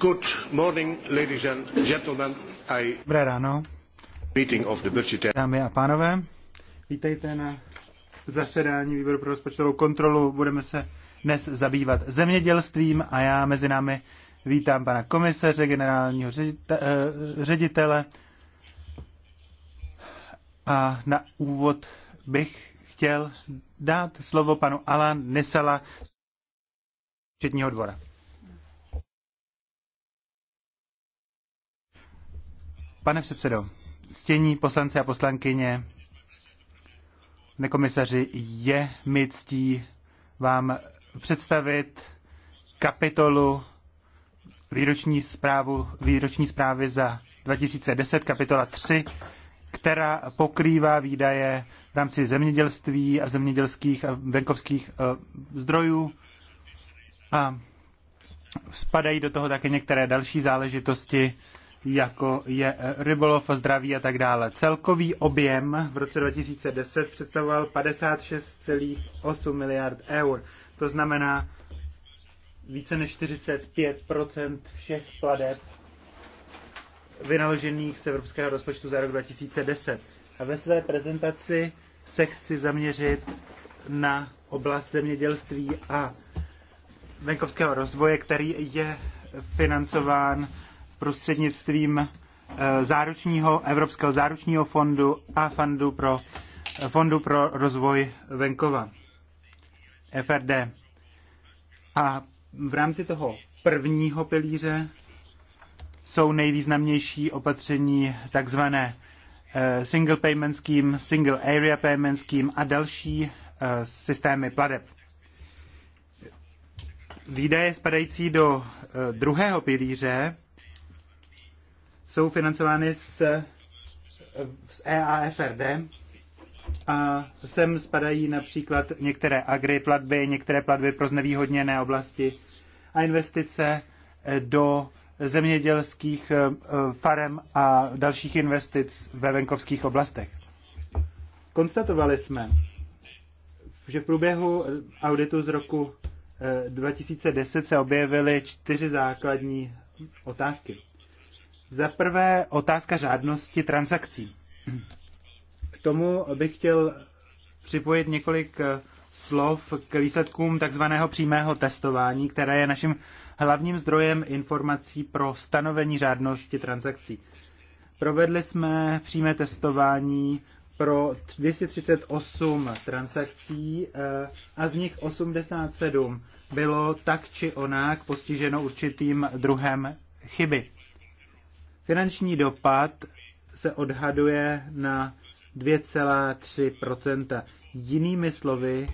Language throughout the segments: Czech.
Good morning, ladies and gentlemen. I... Dobré ráno. Meeting of the Dámy a pánové, vítejte na zasedání výboru pro rozpočtovou kontrolu. Budeme se dnes zabývat zemědělstvím a já mezi námi vítám pana komisaře, generálního eh, ředitele. A na úvod bych chtěl dát slovo panu Alan Nesala z Četního dvora. Pane předsedo, stění poslanci a poslankyně, nekomisaři, je mi ctí vám představit kapitolu výroční, zprávu, výroční zprávy za 2010, kapitola 3, která pokrývá výdaje v rámci zemědělství a zemědělských a venkovských eh, zdrojů a spadají do toho také některé další záležitosti, jako je eh, rybolov, zdraví a tak dále. Celkový objem v roce 2010 představoval 56,8 miliard eur. To znamená více než 45 všech pladeb vynaložených z evropského rozpočtu za rok 2010. A ve své prezentaci se chci zaměřit na oblast zemědělství a venkovského rozvoje, který je financován prostřednictvím eh, záručního, Evropského záručního fondu a fondu pro, fondu pro rozvoj venkova, FRD. A v rámci toho prvního pilíře jsou nejvýznamnější opatření takzvané eh, Single Payment Scheme, Single Area Payment Scheme a další eh, systémy pladeb. Výdaje spadající do druhého pilíře jsou financovány z, z EAFRD a sem spadají například některé agri platby, některé platby pro znevýhodněné oblasti a investice eh, do zemědělských eh, farem a dalších investic ve venkovských oblastech. Konstatovali jsme, že v průběhu auditu z roku 2010 eh, se objevily čtyři základní otázky. Za prvé otázka řádnosti transakcí. K tomu bych chtěl připojit několik eh, slov k výsledkům takzvaného přímého testování, které je naším hlavním zdrojem informací pro stanovení řádnosti transakcí. Provedli jsme přímé testování pro 238 transakcí eh, a z nich 87 bylo tak či onak postiženo určitým druhem chyby. Finanční dopad se odhaduje na 2,3 Jinými slovy,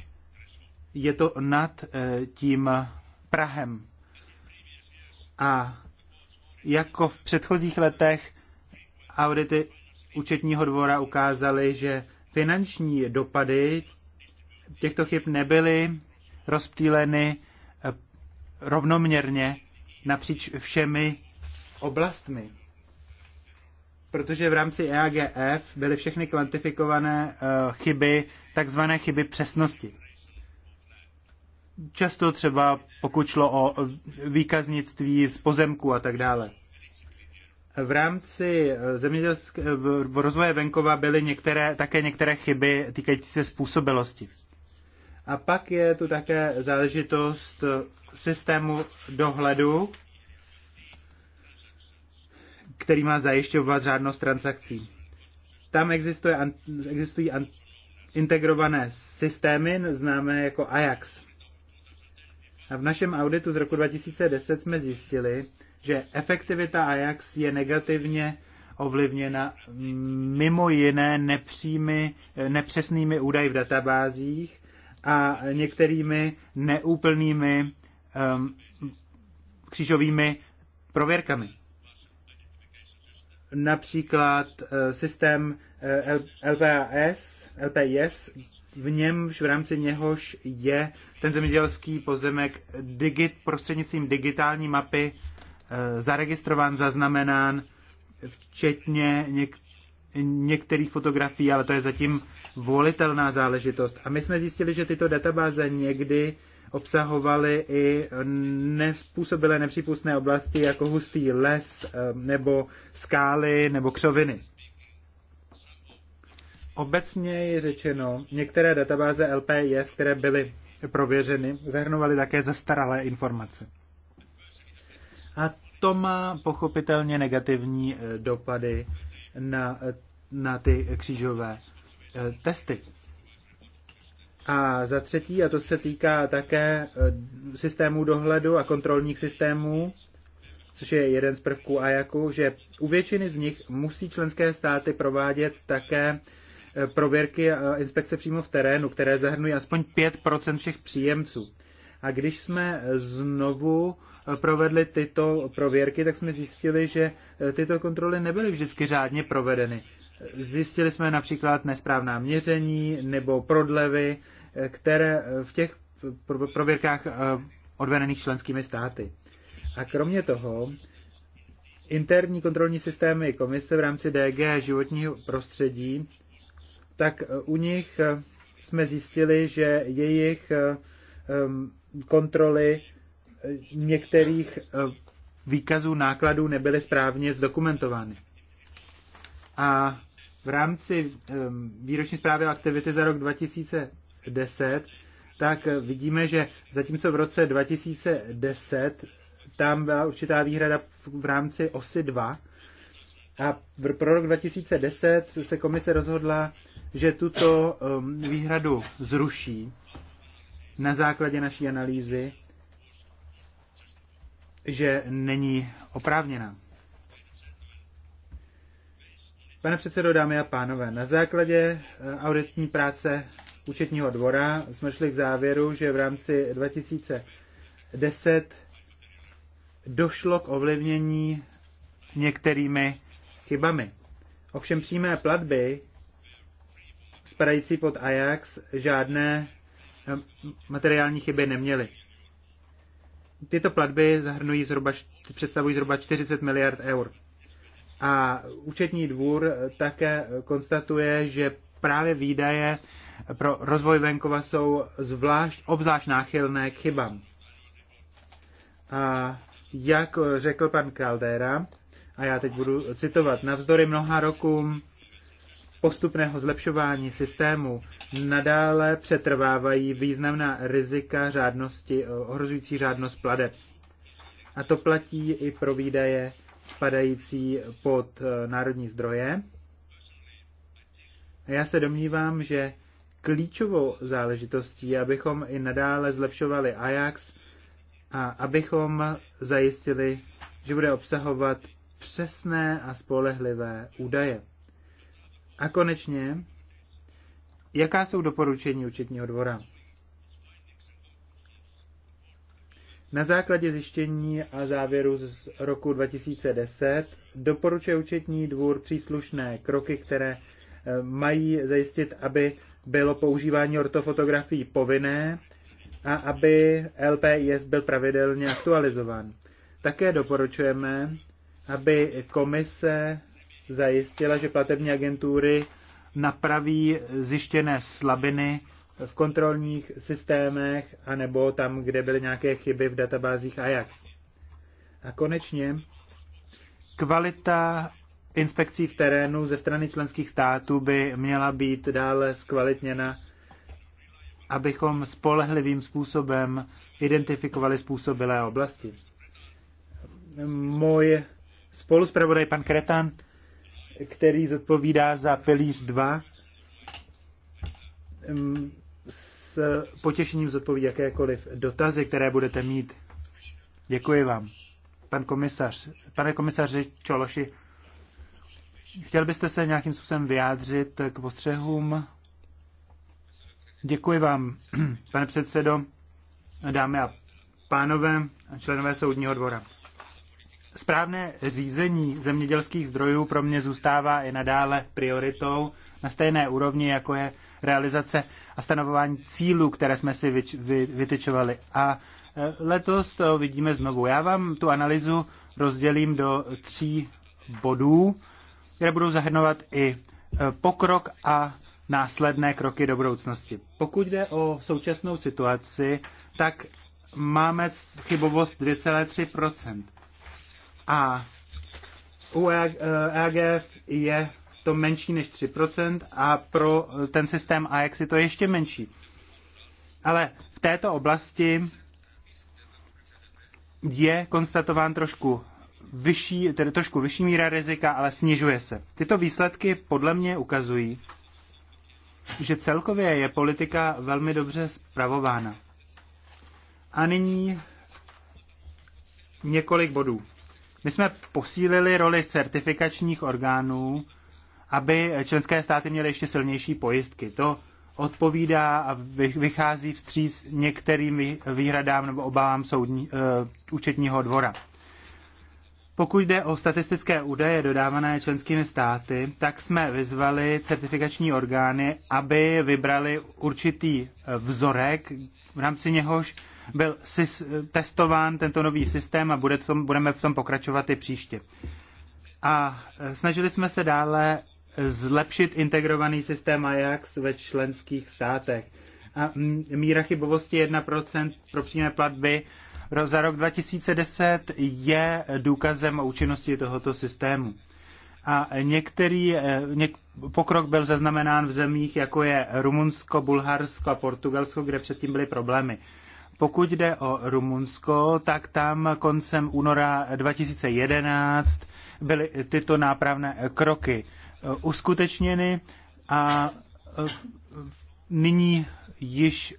je to nad eh, tím Prahem. A jako v předchozích letech audity účetního dvora ukázaly, že finanční dopady těchto chyb nebyly rozptýleny eh, rovnoměrně napříč všemi oblastmi protože v rámci EAGF byly všechny kvantifikované eh, chyby, takzvané chyby přesnosti. Často třeba pokud šlo o výkaznictví z pozemku a tak dále. V rámci eh, zemědělské, v rozvoje venkova byly některé, také některé chyby týkající se způsobilosti. A pak je tu také záležitost eh, systému dohledu který má zajišťovat řádnost transakcí. Tam existuje, existují integrované systémy, známé jako AJAX. A v našem auditu z roku 2010 jsme zjistili, že efektivita AJAX je negativně ovlivněna mimo jiné nepřími, nepřesnými údaji v databázích a některými neúplnými um, křížovými prověrkami například eh, systém eh, LPAS, LPIS, v němž v rámci něhož je ten zemědělský pozemek digit, prostřednictvím digitální mapy eh, zaregistrován, zaznamenán, včetně něk, některých fotografií, ale to je zatím volitelná záležitost. A my jsme zjistili, že tyto databáze někdy obsahovaly i nespůsobilé nepřípustné oblasti jako hustý les nebo skály nebo křoviny. Obecně je řečeno, některé databáze LPIS, které byly prověřeny, zahrnovaly také zastaralé informace. A to má pochopitelně negativní eh, dopady na, eh, na ty křížové eh, testy. A za třetí, a to se týká také eh, systémů dohledu a kontrolních systémů, což je jeden z prvků AJAKu, že u většiny z nich musí členské státy provádět také eh, prověrky a inspekce přímo v terénu, které zahrnují aspoň 5% všech příjemců. A když jsme eh, znovu provedli tyto prověrky, tak jsme zjistili, že tyto kontroly nebyly vždycky řádně provedeny. Zjistili jsme například nesprávná měření nebo prodlevy které eh, v těch prověrkách eh, odvedených členskými státy. A kromě toho, interní kontrolní systémy komise v rámci DG životního prostředí, tak eh, u nich jsme zjistili, že jejich kontroly některých výkazů nákladů nebyly správně zdokumentovány. A v rámci výroční zprávy aktivity za rok 2000 10, tak vidíme, že zatímco v roce 2010 tam byla určitá výhrada v rámci osy 2 a pro rok 2010 se komise rozhodla, že tuto um, výhradu zruší na základě naší analýzy, že není oprávněná. Pane předsedo, dámy a pánové, na základě eh, auditní práce účetního dvora jsme šli k závěru, že v rámci 2010 došlo k ovlivnění některými chybami. Ovšem přímé platby spadající pod Ajax žádné eh, materiální chyby neměly. Tyto platby zahrnují zhruba, představují zhruba 40 miliard eur. A účetní dvůr také konstatuje, že právě výdaje pro rozvoj venkova jsou zvlášť, obzvlášť náchylné k chybám. A jak řekl pan Caldera, a já teď budu citovat, navzdory mnoha rokům postupného zlepšování systému nadále přetrvávají významná rizika řádnosti, ohrožující řádnost pladeb. A to platí i pro výdaje spadající pod eh, národní zdroje. A já se domnívám, že klíčovou záležitostí, abychom i nadále zlepšovali Ajax a abychom zajistili, že bude obsahovat přesné a spolehlivé údaje. A konečně, jaká jsou doporučení účetního dvora? Na základě zjištění a závěru z roku 2010 doporučuje účetní dvůr příslušné kroky, které eh, mají zajistit, aby bylo používání ortofotografií povinné a aby LPIS byl pravidelně aktualizován. Také doporučujeme, aby komise zajistila, že platební agentury napraví zjištěné slabiny v kontrolních systémech anebo tam, kde byly nějaké chyby v databázích AJAX. A konečně kvalita inspekcí v terénu ze strany členských států by měla být dále zkvalitněna, abychom spolehlivým způsobem identifikovali způsobilé oblasti. Můj spoluspravodaj pan Kretan, který zodpovídá za pilíř 2, mm, s potěšením zodpoví jakékoliv dotazy, které budete mít. Děkuji vám. Pan komisař, pane komisaři Čološi, Chtěl byste se nějakým způsobem vyjádřit k postřehům? Děkuji vám, pane předsedo, dámy a pánové a členové soudního dvora. Správné řízení zemědělských zdrojů pro mě zůstává i nadále prioritou na stejné úrovni, jako je realizace a stanovování cílů, které jsme si vytyčovali. A e, letos to vidíme znovu. Já vám tu analýzu rozdělím do tří bodů které budou zahrnovat i e, pokrok a následné kroky do budoucnosti. Pokud jde o současnou situaci, tak máme chybovost 2,3 a u EGF e je to menší než 3 a pro ten systém AX je to ještě menší. Ale v této oblasti je konstatován trošku vyšší, tedy trošku vyšší míra rizika, ale snižuje se. Tyto výsledky podle mě ukazují, že celkově je politika velmi dobře zpravována. A nyní několik bodů. My jsme posílili roli certifikačních orgánů, aby členské státy měly ještě silnější pojistky. To odpovídá a vychází vstříc některým výhradám nebo obávám soudní, uh, účetního dvora. Pokud jde o statistické údaje dodávané členskými státy, tak jsme vyzvali certifikační orgány, aby vybrali určitý e, vzorek, v rámci něhož byl testován tento nový systém a bude v tom, budeme v tom pokračovat i příště. A e, snažili jsme se dále zlepšit integrovaný systém Ajax ve členských státech. A míra chybovosti 1% pro přímé platby za rok 2010 je důkazem účinnosti tohoto systému. A některý eh, něk, pokrok byl zaznamenán v zemích, jako je Rumunsko, Bulharsko a Portugalsko, kde předtím byly problémy. Pokud jde o Rumunsko, tak tam koncem února 2011 byly tyto nápravné kroky eh, uskutečněny a eh, nyní již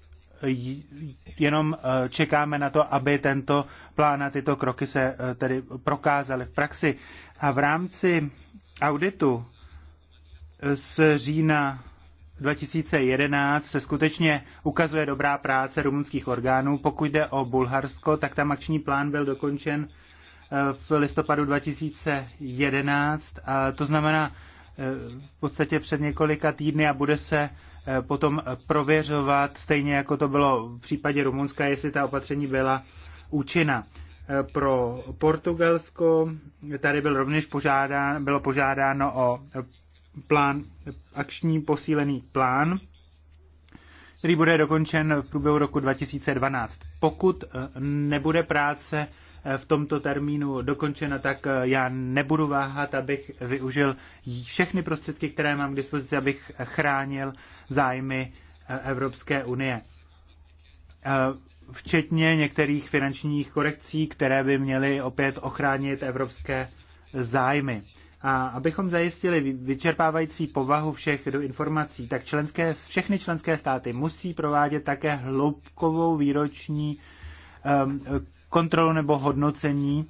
jenom eh, čekáme na to, aby tento plán a tyto kroky se eh, tedy prokázaly v praxi. A v rámci auditu eh, z října 2011 se skutečně ukazuje dobrá práce rumunských orgánů. Pokud jde o Bulharsko, tak tam akční plán byl dokončen v listopadu 2011. A to znamená v podstatě před několika týdny a bude se Eh, potom prověřovat, stejně jako to bylo v případě Rumunska, jestli ta opatření byla účinná. Eh, pro Portugalsko tady byl rovněž požádán, bylo požádáno o plán, akční posílený plán, který bude dokončen v průběhu roku 2012. Pokud eh, nebude práce v tomto termínu dokončena, tak eh, já nebudu váhat, abych využil všechny prostředky, které mám k dispozici, abych chránil zájmy eh, Evropské unie. Eh, včetně některých finančních korekcí, které by měly opět ochránit evropské zájmy. A abychom zajistili vyčerpávající povahu všech do informací, tak členské, všechny členské státy musí provádět také hloubkovou výroční um, kontrolu nebo hodnocení.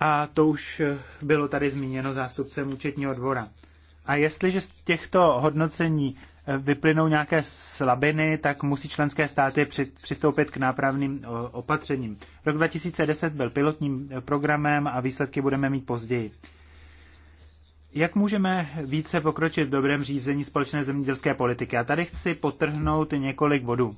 A to už bylo tady zmíněno zástupcem účetního dvora. A jestliže z těchto hodnocení vyplynou nějaké slabiny, tak musí členské státy přistoupit k nápravným opatřením. Rok 2010 byl pilotním programem a výsledky budeme mít později. Jak můžeme více pokročit v dobrém řízení společné zemědělské politiky? A tady chci potrhnout několik bodů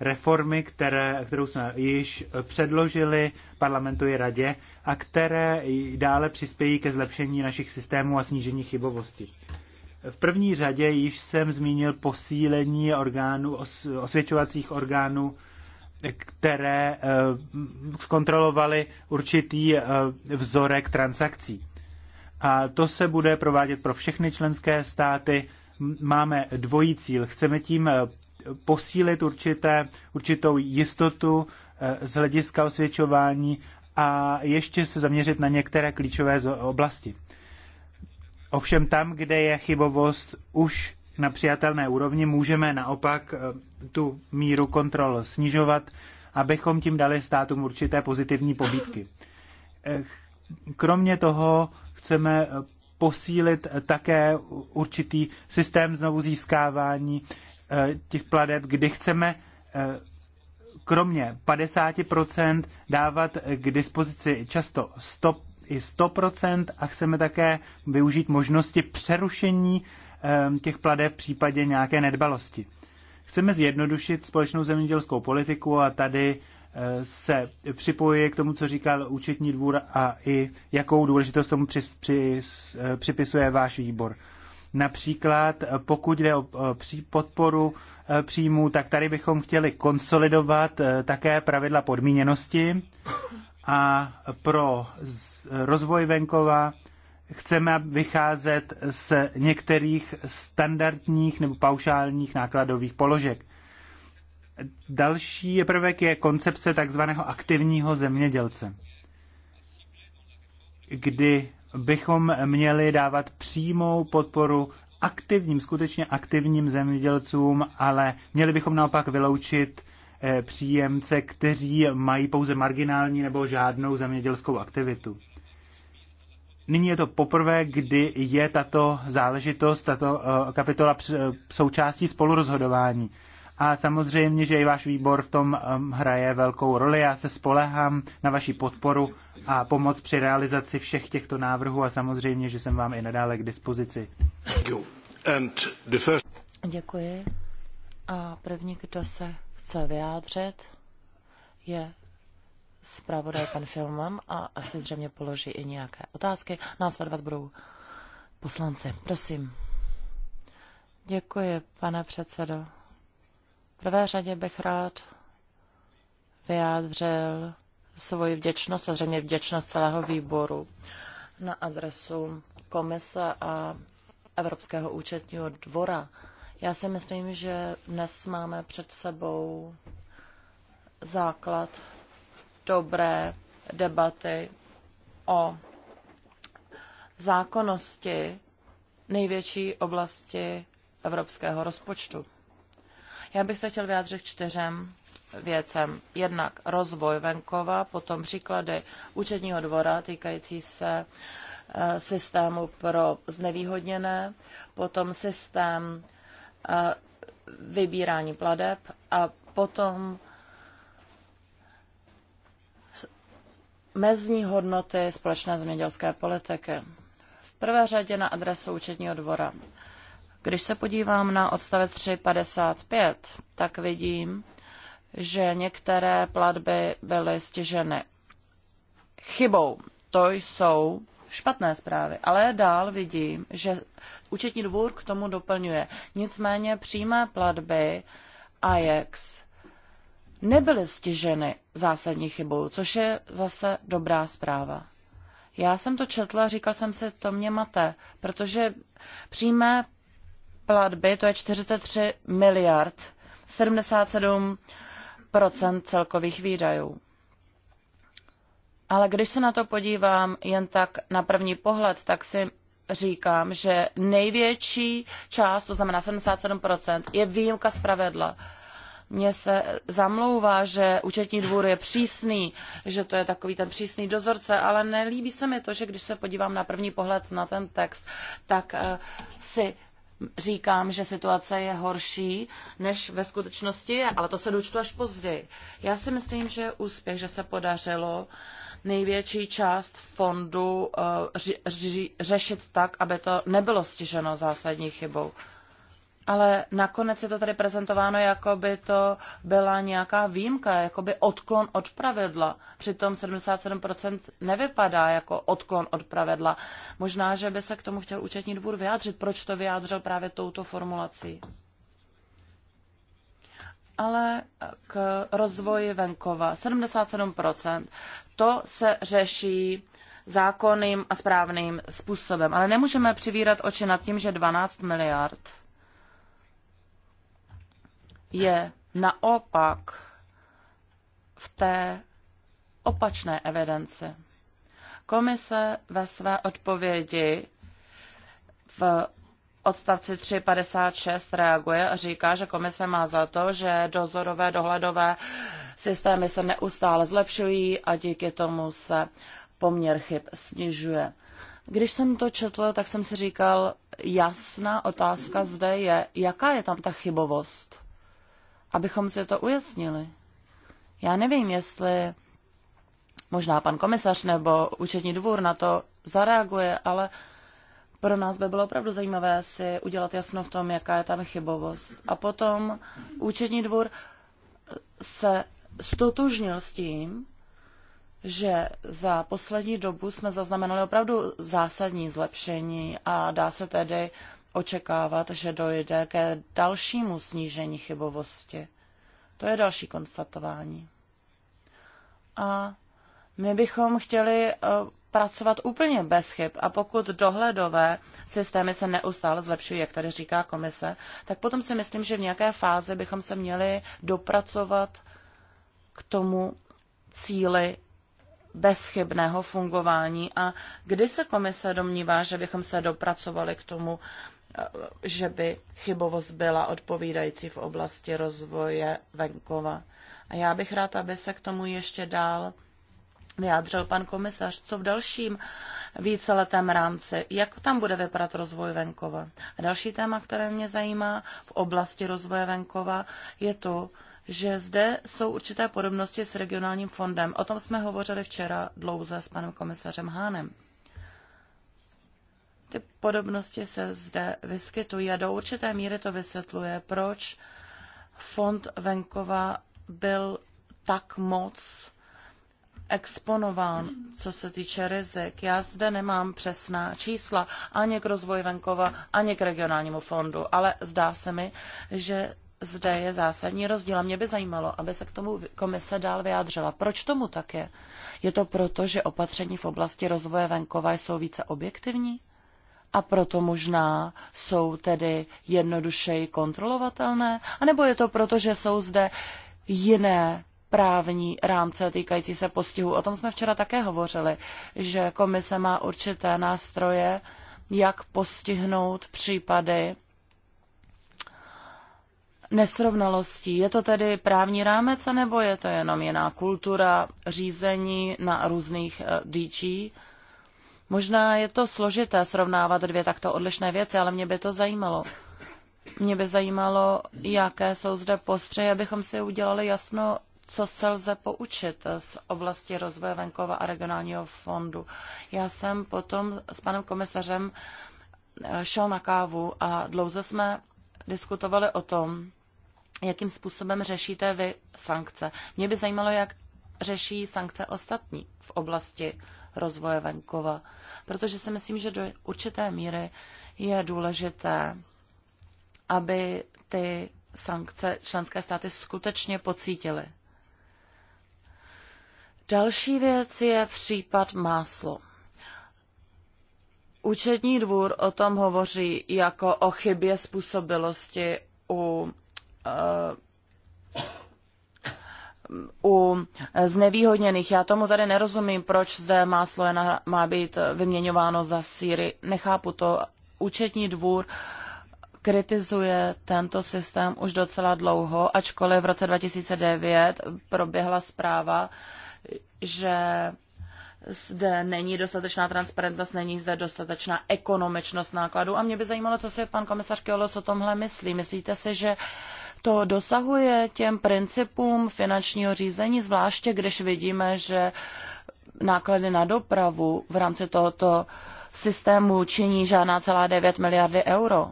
reformy, které, kterou jsme již předložili parlamentu i radě a které dále přispějí ke zlepšení našich systémů a snížení chybovosti. V první řadě již jsem zmínil posílení orgánů, os, osvědčovacích orgánů, které eh, zkontrolovaly určitý eh, vzorek transakcí. A to se bude provádět pro všechny členské státy. Máme dvojí cíl. Chceme tím eh, posílit určité, určitou jistotu eh, z hlediska osvědčování a ještě se zaměřit na některé klíčové oblasti. Ovšem tam, kde je chybovost už na přijatelné úrovni, můžeme naopak eh, tu míru kontrol snižovat, abychom tím dali státům určité pozitivní pobídky. Eh, kromě toho chceme posílit také určitý systém znovu získávání Eh, těch pladeb, kdy chceme eh, kromě 50% dávat k dispozici často 100, i 100% a chceme také využít možnosti přerušení eh, těch pladeb v případě nějaké nedbalosti. Chceme zjednodušit společnou zemědělskou politiku a tady se připojuji k tomu, co říkal účetní dvůr a i jakou důležitost tomu při, při, připisuje váš výbor. Například eh, pokud jde o eh, podporu eh, příjmů, tak tady bychom chtěli konsolidovat také pravidla podmíněnosti a pro rozvoj venkova chceme vycházet z některých standardních nebo paušálních nákladových položek. Další prvek je koncepce takzvaného aktivního zemědělce, kdy bychom měli dávat přímou podporu aktivním, skutečně aktivním zemědělcům, ale měli bychom naopak vyloučit eh, příjemce, kteří mají pouze marginální nebo žádnou zemědělskou aktivitu. Nyní je to poprvé, kdy je tato záležitost, tato eh, kapitola eh, součástí spolurozhodování. A samozřejmě, že i váš výbor v tom um, hraje velkou roli. Já se spolehám na vaši podporu a pomoc při realizaci všech těchto návrhů a samozřejmě, že jsem vám i nadále k dispozici. Děkuji. A první, kdo se chce vyjádřit, je zpravodaj pan Filman a asi zřejmě položí i nějaké otázky. Následovat budou poslanci. Prosím. Děkuji, pane předsedo prvé řadě bych rád vyjádřil svoji vděčnost a zřejmě vděčnost celého výboru na adresu komise a Evropského účetního dvora. Já si myslím, že dnes máme před sebou základ dobré debaty o zákonnosti největší oblasti evropského rozpočtu. Já bych se chtěl vyjádřit čtyřem věcem. Jednak rozvoj venkova, potom příklady účetního dvora týkající se eh, systému pro znevýhodněné, potom systém eh, vybírání pladeb a potom mezní hodnoty společné zemědělské politiky. V prvé řadě na adresu účetního dvora. Když se podívám na odstavec 3.55, tak vidím, že některé platby byly stěženy chybou. To jsou špatné zprávy, ale dál vidím, že účetní dvůr k tomu doplňuje. Nicméně přímé platby Ajax nebyly stěženy zásadní chybou, což je zase dobrá zpráva. Já jsem to četla, říkal jsem si, to mě mate, protože přímé platby, to je 43 miliard, 77 celkových výdajů. Ale když se na to podívám jen tak na první pohled, tak si říkám, že největší část, to znamená 77%, je výjimka z pravidla. Mně se zamlouvá, že účetní dvůr je přísný, že to je takový ten přísný dozorce, ale nelíbí se mi to, že když se podívám na první pohled na ten text, tak eh, si říkám, že situace je horší, než ve skutečnosti je, ale to se dočtu až později. Já si myslím, že je úspěch, že se podařilo největší část fondu ři, eh, ři, řešit tak, aby to nebylo stiženo zásadní chybou. Ale nakonec je to tady prezentováno, jako by to byla nějaká výjimka, jako by odklon od pravidla. Přitom 77% nevypadá jako odklon od pravidla. Možná, že by se k tomu chtěl účetní dvůr vyjádřit, proč to vyjádřil právě touto formulací. Ale k rozvoji venkova. 77%. To se řeší zákonným a správným způsobem. Ale nemůžeme přivírat oči nad tím, že 12 miliard – je naopak v té opačné evidenci. Komise ve své odpovědi v odstavci 356 reaguje a říká, že komise má za to, že dozorové, dohledové systémy se neustále zlepšují a díky tomu se poměr chyb snižuje. Když jsem to četl, tak jsem si říkal, jasná otázka zde je, jaká je tam ta chybovost abychom si to ujasnili. Já nevím, jestli možná pan komisař nebo účetní dvůr na to zareaguje, ale pro nás by bylo opravdu zajímavé si udělat jasno v tom, jaká je tam chybovost. A potom účetní dvůr se stotužnil s tím, že za poslední dobu jsme zaznamenali opravdu zásadní zlepšení a dá se tedy očekávat, že dojde ke dalšímu snížení chybovosti. To je další konstatování. A my bychom chtěli eh, pracovat úplně bez chyb a pokud dohledové systémy se neustále zlepšují, jak tady říká komise, tak potom si myslím, že v nějaké fázi bychom se měli dopracovat k tomu cíli bezchybného fungování a kdy se komise domnívá, že bychom se dopracovali k tomu že by chybovost byla odpovídající v oblasti rozvoje venkova. A já bych rád, aby se k tomu ještě dál vyjádřil pan komisař, co v dalším víceletém rámci, jak tam bude vypadat rozvoj venkova. A další téma, které mě zajímá v oblasti rozvoje venkova, je to, že zde jsou určité podobnosti s regionálním fondem. O tom jsme hovořili včera dlouze s panem komisařem Hánem. Ty podobnosti se zde vyskytují a do určité míry to vysvětluje, proč fond venkova byl tak moc exponován, co se týče rizik. Já zde nemám přesná čísla ani k rozvoji venkova, ani k regionálnímu fondu, ale zdá se mi, že zde je zásadní rozdíl. A mě by zajímalo, aby se k tomu komise dál vyjádřila. Proč tomu tak je? Je to proto, že opatření v oblasti rozvoje venkova jsou více objektivní? a proto možná jsou tedy jednodušeji kontrolovatelné? A nebo je to proto, že jsou zde jiné právní rámce týkající se postihu? O tom jsme včera také hovořili, že komise má určité nástroje, jak postihnout případy nesrovnalostí. Je to tedy právní rámec, nebo je to jenom jiná kultura řízení na různých eh, DG? Možná je to složité srovnávat dvě takto odlišné věci, ale mě by to zajímalo. Mě by zajímalo, jaké jsou zde postřehy, abychom si udělali jasno, co se lze poučit z oblasti rozvoje venkova a regionálního fondu. Já jsem potom s panem komisařem eh, šel na kávu a dlouze jsme diskutovali o tom, jakým způsobem řešíte vy sankce. Mě by zajímalo, jak řeší sankce ostatní v oblasti rozvoje venkova. Protože si myslím, že do určité míry je důležité, aby ty sankce členské státy skutečně pocítily. Další věc je případ máslo. Účetní dvůr o tom hovoří jako o chybě způsobilosti u uh, u znevýhodněných. Já tomu tady nerozumím, proč zde máslo je na, má být vyměňováno za síry. Nechápu to. Účetní dvůr kritizuje tento systém už docela dlouho, ačkoliv v roce 2009 proběhla zpráva, že zde není dostatečná transparentnost, není zde dostatečná ekonomičnost nákladů. A mě by zajímalo, co si pan komisař Kiolos o tomhle myslí. Myslíte si, že to dosahuje těm principům finančního řízení, zvláště když vidíme, že náklady na dopravu v rámci tohoto systému činí žádná celá 9 miliardy euro.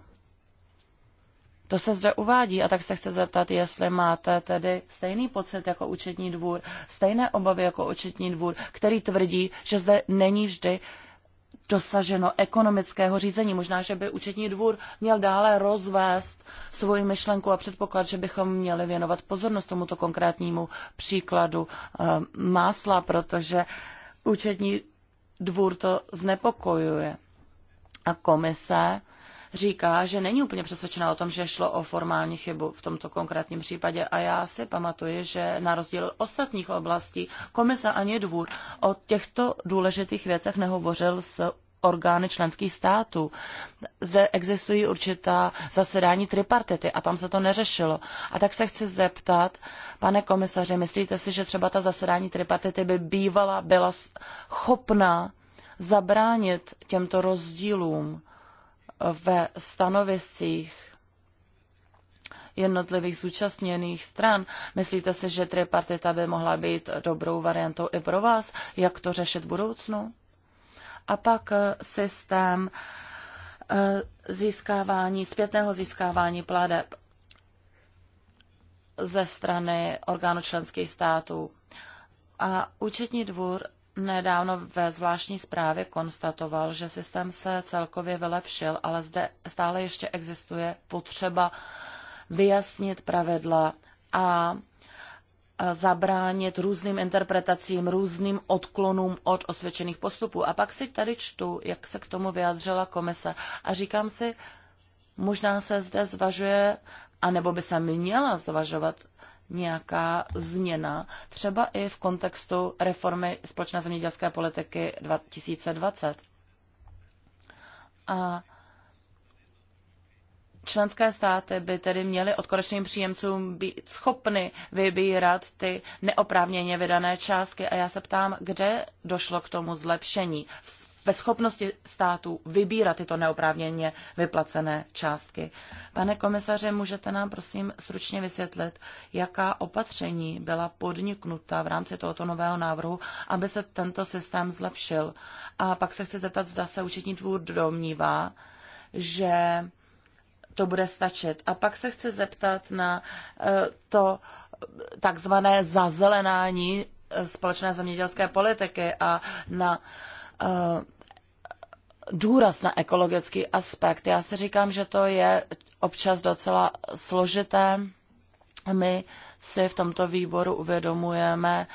To se zde uvádí a tak se chci zeptat, jestli máte tedy stejný pocit jako účetní dvůr, stejné obavy jako účetní dvůr, který tvrdí, že zde není vždy dosaženo ekonomického řízení. Možná, že by účetní dvůr měl dále rozvést svoji myšlenku a předpoklad, že bychom měli věnovat pozornost tomuto konkrétnímu příkladu eh, másla, protože účetní dvůr to znepokojuje. A komise říká, že není úplně přesvědčena o tom, že šlo o formální chybu v tomto konkrétním případě. A já si pamatuji, že na rozdíl od ostatních oblastí komise ani dvůr o těchto důležitých věcech nehovořil s orgány členských států. Zde existují určitá zasedání tripartity a tam se to neřešilo. A tak se chci zeptat, pane komisaři, myslíte si, že třeba ta zasedání tripartity by bývala byla schopná zabránit těmto rozdílům ve stanoviscích jednotlivých zúčastněných stran. Myslíte si, že tripartita by mohla být dobrou variantou i pro vás? Jak to řešit v budoucnu? A pak eh, systém eh, získávání, zpětného získávání pladeb ze strany orgánů členských států. A účetní dvůr nedávno ve zvláštní zprávě konstatoval, že systém se celkově vylepšil, ale zde stále ještě existuje potřeba vyjasnit pravidla a zabránit různým interpretacím, různým odklonům od osvědčených postupů. A pak si tady čtu, jak se k tomu vyjadřila komise a říkám si, možná se zde zvažuje, anebo by se měla zvažovat nějaká změna, třeba i v kontextu reformy společné zemědělské politiky 2020. A členské státy by tedy měly od konečným příjemcům být schopny vybírat ty neoprávněně vydané částky. A já se ptám, kde došlo k tomu zlepšení ve schopnosti států vybírat tyto neoprávněně vyplacené částky. Pane komisaře, můžete nám prosím stručně vysvětlit, jaká opatření byla podniknuta v rámci tohoto nového návrhu, aby se tento systém zlepšil. A pak se chci zeptat, zda se účetní dvůr domnívá, že to bude stačit. A pak se chci zeptat na eh, to takzvané zazelenání eh, společné zemědělské politiky a na eh, důraz na ekologický aspekt. Já si říkám, že to je občas docela složité. My si v tomto výboru uvědomujeme,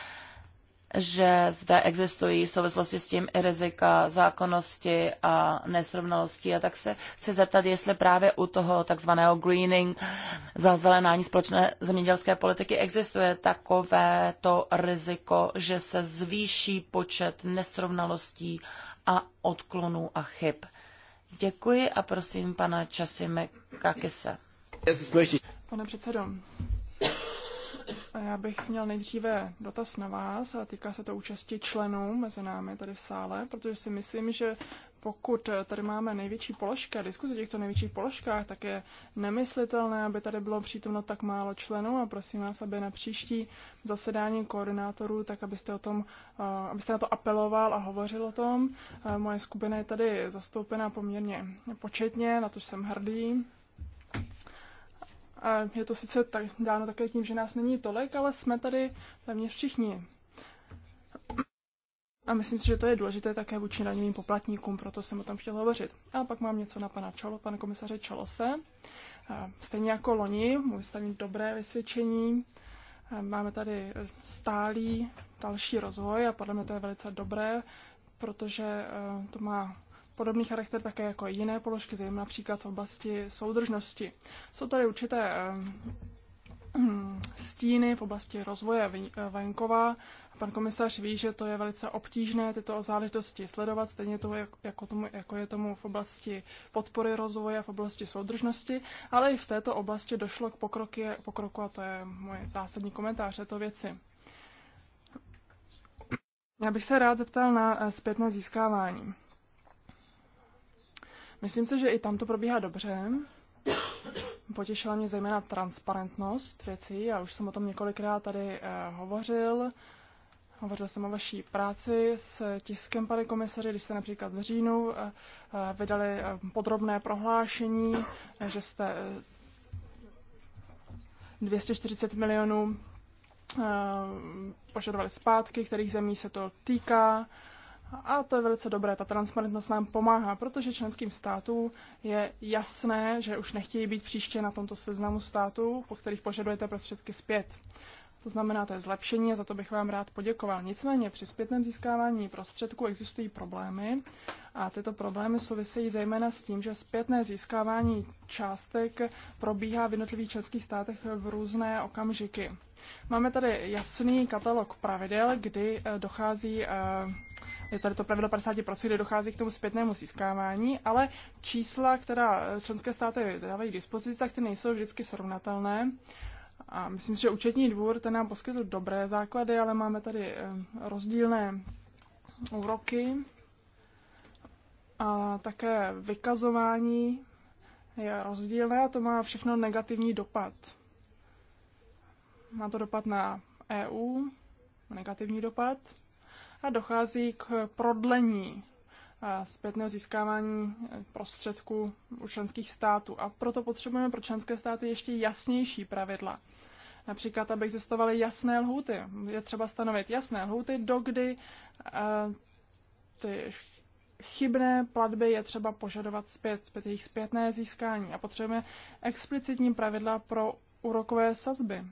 že zde existují v souvislosti s tím i rizika zákonnosti a nesrovnalostí. A tak se chci zeptat, jestli právě u toho takzvaného greening, zelenání společné zemědělské politiky existuje takové to riziko, že se zvýší počet nesrovnalostí a odklonů a chyb. Děkuji a prosím pana Časime Kakise. Pane předsedo, já bych měl nejdříve dotaz na vás a týká se to účasti členů mezi námi tady v sále, protože si myslím, že pokud eh, tady máme největší položky a diskuzi o těchto největších položkách, tak je nemyslitelné, aby tady bylo přítomno tak málo členů a prosím vás, aby na příští zasedání koordinátorů, tak abyste o tom, eh, abyste na to apeloval a hovořil o tom. Eh, moje skupina je tady zastoupená poměrně početně, na to jsem hrdý. je to sice tak, dáno také tím, že nás není tolik, ale jsme tady téměř všichni. A myslím si, že to je důležité také vůči daňovým poplatníkům, proto jsem o tom chtěl hovořit. A pak mám něco na pana Čalo, pana komisaře Čalose. Stejně jako loni, můj stavím dobré vysvědčení. Máme tady stálý další rozvoj a podle mě to je velice dobré, protože e, to má podobný charakter také jako jiné položky, zejména například v oblasti soudržnosti. Jsou tady určité Mm, stíny v oblasti rozvoje eh, venkova. Pan komisař ví, že to je velice obtížné tyto záležitosti sledovat, stejně toho, jako, tomu, jako je tomu v oblasti podpory rozvoje, v oblasti soudržnosti, ale i v této oblasti došlo k pokroky, pokroku a to je můj zásadní komentář této věci. Já bych se rád zeptal na eh, zpětné získávání. Myslím si, že i tam to probíhá dobře. Potěšila mě zejména transparentnost věcí, já už jsem o tom několikrát tady eh, hovořil. Hovořil jsem o vaší práci s tiskem, pane komisaři, když jste například v říjnu eh, eh, vydali podrobné prohlášení, že jste 240 milionů požadovali zpátky, kterých zemí se to týká. A to je velice dobré, ta transparentnost nám pomáhá, protože členským státům je jasné, že už nechtějí být příště na tomto seznamu států, po kterých požadujete prostředky zpět. To znamená, to je zlepšení a za to bych vám rád poděkoval. Nicméně při zpětném získávání prostředků existují problémy a tyto problémy souvisejí zejména s tím, že zpětné získávání částek probíhá v jednotlivých členských státech v různé okamžiky. Máme tady jasný katalog pravidel, kdy eh, dochází eh, je tady to pravidlo 50%, kde dochází k tomu zpětnému získávání, ale čísla, která eh, členské státy dávají k dispozici, tak ty nejsou vždycky srovnatelné. A myslím si, že účetní dvůr ten nám poskytl dobré základy, ale máme tady eh, rozdílné úroky a také vykazování je rozdílné a to má všechno negativní dopad. Má to dopad na EU, negativní dopad, a dochází k prodlení zpětného získávání prostředků u členských států. A proto potřebujeme pro členské státy ještě jasnější pravidla. Například, aby existovaly jasné lhuty. Je třeba stanovit jasné lhuty, dokdy ty chybné platby je třeba požadovat zpět, zpět jejich zpětné získání. A potřebujeme explicitní pravidla pro úrokové sazby.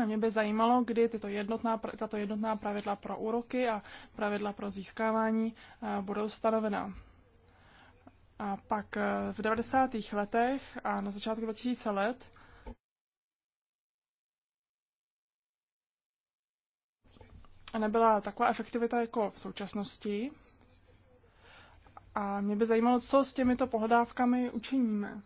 A mě by zajímalo, kdy tyto jednotná, tato jednotná pravidla pro úroky a pravidla pro získávání eh, budou stanovena. A pak eh, v 90. letech a na začátku 2000 let nebyla taková efektivita jako v současnosti. A mě by zajímalo, co s těmito pohledávkami učiníme.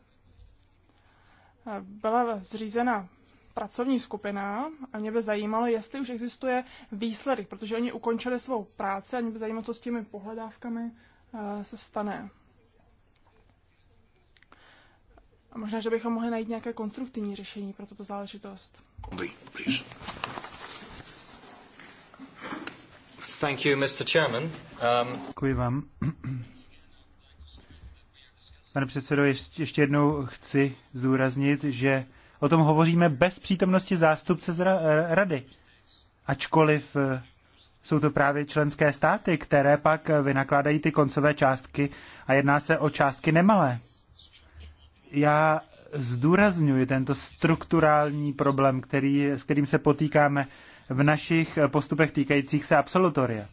Eh, byla zřízena pracovní skupina a mě by zajímalo, jestli už existuje výsledek, protože oni ukončili svou práci a mě by zajímalo, co s těmi pohledávkami eh, se stane. A možná, že bychom mohli najít nějaké konstruktivní řešení pro tuto záležitost. Thank you, Mr. Chairman. Um... Děkuji vám. Pane předsedo, ještě jednou chci zdůraznit, že o tom hovoříme bez přítomnosti zástupce z rady. Ačkoliv eh, jsou to právě členské státy, které pak eh, vynakládají ty koncové částky a jedná se o částky nemalé. Já zdůrazňuji tento strukturální problém, který, s kterým se potýkáme v našich eh, postupech týkajících se absolutoria.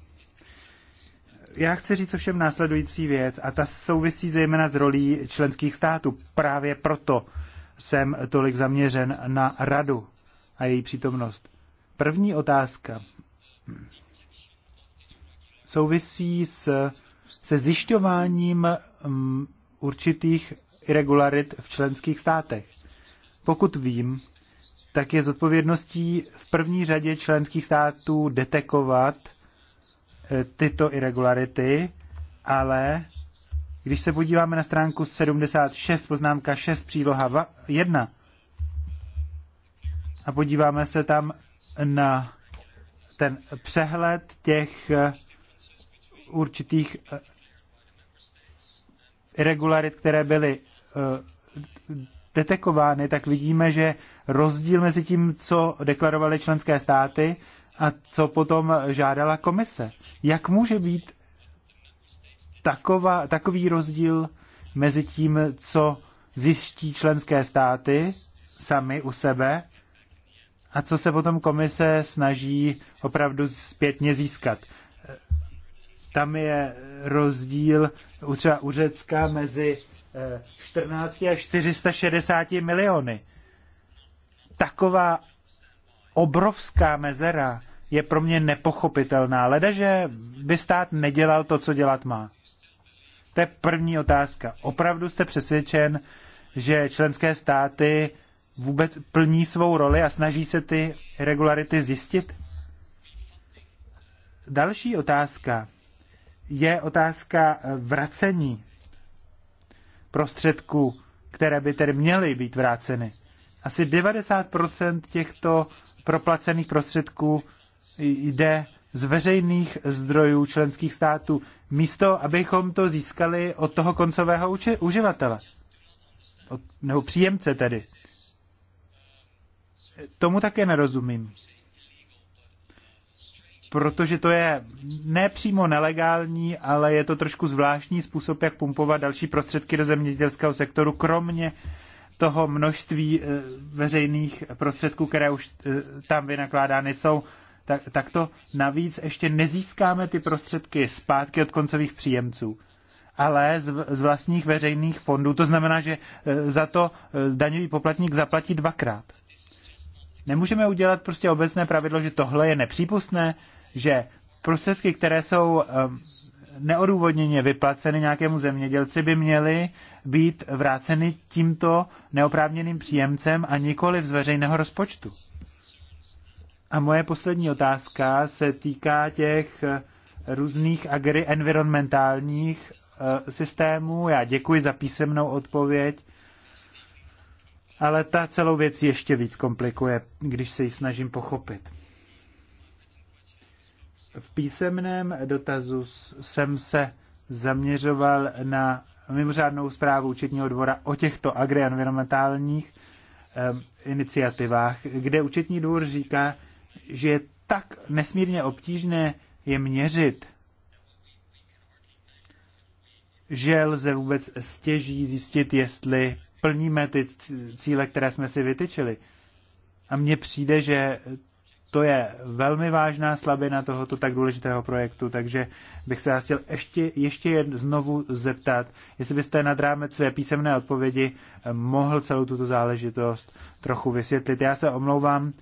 Já chci říct ovšem následující věc a ta souvisí zejména s rolí členských států. Právě proto jsem tolik zaměřen na radu a její přítomnost. První otázka souvisí s, se zjišťováním um, určitých irregularit v členských státech. Pokud vím, tak je zodpovědností v první řadě členských států detekovat e, tyto irregularity, ale když se podíváme na stránku 76, poznámka 6, příloha 1, a podíváme se tam na ten přehled těch eh, určitých irregularit, eh, které byly eh, detekovány, tak vidíme, že rozdíl mezi tím, co deklarovaly členské státy a co potom žádala komise. Jak může být taková, takový rozdíl mezi tím, co zjistí členské státy sami u sebe a co se potom komise snaží opravdu zpětně získat. Tam je rozdíl u třeba u Řecka mezi 14 eh, a 460 miliony. Taková obrovská mezera je pro mě nepochopitelná. Ledaže by stát nedělal to, co dělat má. To je první otázka. Opravdu jste přesvědčen, že členské státy vůbec plní svou roli a snaží se ty regularity zjistit? Další otázka je otázka eh, vracení prostředků, které by tedy měly být vráceny. Asi 90% těchto proplacených prostředků jde z veřejných zdrojů členských států, místo abychom to získali od toho koncového uči- uživatele, od, nebo příjemce tedy. Tomu také nerozumím. Protože to je nepřímo nelegální, ale je to trošku zvláštní způsob, jak pumpovat další prostředky do zemědělského sektoru, kromě toho množství eh, veřejných prostředků, které už eh, tam vynakládány jsou tak, tak to navíc ještě nezískáme ty prostředky zpátky od koncových příjemců, ale z, z vlastních veřejných fondů. To znamená, že e, za to e, daňový poplatník zaplatí dvakrát. Nemůžeme udělat prostě obecné pravidlo, že tohle je nepřípustné, že prostředky, které jsou e, neodůvodněně vyplaceny nějakému zemědělci, by měly být vráceny tímto neoprávněným příjemcem a nikoli z veřejného rozpočtu. A moje poslední otázka se týká těch eh, různých agri-environmentálních eh, systémů. Já děkuji za písemnou odpověď, ale ta celou věc ještě víc komplikuje, když se ji snažím pochopit. V písemném dotazu jsem se zaměřoval na mimořádnou zprávu účetního dvora o těchto agri-environmentálních eh, iniciativách, kde účetní dvůr říká, že je tak nesmírně obtížné je měřit, že lze vůbec stěží zjistit, jestli plníme ty cíle, které jsme si vytyčili. A mně přijde, že to je velmi vážná slabina tohoto tak důležitého projektu, takže bych se vás chtěl ještě, ještě jen znovu zeptat, jestli byste nad rámec své písemné odpovědi eh, mohl celou tuto záležitost trochu vysvětlit. Já se omlouvám,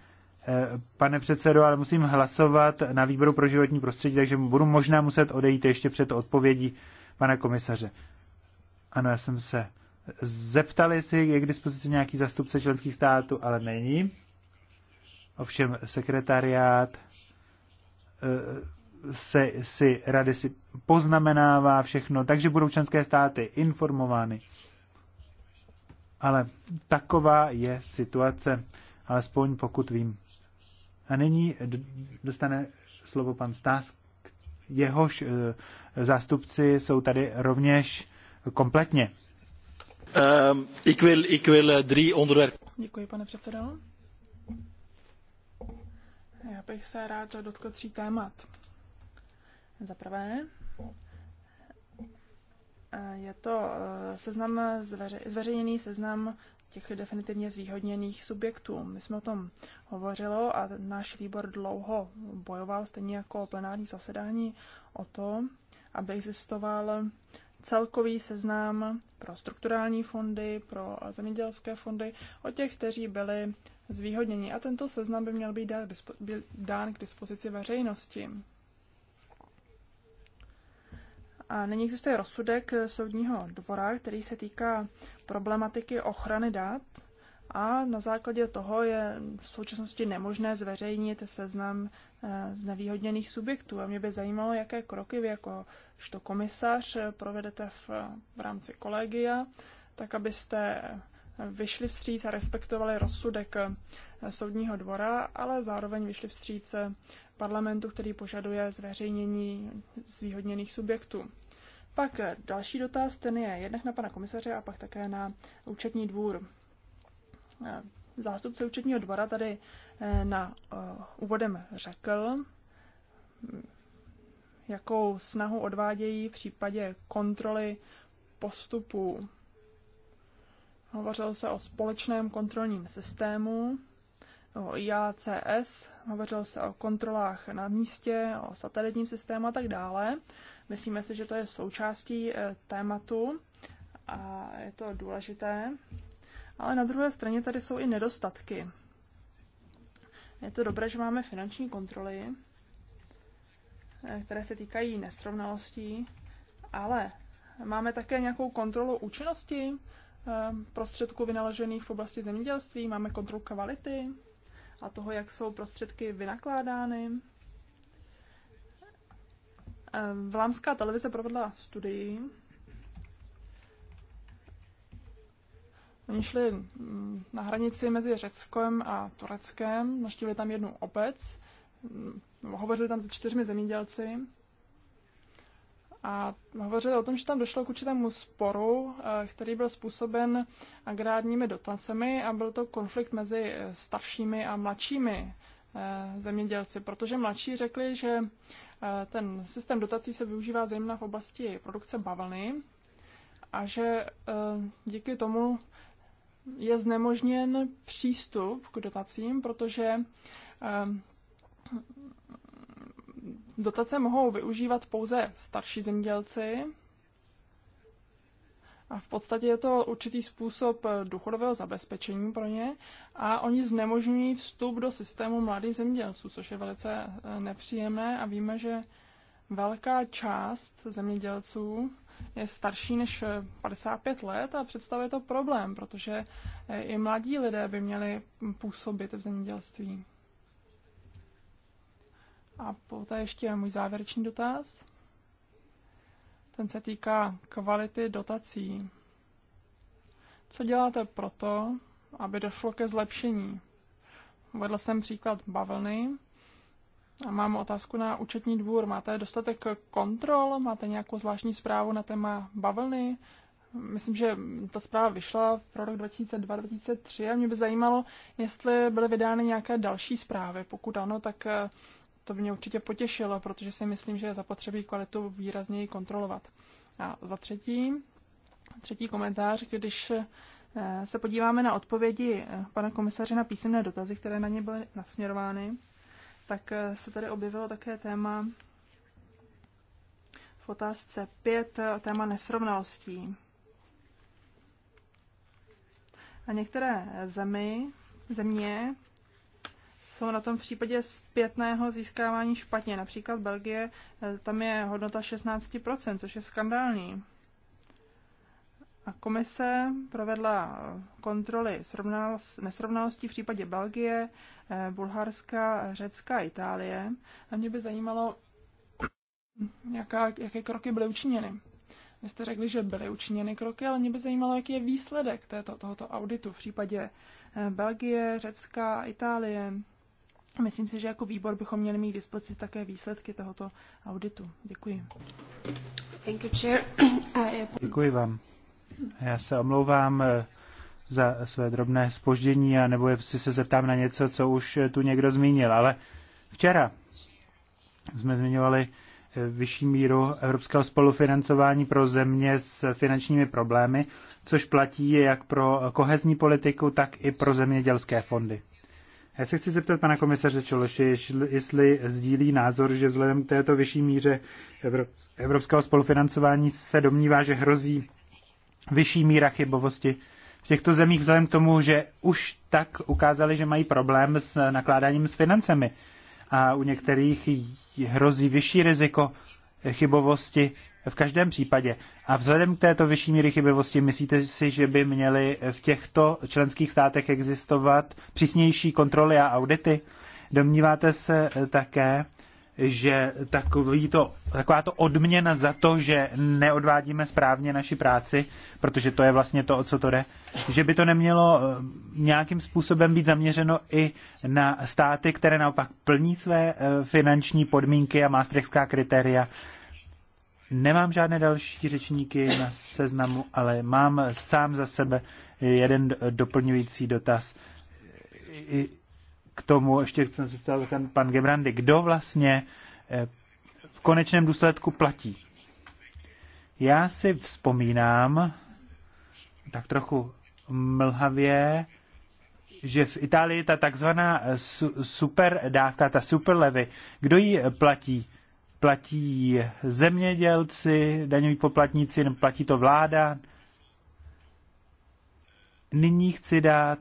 Eh, pane předsedo, ale musím hlasovat na výboru pro životní prostředí, takže budu možná muset odejít ještě před odpovědí pana komisaře. Ano, já jsem se zeptal, jestli je k dispozici nějaký zastupce členských států, ale není. Ovšem sekretariát eh, se, si rady si poznamenává všechno, takže budou členské státy informovány. Ale taková je situace, alespoň pokud vím. A nyní dostane slovo pan Stás, jehož eh, zástupci jsou tady rovněž kompletně. Ehm, eh, Děkuji, pane předsedo. Já bych se rád dotkl tří témat. Za prvé, eh, je to seznam zveřejněný seznam těch definitivně zvýhodněných subjektů. My jsme o tom hovořilo a náš výbor dlouho bojoval, stejně jako plenární zasedání, o to, aby existoval celkový seznam pro strukturální fondy, pro zemědělské fondy, o těch, kteří byli zvýhodněni. A tento seznam by měl být dán k dispozici veřejnosti. A nyní existuje rozsudek soudního dvora, který se týká problematiky ochrany dat a na základě toho je v současnosti nemožné zveřejnit seznam eh, z nevýhodněných subjektů. A mě by zajímalo, jaké kroky vy jako što komisař eh, provedete v, v rámci kolegia, tak abyste vyšli vstříc a respektovali rozsudek eh, soudního dvora, ale zároveň vyšli vstříc parlamentu, který požaduje zveřejnění zvýhodněných subjektů. Pak další dotaz, ten je jednak na pana komisaře a pak také na účetní dvůr. Zástupce účetního dvora tady eh, na eh, úvodem řekl, jakou snahu odvádějí v případě kontroly postupů. Hovořil se o společném kontrolním systému, o IACS, hovořil se o kontrolách na místě, o satelitním systému a tak dále. Myslíme si, že to je součástí eh, tématu a je to důležité. Ale na druhé straně tady jsou i nedostatky. Je to dobré, že máme finanční kontroly, eh, které se týkají nesrovnalostí, ale máme také nějakou kontrolu účinnosti eh, prostředků vynaložených v oblasti zemědělství, máme kontrolu kvality a toho, jak jsou prostředky vynakládány. Ehm, Vlámská televize provedla studii. Oni šli mm, na hranici mezi Řeckem a Tureckem, naštívili tam jednu obec, mm, hovořili tam se čtyřmi zemědělci a hovořili o tom, že tam došlo k určitému sporu, eh, který byl způsoben agrárními dotacemi a byl to konflikt mezi eh, staršími a mladšími Eh, zemědělci, protože mladší řekli, že eh, ten systém dotací se využívá zejména v oblasti produkce bavlny a že eh, díky tomu je znemožněn přístup k dotacím, protože dotace mohou využívat pouze starší zemědělci a v podstatě je to určitý způsob eh, důchodového zabezpečení pro ně a oni znemožňují vstup do systému mladých zemědělců, což je velice eh, nepříjemné a víme, že velká část zemědělců je starší než 55 eh, let a představuje to problém, protože i mladí lidé by měli působit v zemědělství. A poté ještě můj závěrečný dotaz. Ten se týká kvality dotací. Co děláte proto, aby došlo ke zlepšení? Uvedl jsem příklad bavlny a mám otázku na účetní dvůr. Máte dostatek kontrol? Máte nějakou zvláštní zprávu na téma bavlny? Myslím, že ta zpráva vyšla pro rok 2002-2003 a mě by zajímalo, jestli byly vydány nějaké další zprávy. Pokud ano, tak to by mě určitě potěšilo, protože si myslím, že je zapotřebí kvalitu výrazněji kontrolovat. A za třetí, třetí komentář, když eh, se podíváme na odpovědi eh, pana komisaře na písemné dotazy, které na ně byly nasměrovány, tak eh, se tady objevilo také téma v otázce 5, téma nesrovnalostí. A některé zemi, země jsou na tom v případě zpětného získávání špatně. Například Belgie, eh, tam je hodnota 16%, což je skandální. A komise provedla kontroly nesrovnalostí v případě Belgie, eh, Bulharska, Řecka a Itálie. A mě by zajímalo, jaká, jaké kroky byly učiněny. Vy jste řekli, že byly učiněny kroky, ale mě by zajímalo, jaký je výsledek této, tohoto auditu v případě eh, Belgie, Řecka, Itálie. Myslím si, že jako výbor bychom měli mít dispozici také výsledky tohoto auditu. Děkuji. Thank you, chair. Děkuji vám. Já se omlouvám eh, za své drobné spoždění, a nebo si se zeptám na něco, co už eh, tu někdo zmínil, ale včera jsme zmiňovali eh, vyšší míru evropského spolufinancování pro země s finančními problémy, což platí jak pro kohezní politiku, tak i pro zemědělské fondy. Já se chci zeptat pana komisaře Čološe, jestli sdílí názor, že vzhledem k této vyšší míře evropského spolufinancování se domnívá, že hrozí vyšší míra chybovosti v těchto zemích vzhledem k tomu, že už tak ukázali, že mají problém s nakládáním s financemi a u některých hrozí vyšší riziko chybovosti v každém případě. A vzhledem k této vyšší míry chybivosti, myslíte si, že by měly v těchto členských státech existovat přísnější kontroly a audity? Domníváte se také, že takový to, taková to odměna za to, že neodvádíme správně naši práci, protože to je vlastně to, o co to jde, že by to nemělo eh, nějakým způsobem být zaměřeno i na státy, které naopak plní své eh, finanční podmínky a maastrichtská kritéria Nemám žádné další řečníky na seznamu, ale mám sám za sebe jeden doplňující dotaz. K tomu ještě jsem se ptal pan Gebrandy, kdo vlastně eh, v konečném důsledku platí. Já si vzpomínám tak trochu mlhavě, že v Itálii ta takzvaná super dávka, ta super levy, kdo ji platí? platí zemědělci, daňoví poplatníci, platí to vláda. Nyní chci dát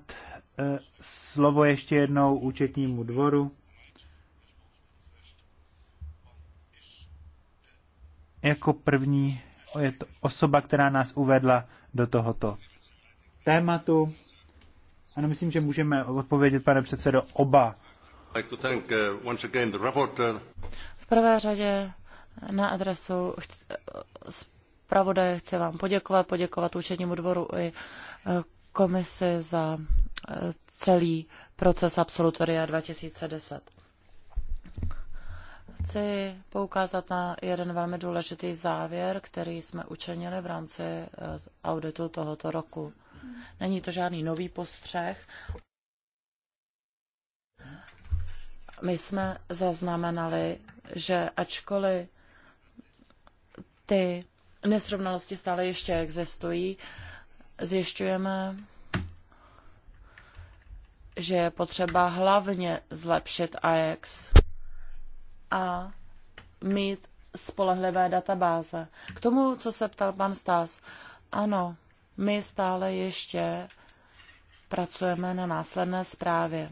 eh, slovo ještě jednou účetnímu dvoru. Jako první je to osoba, která nás uvedla do tohoto tématu. Ano, myslím, že můžeme odpovědět, pane předsedo, oba. V prvé řadě na adresu zpravodaje chci vám poděkovat, poděkovat účetnímu dvoru i e, komisi za e, celý proces absolutoria 2010. Chci poukázat na jeden velmi důležitý závěr, který jsme učinili v rámci e, auditu tohoto roku. Není to žádný nový postřeh. My jsme zaznamenali že ačkoliv ty nesrovnalosti stále ještě existují, zjišťujeme, že je potřeba hlavně zlepšit AX a mít spolehlivé databáze. K tomu, co se ptal pan Stas, ano, my stále ještě pracujeme na následné zprávě.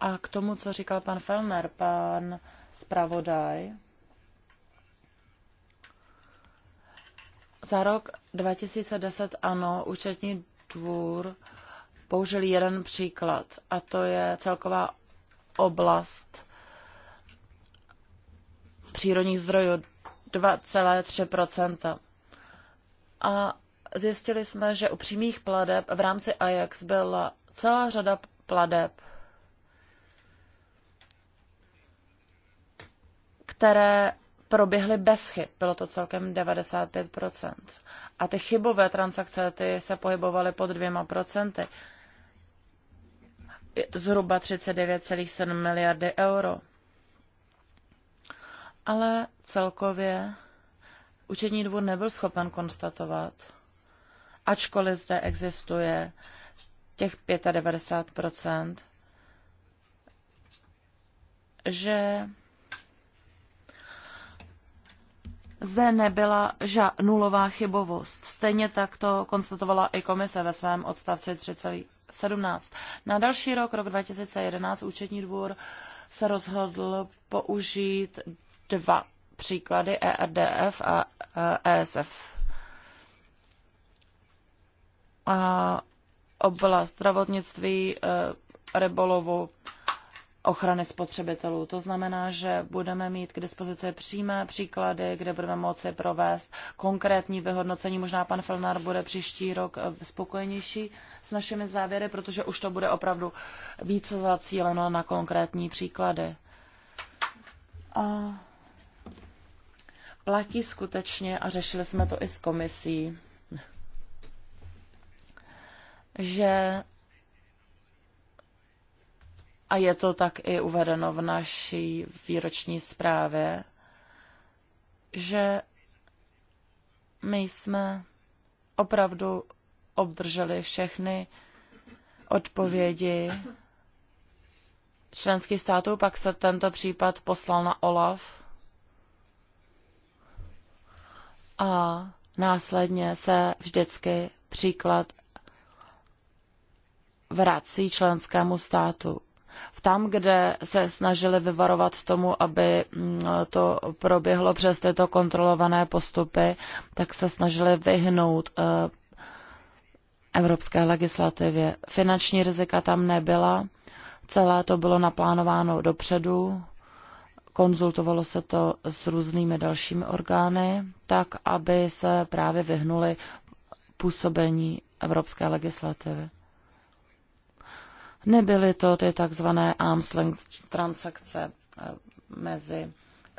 A k tomu, co říkal pan Felner, pan zpravodaj, za rok 2010 ano, účetní dvůr použil jeden příklad a to je celková oblast přírodních zdrojů 2,3 A zjistili jsme, že u přímých pladeb v rámci Ajax byla celá řada pladeb které proběhly bez chyb. Bylo to celkem 95%. A ty chybové transakce ty se pohybovaly pod dvěma procenty. Zhruba 39,7 miliardy euro. Ale celkově Učení dvůr nebyl schopen konstatovat, ačkoliv zde existuje těch 95%, že zde nebyla ža nulová chybovost. Stejně tak to konstatovala i komise ve svém odstavci 3,17. Na další rok, rok 2011, účetní dvůr se rozhodl použít dva příklady ERDF a ESF. A oblast zdravotnictví, e, rybolovu, ochrany spotřebitelů. To znamená, že budeme mít k dispozici přímé příklady, kde budeme moci provést konkrétní vyhodnocení. Možná pan Felnar bude příští rok eh, spokojenější s našimi závěry, protože už to bude opravdu více zacíleno na konkrétní příklady. A platí skutečně, a řešili jsme to i s komisí, že a je to tak i uvedeno v naší výroční zprávě, že my jsme opravdu obdrželi všechny odpovědi členských států, pak se tento případ poslal na OLAF a následně se vždycky příklad vrací členskému státu tam, kde se snažili vyvarovat tomu, aby mm, to proběhlo přes tyto kontrolované postupy, tak se snažili vyhnout eh, evropské legislativě. Finanční rizika tam nebyla, celé to bylo naplánováno dopředu, konzultovalo se to s různými dalšími orgány, tak aby se právě vyhnuli působení evropské legislativy. Nebyly to ty takzvané arms length transakce eh, mezi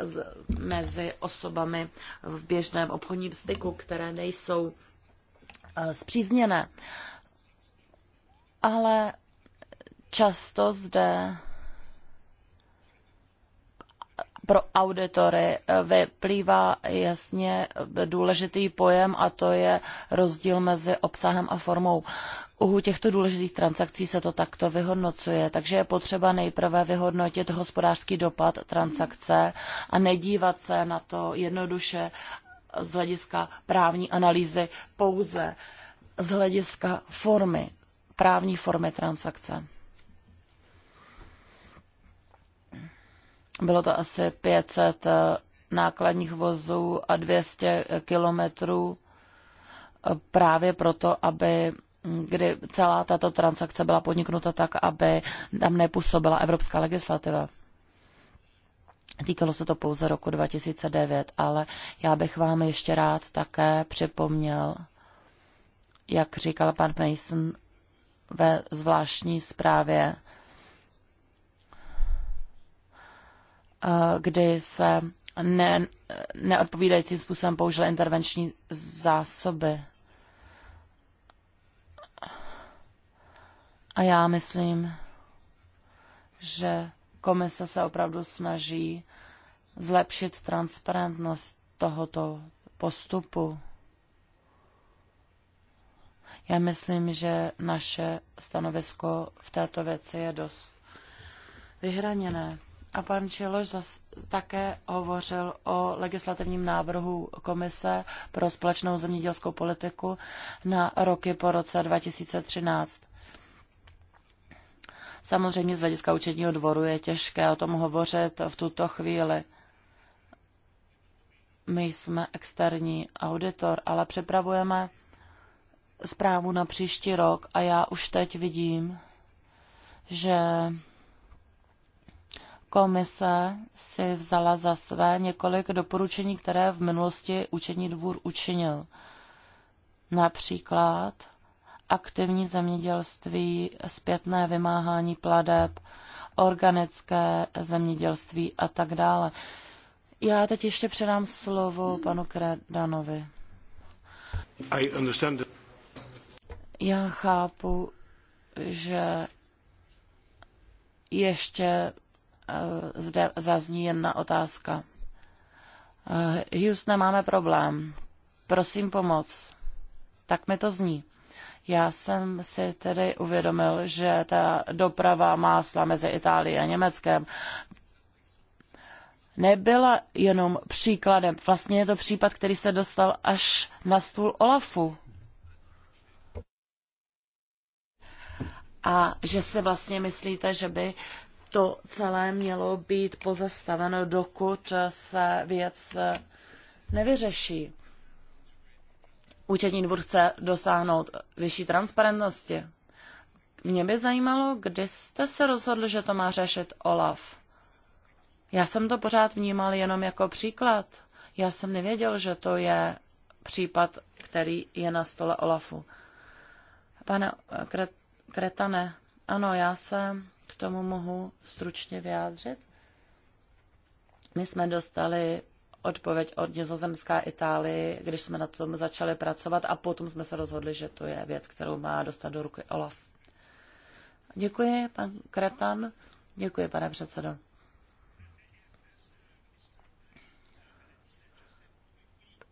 z, mezi osobami v běžném obchodním styku, které nejsou eh, zpřízněné. Ale často zde pro auditory eh, vyplývá jasně důležitý pojem a to je rozdíl mezi obsahem a formou. U těchto důležitých transakcí se to takto vyhodnocuje, takže je potřeba nejprve vyhodnotit hospodářský dopad transakce a nedívat se na to jednoduše z hlediska právní analýzy pouze z hlediska formy, právní formy transakce. Bylo to asi 500 eh, nákladních vozů a 200 kilometrů eh, právě proto, aby mm, kdy celá tato transakce byla podniknuta tak, aby tam nepůsobila evropská legislativa. Týkalo se to pouze roku 2009, ale já bych vám ještě rád také připomněl, jak říkal pan Mason ve zvláštní zprávě Eh, kdy se ne, neodpovídajícím způsobem použily intervenční zásoby. A já myslím, že komise se opravdu snaží zlepšit transparentnost tohoto postupu. Já myslím, že naše stanovisko v této věci je dost vyhraněné. A pan Čiloš zas, také hovořil o legislativním návrhu Komise pro společnou zemědělskou politiku na roky po roce 2013. Samozřejmě z hlediska účetního dvoru je těžké o tom hovořit v tuto chvíli. My jsme externí auditor, ale připravujeme zprávu na příští rok a já už teď vidím, že Komise si vzala za své několik doporučení, které v minulosti učení dvůr učinil. Například aktivní zemědělství, zpětné vymáhání pladeb, organické zemědělství a tak dále. Já teď ještě předám slovo panu Kredanovi. I understand that... Já chápu, že ještě Eh, zde zazní jedna otázka. Houston, eh, máme problém. Prosím pomoc. Tak mi to zní. Já jsem si tedy uvědomil, že ta doprava másla mezi Itálií a Německem nebyla jenom příkladem. Vlastně je to případ, který se dostal až na stůl Olafu. A že si vlastně myslíte, že by to celé mělo být pozastaveno, dokud se věc nevyřeší. Účetní dvůr chce dosáhnout vyšší transparentnosti. Mě by zajímalo, kdy jste se rozhodli, že to má řešit OLAF. Já jsem to pořád vnímal jenom jako příklad. Já jsem nevěděl, že to je případ, který je na stole OLAFu. Pane Kretane, ano, já jsem k tomu mohu stručně vyjádřit? My jsme dostali odpověď od Nizozemská Itálii, když jsme na tom začali pracovat a potom jsme se rozhodli, že to je věc, kterou má dostat do ruky Olaf. Děkuji, pan Kretan. Děkuji, pane předsedo.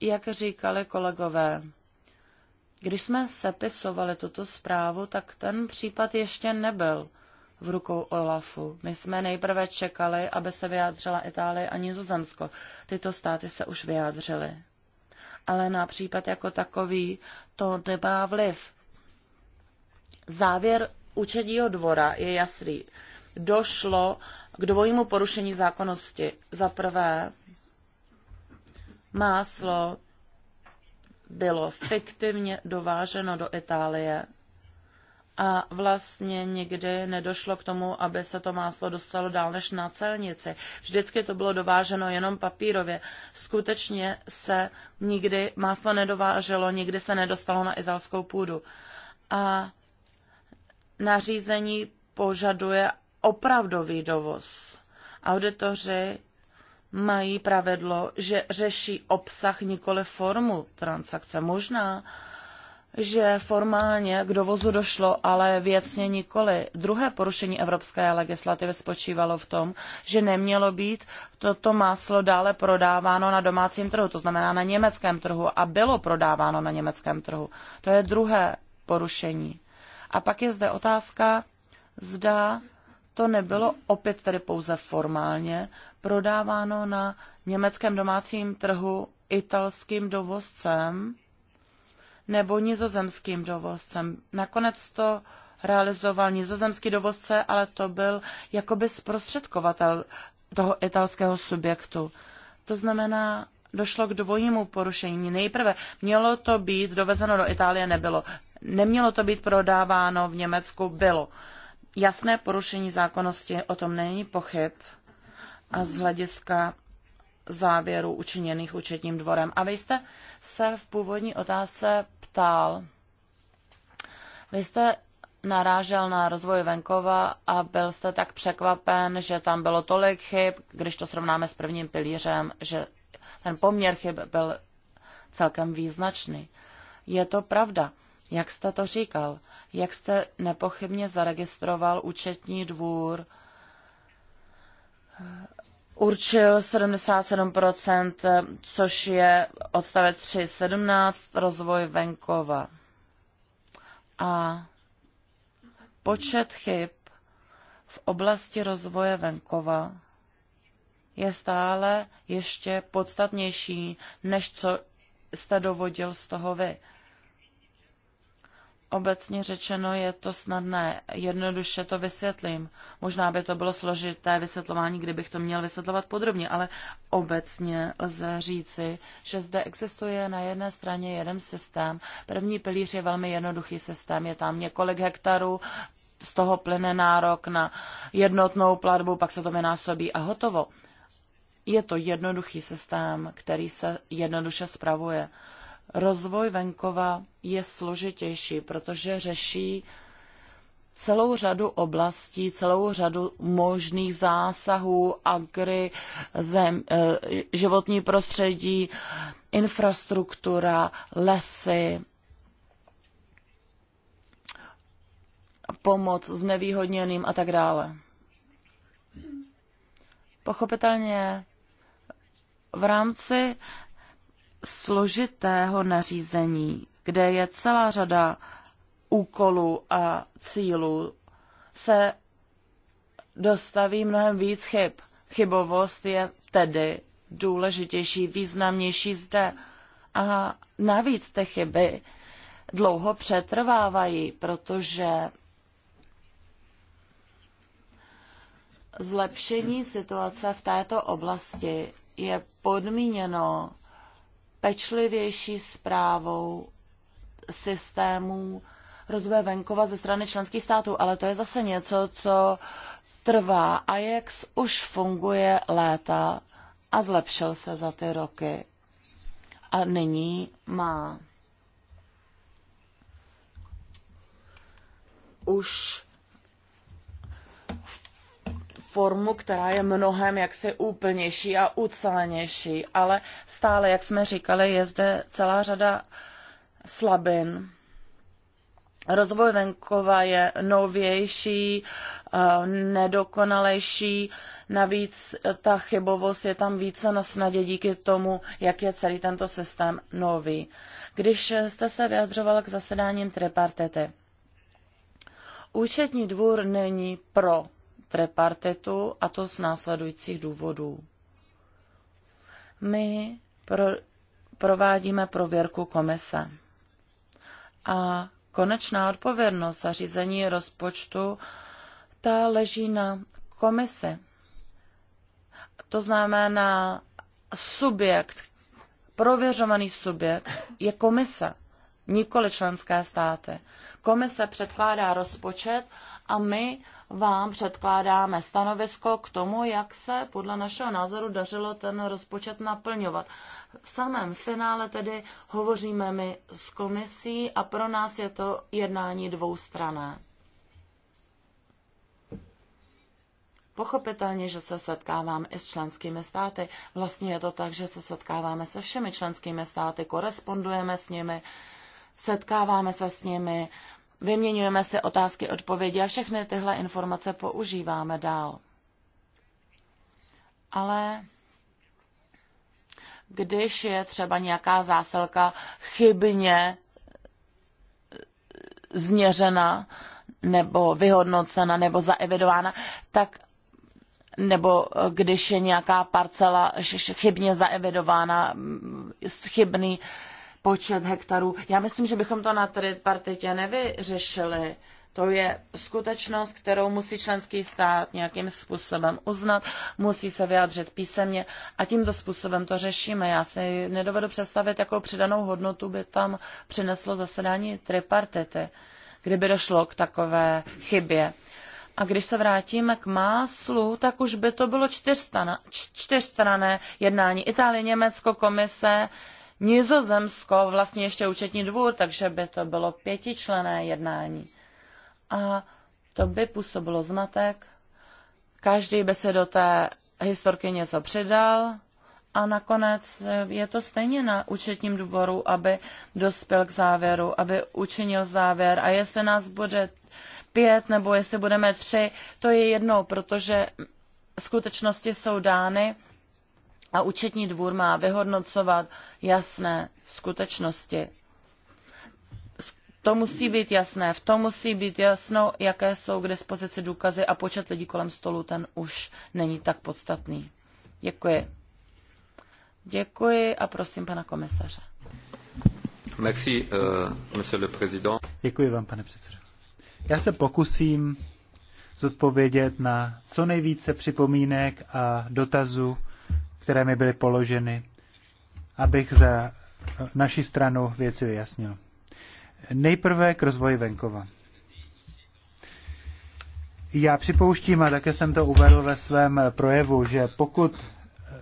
Jak říkali kolegové, když jsme sepisovali tuto zprávu, tak ten případ ještě nebyl v rukou Olafu. My jsme nejprve čekali, aby se vyjádřila Itálie a Nizozemsko. Tyto státy se už vyjádřily. Ale na případ jako takový to nemá vliv. Závěr účetního dvora je jasný. Došlo k dvojímu porušení zákonnosti. Za prvé, máslo bylo fiktivně dováženo do Itálie a vlastně nikdy nedošlo k tomu, aby se to máslo dostalo dál než na celnici. Vždycky to bylo dováženo jenom papírově. Skutečně se nikdy máslo nedováželo, nikdy se nedostalo na italskou půdu. A nařízení požaduje opravdový dovoz. Auditoři mají pravidlo, že řeší obsah nikoli formu transakce. Možná že formálně k dovozu došlo, ale věcně nikoli. Druhé porušení evropské legislativy spočívalo v tom, že nemělo být toto máslo dále prodáváno na domácím trhu, to znamená na německém trhu a bylo prodáváno na německém trhu. To je druhé porušení. A pak je zde otázka, zda to nebylo opět tedy pouze formálně prodáváno na německém domácím trhu italským dovozcem, nebo nizozemským dovozcem. Nakonec to realizoval nizozemský dovozce, ale to byl jakoby zprostředkovatel toho italského subjektu. To znamená, došlo k dvojímu porušení. Nejprve mělo to být dovezeno do Itálie, nebylo. Nemělo to být prodáváno v Německu, bylo. Jasné porušení zákonnosti, o tom není pochyb. A z hlediska závěrů učiněných účetním dvorem. A vy jste se v původní otázce ptal. Vy jste narážel na rozvoj venkova a byl jste tak překvapen, že tam bylo tolik chyb, když to srovnáme s prvním pilířem, že ten poměr chyb byl celkem význačný. Je to pravda. Jak jste to říkal? Jak jste nepochybně zaregistroval účetní dvůr určil 77%, což je odstavec 3.17 rozvoj venkova. A počet chyb v oblasti rozvoje venkova je stále ještě podstatnější, než co jste dovodil z toho vy. Obecně řečeno je to snadné, jednoduše to vysvětlím. Možná by to bylo složité vysvětlování, kdybych to měl vysvětlovat podrobně, ale obecně lze říci, že zde existuje na jedné straně jeden systém. První pilíř je velmi jednoduchý systém, je tam několik hektarů, z toho plyne nárok na jednotnou platbu, pak se to vynásobí a hotovo. Je to jednoduchý systém, který se jednoduše spravuje rozvoj venkova je složitější, protože řeší celou řadu oblastí, celou řadu možných zásahů, agry, zem, eh, životní prostředí, infrastruktura, lesy, pomoc znevýhodněným a tak dále. Pochopitelně v rámci složitého nařízení, kde je celá řada úkolů a cílů, se dostaví mnohem víc chyb. Chybovost je tedy důležitější, významnější zde. A navíc ty chyby dlouho přetrvávají, protože zlepšení situace v této oblasti je podmíněno pečlivější zprávou systémů rozvoje venkova ze strany členských států, ale to je zase něco, co trvá. Ajax už funguje léta a zlepšil se za ty roky. A nyní má už formu, která je mnohem jaksi úplnější a ucelenější, ale stále, jak jsme říkali, je zde celá řada slabin. Rozvoj venkova je novější, eh, nedokonalejší, navíc ta chybovost je tam více na snadě díky tomu, jak je celý tento systém nový. Když jste se vyjadřoval k zasedáním tripartity, účetní dvůr není pro tripartitu a to z následujících důvodů. My pro, provádíme prověrku komise a konečná odpovědnost za řízení rozpočtu ta leží na komisi. To znamená subjekt, prověřovaný subjekt je komise, nikoli členské státy. Komise předkládá rozpočet a my vám předkládáme stanovisko k tomu, jak se podle našeho názoru dařilo ten rozpočet naplňovat. V samém finále tedy hovoříme my s komisí a pro nás je to jednání dvoustrané. Pochopitelně, že se setkáváme i s členskými státy. Vlastně je to tak, že se setkáváme se všemi členskými státy, korespondujeme s nimi, setkáváme se s nimi, vyměňujeme si otázky, odpovědi a všechny tyhle informace používáme dál. Ale když je třeba nějaká zásilka chybně změřena nebo vyhodnocena nebo zaevidována, tak nebo když je nějaká parcela chybně zaevidována, chybný počet hektarů. Já myslím, že bychom to na tripartitě nevyřešili. To je skutečnost, kterou musí členský stát nějakým způsobem uznat, musí se vyjádřit písemně a tímto způsobem to řešíme. Já si nedovedu představit, jakou přidanou hodnotu by tam přineslo zasedání tripartity, kdyby došlo k takové chybě. A když se vrátíme k máslu, tak už by to bylo čtyřstrané jednání. Itálie, Německo, komise, Nizozemsko vlastně ještě účetní dvůr, takže by to bylo pětičlené jednání. A to by působilo zmatek. Každý by se do té historky něco přidal a nakonec je to stejně na účetním dvoru, aby dospěl k závěru, aby učinil závěr. A jestli nás bude pět nebo jestli budeme tři, to je jedno, protože skutečnosti jsou dány a účetní dvůr má vyhodnocovat jasné skutečnosti. To musí být jasné, v tom musí být jasno, jaké jsou k dispozici důkazy a počet lidí kolem stolu, ten už není tak podstatný. Děkuji. Děkuji a prosím pana komisaře. Merci, uh, monsieur le président. Děkuji vám, pane předsedo. Já se pokusím zodpovědět na co nejvíce připomínek a dotazů, které mi byly položeny, abych za naši stranu věci vyjasnil. Nejprve k rozvoji venkova. Já připouštím, a také jsem to uvedl ve svém projevu, že pokud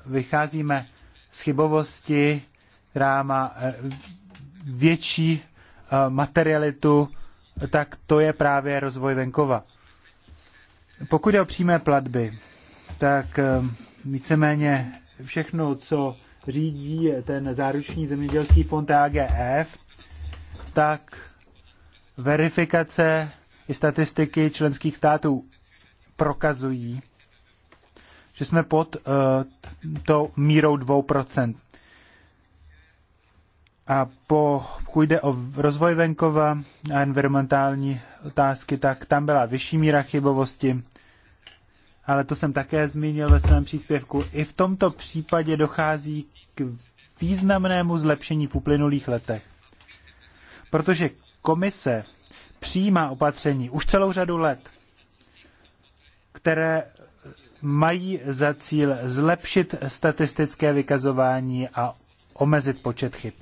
vycházíme z chybovosti, která má eh, větší eh, materialitu, tak to je právě rozvoj venkova. Pokud je o přímé platby, tak eh, víceméně všechno, co řídí ten záruční zemědělský fond AGF, tak verifikace i statistiky členských států prokazují, že jsme pod uh, eh, tou mírou 2%. A pokud jde o rozvoj venkova a environmentální otázky, tak tam byla vyšší míra chybovosti ale to jsem také zmínil ve svém příspěvku, i v tomto případě dochází k významnému zlepšení v uplynulých letech. Protože komise přijímá opatření už celou řadu let, které mají za cíl zlepšit statistické vykazování a omezit počet chyb.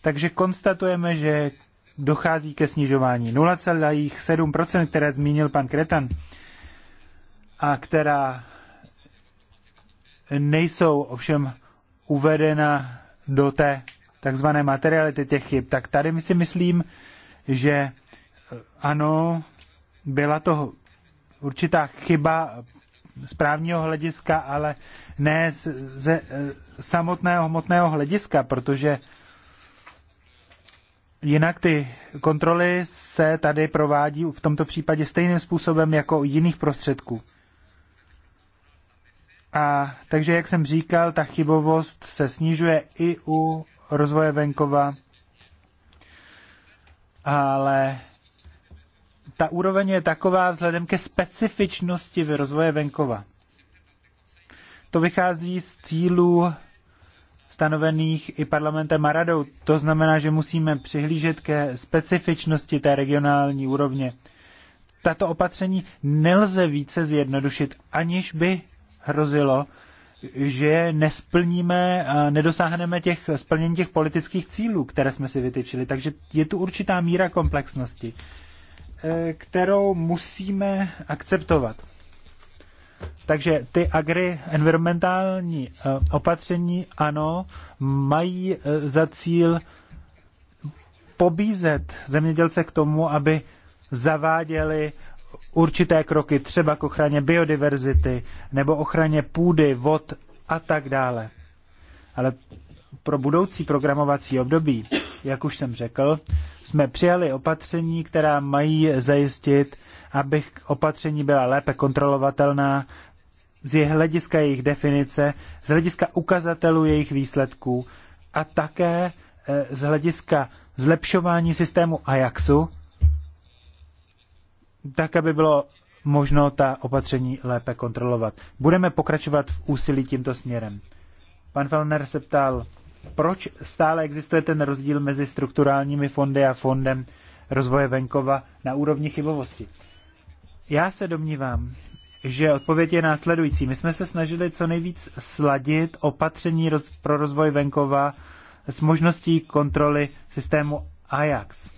Takže konstatujeme, že dochází ke snižování 0,7%, které zmínil pan Kretan, a která nejsou ovšem uvedena do té takzvané materiality těch chyb, tak tady my si myslím, že eh, ano, byla to určitá chyba z právního hlediska, ale ne z, ze eh, samotného hmotného hlediska, protože jinak ty kontroly se tady provádí v tomto případě stejným způsobem jako u jiných prostředků. A takže, jak jsem říkal, ta chybovost se snižuje i u rozvoje venkova, ale ta úroveň je taková vzhledem ke specifičnosti v rozvoje venkova. To vychází z cílů stanovených i parlamentem a radou. To znamená, že musíme přihlížet ke specifičnosti té regionální úrovně. Tato opatření nelze více zjednodušit, aniž by hrozilo, že nesplníme a nedosáhneme těch, splnění těch politických cílů, které jsme si vytyčili. Takže je tu určitá míra komplexnosti, e, kterou musíme akceptovat. Takže ty agri-environmentální e, opatření, ano, mají e, za cíl pobízet zemědělce k tomu, aby zaváděli určité kroky třeba k ochraně biodiverzity nebo ochraně půdy, vod a tak dále. Ale pro budoucí programovací období, jak už jsem řekl, jsme přijali opatření, která mají zajistit, aby opatření byla lépe kontrolovatelná z hlediska jejich definice, z hlediska ukazatelů jejich výsledků a také eh, z hlediska zlepšování systému Ajaxu, tak, aby bylo možno ta opatření lépe kontrolovat. Budeme pokračovat v úsilí tímto směrem. Pan Fellner se ptal, proč stále existuje ten rozdíl mezi strukturálními fondy a fondem rozvoje venkova na úrovni chybovosti. Já se domnívám, že odpověď je následující. My jsme se snažili co nejvíc sladit opatření roz, pro rozvoj venkova s možností kontroly systému Ajax.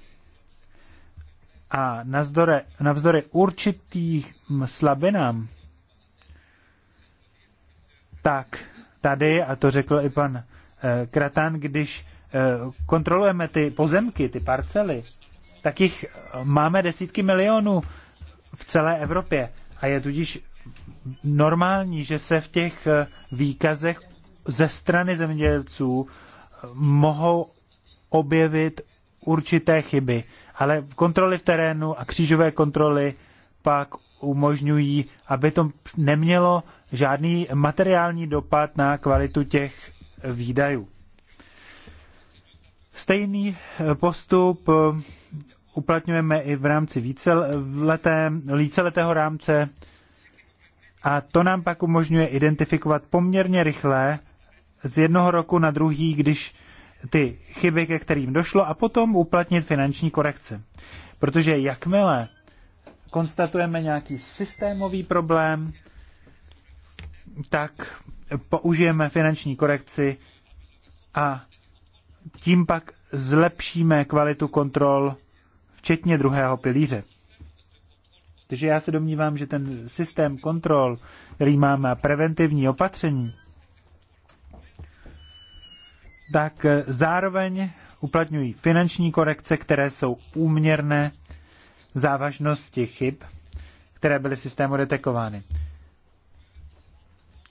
A navzdory, navzdory určitých slabinám, tak tady, a to řekl i pan eh, Kratan, když eh, kontrolujeme ty pozemky, ty parcely, tak jich eh, máme desítky milionů v celé Evropě. A je tudíž normální, že se v těch výkazech ze strany zemědělců mohou objevit určité chyby ale kontroly v terénu a křížové kontroly pak umožňují, aby to nemělo žádný materiální dopad na kvalitu těch výdajů. Stejný eh, postup eh, uplatňujeme i v rámci víceleté, víceletého rámce a to nám pak umožňuje identifikovat poměrně rychle z jednoho roku na druhý, když ty chyby, ke kterým došlo, a potom uplatnit finanční korekce. Protože jakmile konstatujeme nějaký systémový problém, tak použijeme finanční korekci a tím pak zlepšíme kvalitu kontrol, včetně druhého pilíře. Takže já se domnívám, že ten systém kontrol, který máme, preventivní opatření, tak eh, zároveň uplatňují finanční korekce, které jsou úměrné závažnosti chyb, které byly v systému detekovány.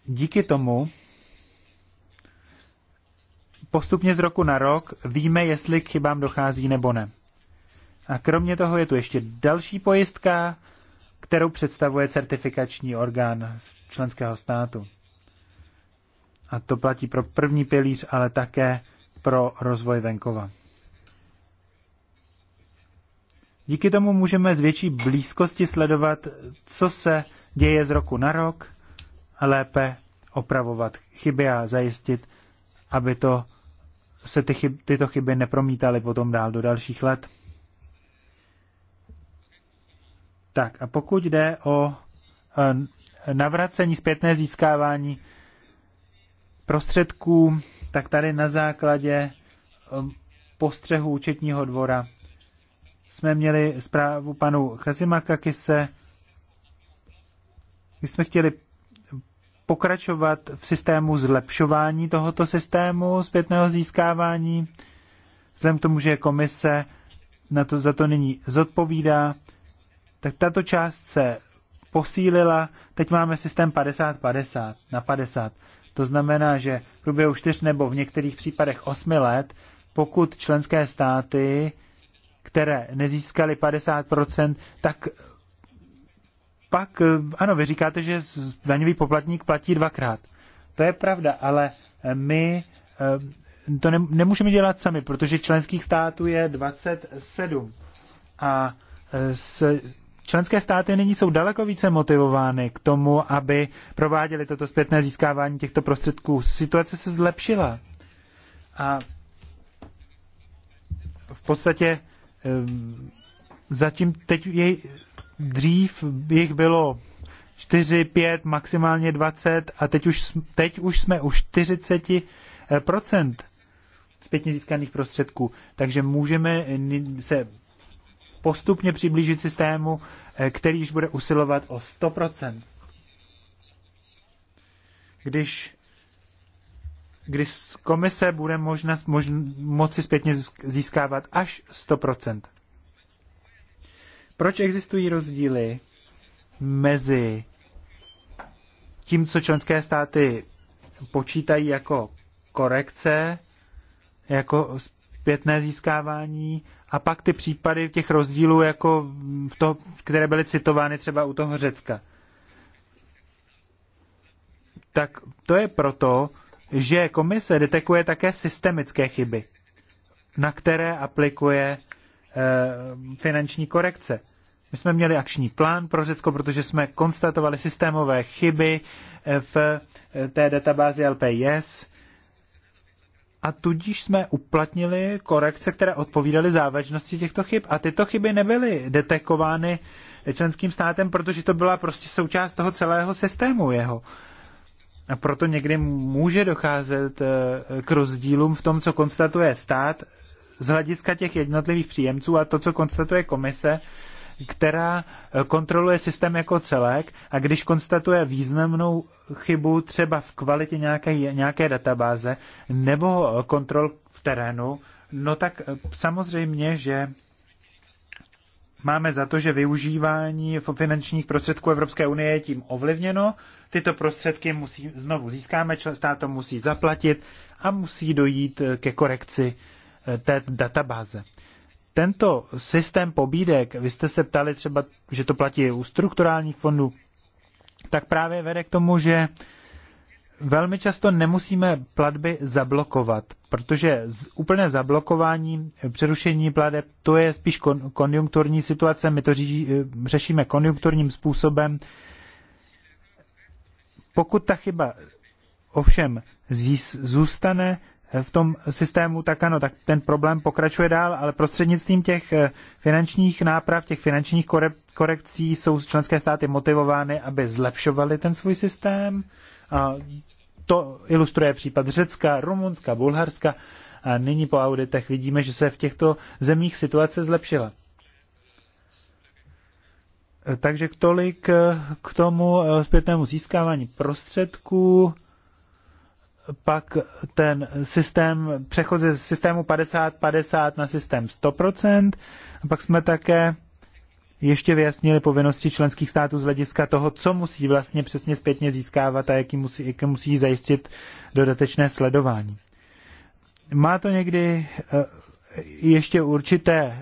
Díky tomu postupně z roku na rok víme, jestli k chybám dochází nebo ne. A kromě toho je tu ještě další pojistka, kterou představuje certifikační orgán členského státu. A to platí pro první pilíř, ale také pro rozvoj venkova. Díky tomu můžeme z větší blízkosti sledovat, co se děje z roku na rok a lépe opravovat chyby a zajistit, aby to, se ty chyb, tyto chyby nepromítaly potom dál do dalších let. Tak a pokud jde o eh, navracení zpětné získávání prostředků, tak tady na základě um, postřehu účetního dvora jsme měli zprávu panu Kise. my jsme chtěli pokračovat v systému zlepšování tohoto systému zpětného získávání, vzhledem k tomu, že komise na to, za to nyní zodpovídá, tak tato část se posílila. Teď máme systém 50-50 na 50. To znamená, že v průběhu čtyř nebo v některých případech osmi let, pokud členské státy, které nezískaly 50%, tak pak, ano, vy říkáte, že daňový poplatník platí dvakrát. To je pravda, ale eh, my eh, to nemůžeme dělat sami, protože členských států je 27. A eh, s Členské státy nyní jsou daleko více motivovány k tomu, aby prováděli toto zpětné získávání těchto prostředků. Situace se zlepšila. A v podstatě zatím teď jej, dřív jich bylo 4, 5, maximálně 20 a teď už, teď už jsme u 40 eh, zpětně získaných prostředků. Takže můžeme se postupně přiblížit systému, eh, který již bude usilovat o 100%. Když když z komise bude možna, mož, moci zpětně získávat až 100%. Proč existují rozdíly mezi tím, co členské státy počítají jako korekce, jako zpětné získávání a pak ty případy těch rozdílů, jako to, které byly citovány třeba u toho Řecka. Tak to je proto, že komise detekuje také systemické chyby, na které aplikuje eh, finanční korekce. My jsme měli akční plán pro Řecko, protože jsme konstatovali systémové chyby eh, v eh, té databázi LPIS a tudíž jsme uplatnili korekce, které odpovídaly závažnosti těchto chyb. A tyto chyby nebyly detekovány členským státem, protože to byla prostě součást toho celého systému jeho. A proto někdy může docházet eh, k rozdílům v tom, co konstatuje stát z hlediska těch jednotlivých příjemců a to, co konstatuje komise která eh, kontroluje systém jako celek a když konstatuje významnou chybu třeba v kvalitě nějaké, nějaké databáze nebo eh, kontrol v terénu, no tak eh, samozřejmě, že máme za to, že využívání finančních prostředků Evropské unie je tím ovlivněno. Tyto prostředky musí, znovu získáme, stát to musí zaplatit a musí dojít ke korekci té databáze tento systém pobídek, vy jste se ptali třeba, že to platí u strukturálních fondů, tak právě vede k tomu, že velmi často nemusíme platby zablokovat, protože z úplné zablokování, přerušení plateb, to je spíš kon, konjunkturní situace, my to eh, řešíme konjunkturním způsobem. Pokud ta chyba ovšem zůstane v tom systému, tak ano, tak ten problém pokračuje dál, ale prostřednictvím těch eh, finančních náprav, těch finančních korekcí jsou členské státy motivovány, aby zlepšovaly ten svůj systém. A to ilustruje případ Řecka, Rumunska, Bulharska. A nyní po auditech vidíme, že se v těchto zemích situace zlepšila. Eh, takže tolik eh, k tomu zpětnému získávání prostředků pak ten systém, přechod ze systému 50-50 na systém 100%. A pak jsme také ještě vyjasnili povinnosti členských států z hlediska toho, co musí vlastně přesně zpětně získávat a jaký musí, jaký musí zajistit dodatečné sledování. Má to někdy eh, ještě určité, eh,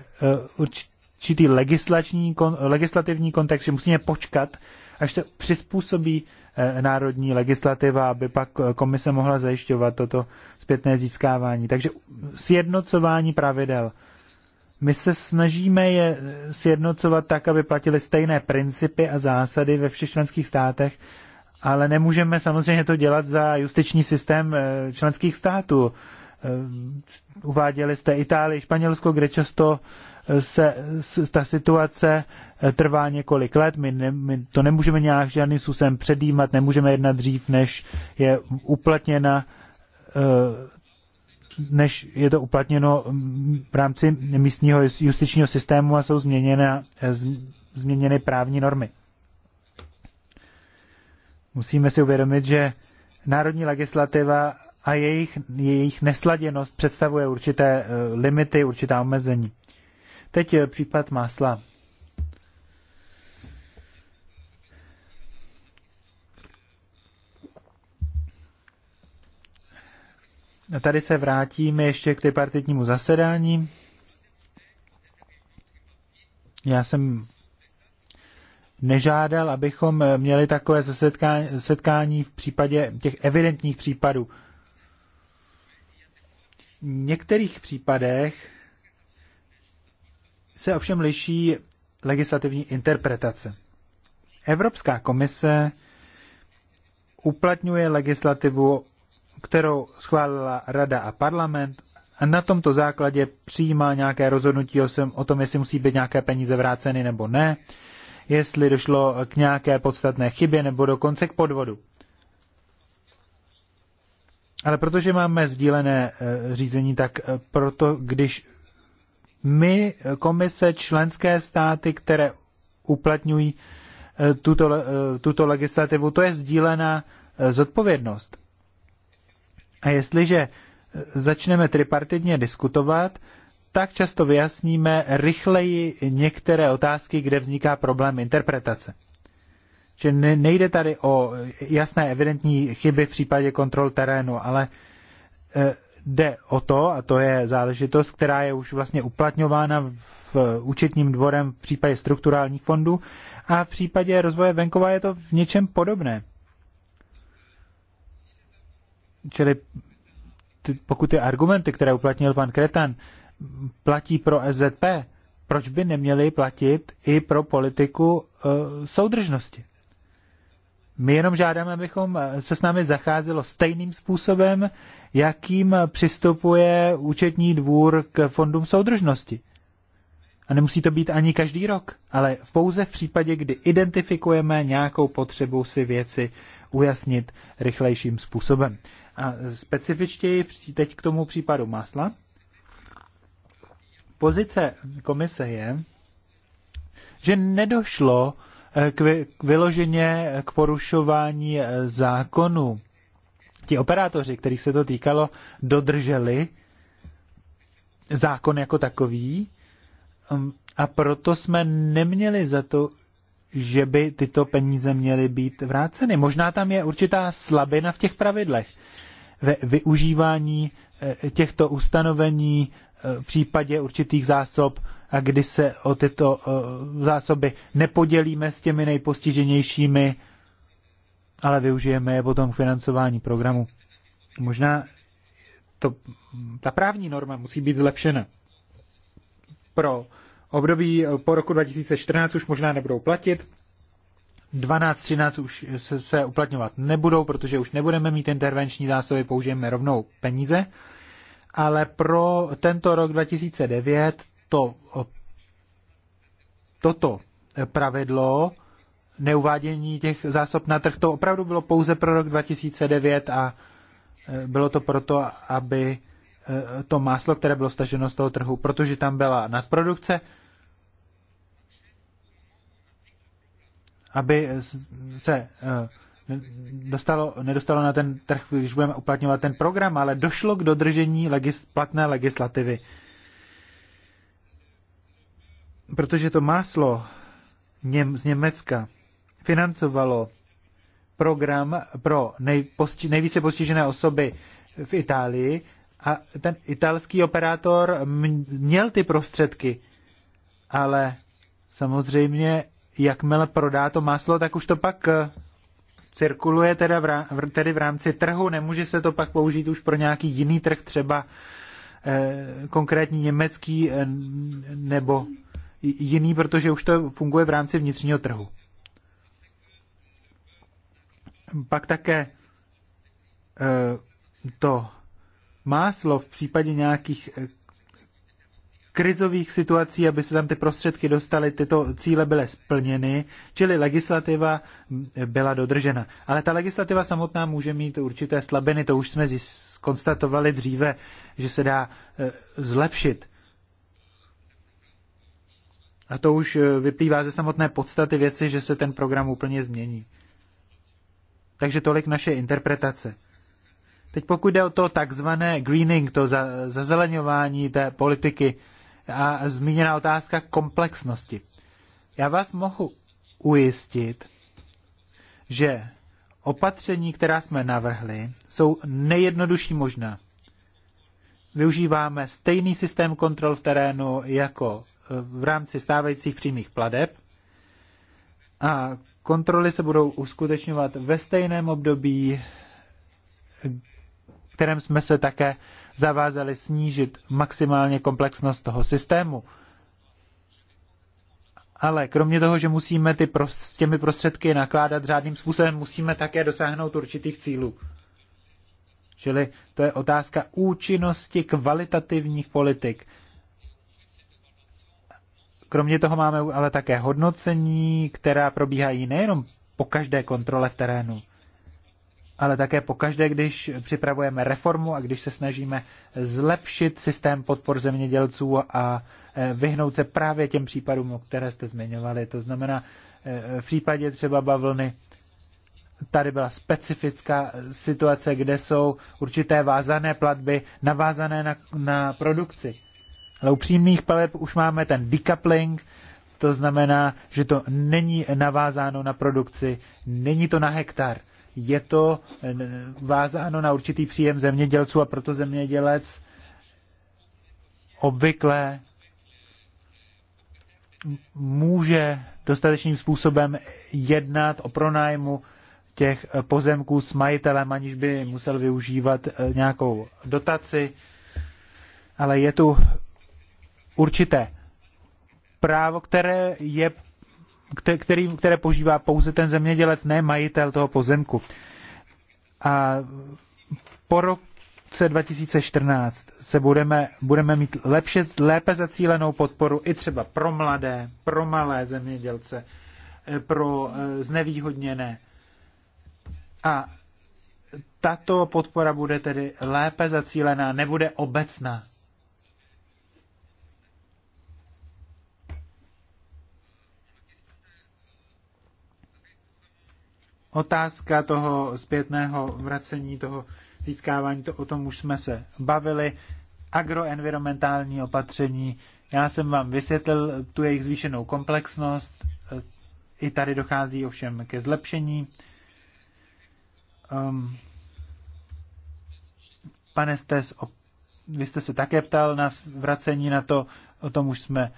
určitý legislační, legislativní kontext, že musíme počkat, až se přizpůsobí Eh, národní legislativa, aby pak eh, komise mohla zajišťovat toto zpětné získávání. Takže sjednocování pravidel. My se snažíme je eh, sjednocovat tak, aby platily stejné principy a zásady ve všech členských státech, ale nemůžeme samozřejmě to dělat za justiční systém členských států. Eh, uváděli jste Itálii, Španělsko, kde často eh, se ta situace eh, trvá několik let. My, ne, my to nemůžeme nějak žádným způsobem předjímat, nemůžeme jednat dřív, než je uplatněna než je to uplatněno mm, v rámci místního justičního systému a jsou změněna, změněny právní normy. Musíme si uvědomit, že národní legislativa a jejich, jejich nesladěnost představuje určité eh, limity, určitá omezení. Teď eh, případ másla. A tady se vrátíme ještě k tripartitnímu zasedání. Já jsem nežádal, abychom eh, měli takové setkání v případě těch evidentních případů některých případech se ovšem liší legislativní interpretace. Evropská komise uplatňuje legislativu, kterou schválila Rada a parlament a na tomto základě přijímá nějaké rozhodnutí o tom, jestli musí být nějaké peníze vráceny nebo ne, jestli došlo k nějaké podstatné chybě nebo dokonce k podvodu. Ale protože máme sdílené eh, řízení, tak eh, proto, když my, eh, komise, členské státy, které uplatňují tuto, tuto legislativu, to je sdílená zodpovědnost. A jestliže začneme tripartitně diskutovat, tak často vyjasníme rychleji některé otázky, kde vzniká problém interpretace že nejde tady o jasné evidentní chyby v případě kontrol terénu, ale e, jde o to, a to je záležitost, která je už vlastně uplatňována v účetním dvorem v případě strukturálních fondů a v případě rozvoje venkova je to v něčem podobné. Čili pokud ty argumenty, které uplatnil pan Kretan, platí pro SZP, proč by neměli platit i pro politiku e, soudržnosti? My jenom žádáme, abychom eh, se s námi zacházelo stejným způsobem, jakým přistupuje účetní dvůr k fondům soudržnosti. A nemusí to být ani každý rok, ale pouze v případě, kdy identifikujeme nějakou potřebu si věci ujasnit rychlejším způsobem. A specifičtěji teď k tomu případu masla. Pozice komise je, že nedošlo k, vyloženě k porušování eh, zákonů. Ti operátoři, kterých se to týkalo, dodrželi zákon jako takový mm, a proto jsme neměli za to, že by tyto peníze měly být vráceny. Možná tam je určitá slabina v těch pravidlech ve využívání eh, těchto ustanovení v případě určitých zásob a kdy se o tyto eh, zásoby nepodělíme s těmi nejpostiženějšími, ale využijeme je potom k financování programu. Možná to, ta právní norma musí být zlepšena. Pro období eh, po roku 2014 už možná nebudou platit, 12, 13 už se, se uplatňovat nebudou, protože už nebudeme mít intervenční zásoby, použijeme rovnou peníze ale pro tento rok 2009 to, toto pravidlo neuvádění těch zásob na trh, to opravdu bylo pouze pro rok 2009 a e, bylo to proto, aby e, to máslo, které bylo staženo z toho trhu, protože tam byla nadprodukce, aby se e, dostalo, nedostalo na ten trh, když budeme uplatňovat ten program, ale došlo k dodržení legis, platné legislativy. Protože to máslo Něm, z Německa financovalo program pro nejposti, nejvíce postižené osoby v Itálii a ten italský operátor měl ty prostředky, ale samozřejmě, jakmile prodá to máslo, tak už to pak eh, cirkuluje teda v, rám, tedy v rámci trhu, nemůže se to pak použít už pro nějaký jiný trh, třeba eh, konkrétní německý eh, nebo jiný, protože už to funguje v rámci vnitřního trhu. Pak také eh, to máslo v případě nějakých eh, krizových situací, aby se tam ty prostředky dostaly, tyto cíle byly splněny, čili legislativa byla dodržena. Ale ta legislativa samotná může mít určité slabiny, to už jsme konstatovali dříve, že se dá eh, zlepšit. A to už eh, vyplývá ze samotné podstaty věci, že se ten program úplně změní. Takže tolik naše interpretace. Teď pokud jde o to takzvané greening, to za, zazeleňování té politiky, a zmíněná otázka komplexnosti. Já vás mohu ujistit, že opatření, která jsme navrhli, jsou nejjednodušší možná. Využíváme stejný systém kontrol v terénu jako e, v rámci stávajících přímých pladeb a kontroly se budou uskutečňovat ve stejném období, kterém jsme se také zavázali snížit maximálně komplexnost toho systému. Ale kromě toho, že musíme ty prost, s těmi prostředky nakládat řádným způsobem, musíme také dosáhnout určitých cílů. Čili to je otázka účinnosti kvalitativních politik. Kromě toho máme ale také hodnocení, která probíhají nejenom po každé kontrole v terénu, ale také pokaždé, když připravujeme reformu a když se snažíme zlepšit systém podpor zemědělců a e, vyhnout se právě těm případům, o které jste zmiňovali. To znamená, e, v případě třeba bavlny, tady byla specifická situace, kde jsou určité vázané platby navázané na, na produkci. Ale u přímých paleb už máme ten decoupling, to znamená, že to není navázáno na produkci, není to na hektar je to eh, vázáno na určitý příjem zemědělců a proto zemědělec obvykle může dostatečným způsobem jednat o pronájmu těch eh, pozemků s majitelem, aniž by musel využívat eh, nějakou dotaci, ale je tu určité právo, které je který, které požívá pouze ten zemědělec, ne majitel toho pozemku. A po roce 2014 se budeme, budeme mít lepše, lépe zacílenou podporu i třeba pro mladé, pro malé zemědělce, eh, pro eh, znevýhodněné. A tato podpora bude tedy lépe zacílená, nebude obecná. otázka toho zpětného vracení, toho získávání, to, o tom už jsme se bavili. Agroenvironmentální opatření, já jsem vám vysvětlil tu jejich zvýšenou komplexnost, i tady dochází ovšem ke zlepšení. Um, pane Stes, vy jste se také ptal na vracení na to, o tom už jsme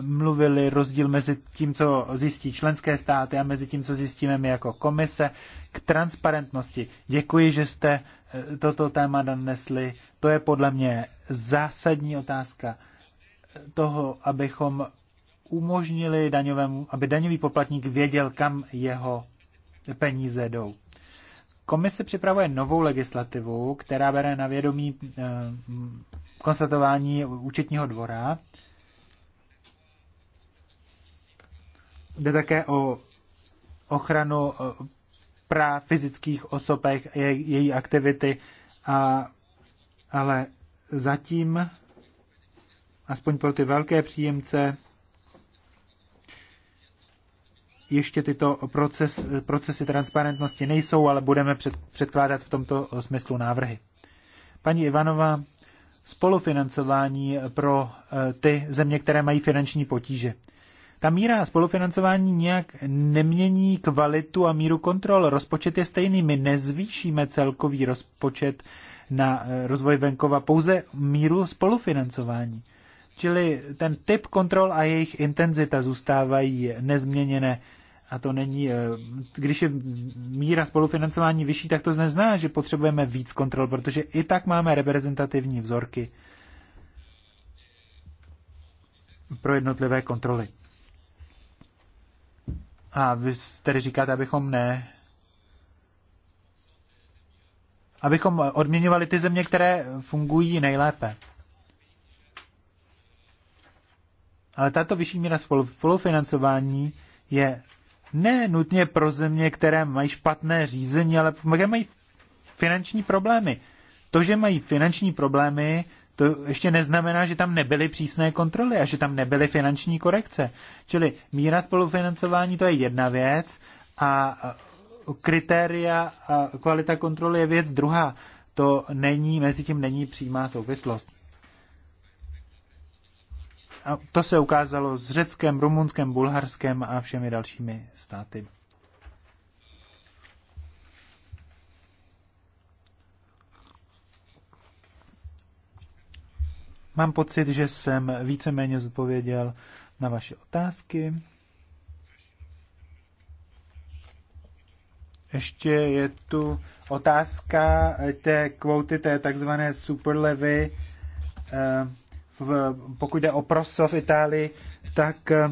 mluvili rozdíl mezi tím, co zjistí členské státy a mezi tím, co zjistíme my jako komise, k transparentnosti. Děkuji, že jste eh, toto téma donesli. To je podle mě zásadní otázka toho, abychom umožnili daňovému, aby daňový poplatník věděl, kam jeho peníze jdou. Komise připravuje novou legislativu, která bere na vědomí eh, konstatování účetního dvora Jde také o ochranu eh, práv fyzických osobek, je, její aktivity, a, ale zatím, aspoň pro ty velké příjemce, ještě tyto proces, procesy transparentnosti nejsou, ale budeme před, předkládat v tomto smyslu návrhy. Paní Ivanová, spolufinancování pro eh, ty země, které mají finanční potíže ta míra spolufinancování nějak nemění kvalitu a míru kontrol. Rozpočet je stejný, my nezvýšíme celkový rozpočet na eh, rozvoj venkova, pouze míru spolufinancování. Čili ten typ kontrol a jejich intenzita zůstávají nezměněné. A to není, eh, když je míra spolufinancování vyšší, tak to nezná, že potřebujeme víc kontrol, protože i tak máme reprezentativní vzorky pro jednotlivé kontroly. A vy tedy říkáte, abychom ne. Abychom odměňovali ty země, které fungují nejlépe. Ale tato vyšší míra spolufinancování je ne nutně pro země, které mají špatné řízení, ale které mají finanční problémy. To, že mají finanční problémy, to ještě neznamená, že tam nebyly přísné kontroly a že tam nebyly finanční korekce. Čili míra spolufinancování to je jedna věc a kritéria a kvalita kontroly je věc druhá. To není, mezi tím není přímá souvislost. A to se ukázalo s Řeckem, Rumunskem, Bulharskem a všemi dalšími státy. Mám pocit, že jsem víceméně zodpověděl na vaše otázky. Ještě je tu otázka té kvóty, té takzvané superlevy. Eh, pokud jde o proso v Itálii, tak eh,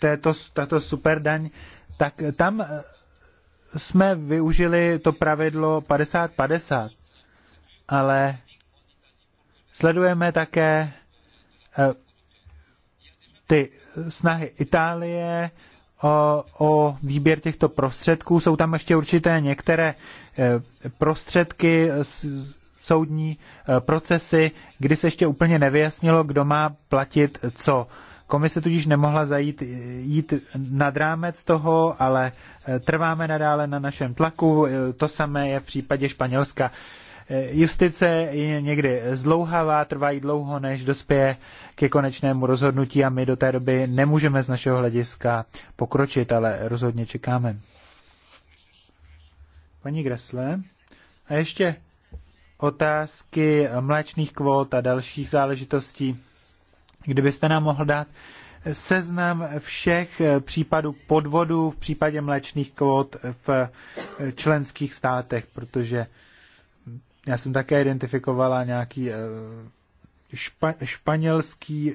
této, tato superdaň, tak tam eh, jsme využili to pravidlo 50-50, ale Sledujeme také eh, ty snahy Itálie o, o výběr těchto prostředků. Jsou tam ještě určité některé eh, prostředky, soudní eh, procesy, kdy se ještě úplně nevyjasnilo, kdo má platit co. Komise tudíž nemohla zajít, jít nad rámec toho, ale trváme nadále na našem tlaku. To samé je v případě Španělska. Eh, justice je někdy zdlouhavá, trvají dlouho, než dospěje ke konečnému rozhodnutí a my do té doby nemůžeme z našeho hlediska pokročit, ale rozhodně čekáme. Paní Gresle, a ještě otázky mléčných kvót a dalších záležitostí. Kdybyste nám mohl dát seznam všech eh, případů podvodů v případě mléčných kvót v eh, členských státech, protože já jsem také identifikovala nějaký eh, špa, španělský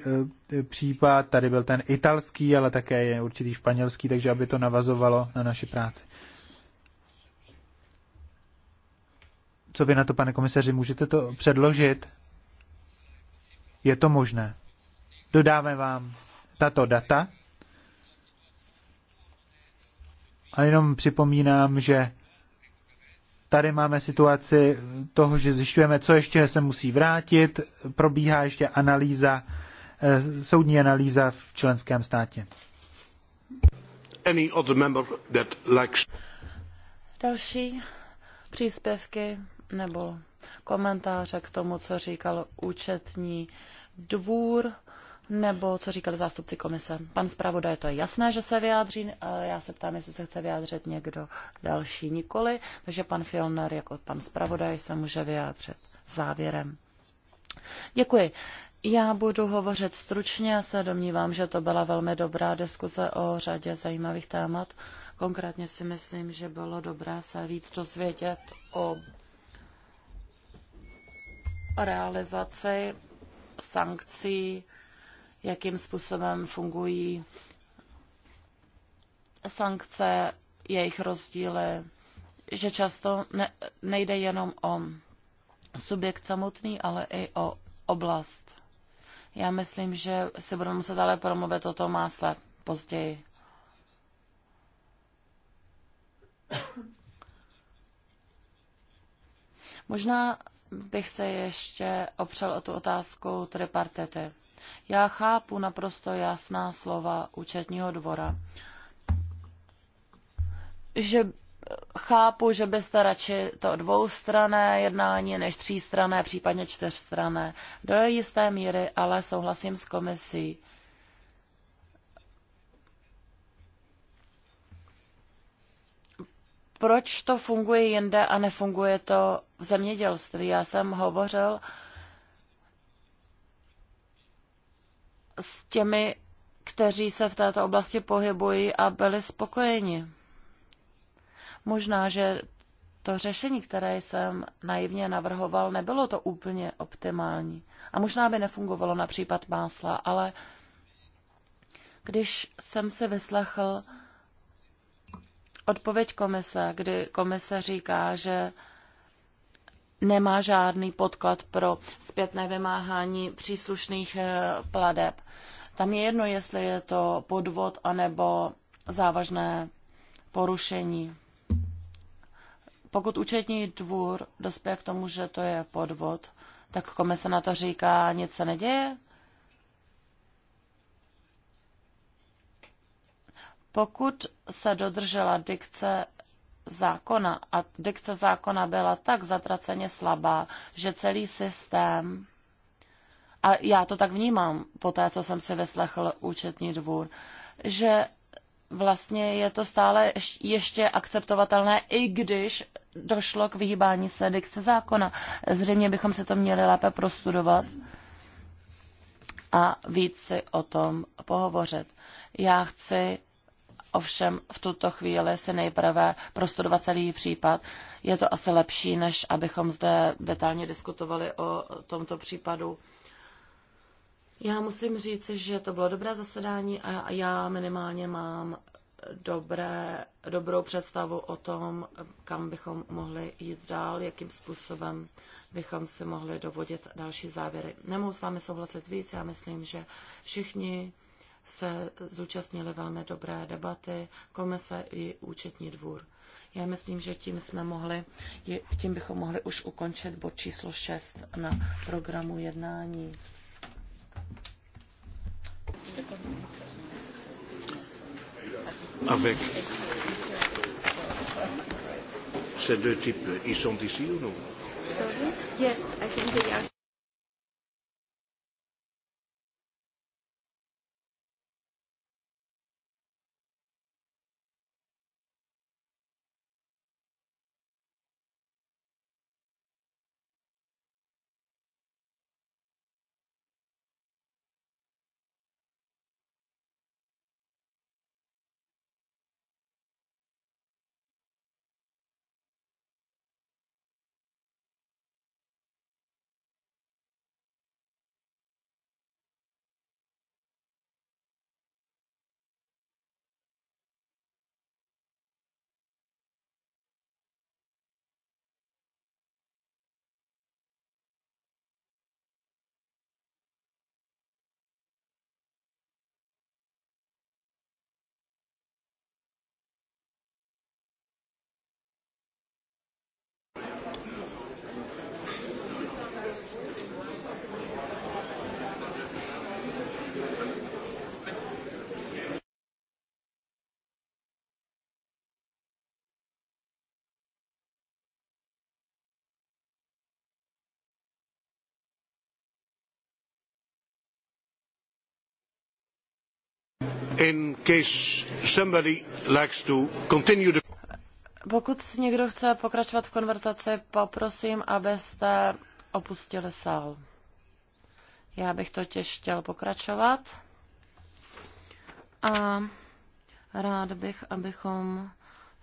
eh, případ, tady byl ten italský, ale také je určitý španělský, takže aby to navazovalo na naši práci. Co vy na to, pane komisaři, můžete to předložit? Je to možné. Dodáme vám tato data. A jenom připomínám, že Tady máme situaci toho, že zjišťujeme, co ještě se musí vrátit. Probíhá ještě analýza, eh, soudní analýza v členském státě. Any other member that likes... Další příspěvky nebo komentáře k tomu, co říkal účetní dvůr nebo co říkali zástupci komise. Pan zpravodaj, to je jasné, že se vyjádří. Já se ptám, jestli se chce vyjádřit někdo další nikoli. Takže pan Filner jako pan zpravodaj se může vyjádřit závěrem. Děkuji. Já budu hovořit stručně, já se domnívám, že to byla velmi dobrá diskuze o řadě zajímavých témat. Konkrétně si myslím, že bylo dobré se víc dozvědět o realizaci sankcí jakým způsobem fungují sankce, jejich rozdíly, že často ne, nejde jenom o subjekt samotný, ale i o oblast. Já myslím, že si budeme muset ale promluvit o tom másle později. Možná bych se ještě opřel o tu otázku tripartity. Já chápu naprosto jasná slova účetního dvora, že chápu, že byste radši to dvoustrané jednání než třístrané, případně čtyřstrané. Do jisté míry, ale souhlasím s komisí. Proč to funguje jinde a nefunguje to v zemědělství? Já jsem hovořil uh, s těmi, kteří se v této oblasti pohybují a byli spokojeni. Možná, že to řešení, které jsem naivně navrhoval, nebylo to úplně optimální. A možná by nefungovalo na případ másla, ale když jsem si vyslechl odpověď komise, kdy komise říká, že nemá žádný podklad pro zpětné vymáhání příslušných eh, pladeb. Tam je jedno, jestli je to podvod anebo závažné porušení. Pokud účetní dvůr dospěje k tomu, že to je podvod, tak komise na to říká, nic se neděje. Pokud se dodržela dikce zákona a dikce zákona byla tak zatraceně slabá, že celý systém, a já to tak vnímám po té, co jsem si vyslechl účetní dvůr, že vlastně je to stále ještě akceptovatelné, i když došlo k vyhýbání se dikce zákona. Zřejmě bychom se to měli lépe prostudovat a víc si o tom pohovořit. Já chci Ovšem v tuto chvíli si nejprve prostudovat celý případ. Je to asi lepší, než abychom zde detailně diskutovali o tomto případu. Já musím říct, že to bylo dobré zasedání a já minimálně mám dobré, dobrou představu o tom, kam bychom mohli jít dál, jakým způsobem bychom si mohli dovodit další závěry. Nemohu s vámi souhlasit víc, já myslím, že všichni se zúčastnili velmi dobré debaty, komise i účetní dvůr. Já myslím, že tím, jsme mohli, tím bychom mohli už ukončit bod číslo 6 na programu jednání. Avec ces deux types, ils sont ici ou non? Sorry? Yes, I think they are. in case somebody likes to continue the... Pokud někdo chce pokračovat v konverzaci, poprosím, abyste opustili sál. Já bych totiž chtěl pokračovat. A rád bych, abychom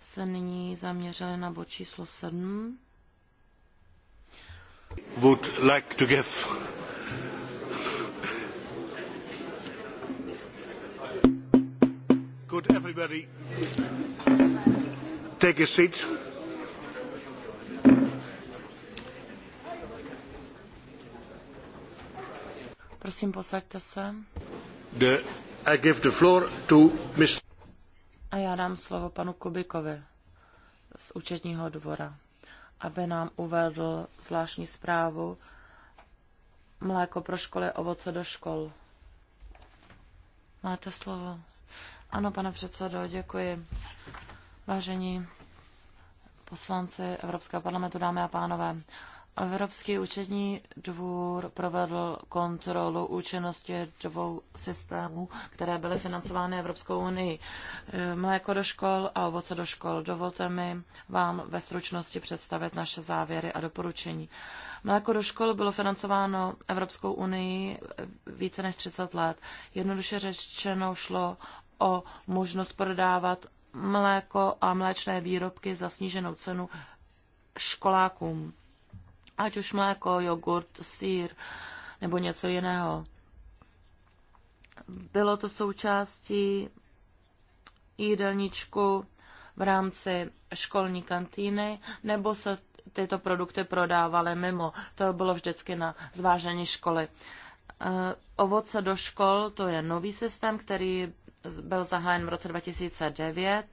se nyní zaměřili na bod číslo 7. Would like to give Could everybody take a seat? Prosím, posaďte se. The, I give the floor to Mr. A já dám slovo panu Kubikovi z účetního dvora, aby nám uvedl zvláštní zprávu mléko pro školy, ovoce do škol. Máte slovo. Ano, pane předsedo, děkuji. Vážení poslanci Evropského parlamentu, dámy a pánové, Evropský účetní dvůr provedl kontrolu účinnosti dvou systémů, které byly financovány Evropskou unii. Mléko do škol a ovoce do škol. Dovolte mi vám ve stručnosti představit naše závěry a doporučení. Mléko do škol bylo financováno Evropskou unii více než 30 let. Jednoduše řečeno šlo o možnost prodávat mléko a mléčné výrobky za sníženou cenu školákům. Ať už mléko, jogurt, sír nebo něco jiného. Bylo to součástí jídelníčku v rámci školní kantýny, nebo se tyto produkty prodávaly mimo. To bylo vždycky na zvážení školy. E, ovoce do škol, to je nový systém, který byl zahájen v roce 2009.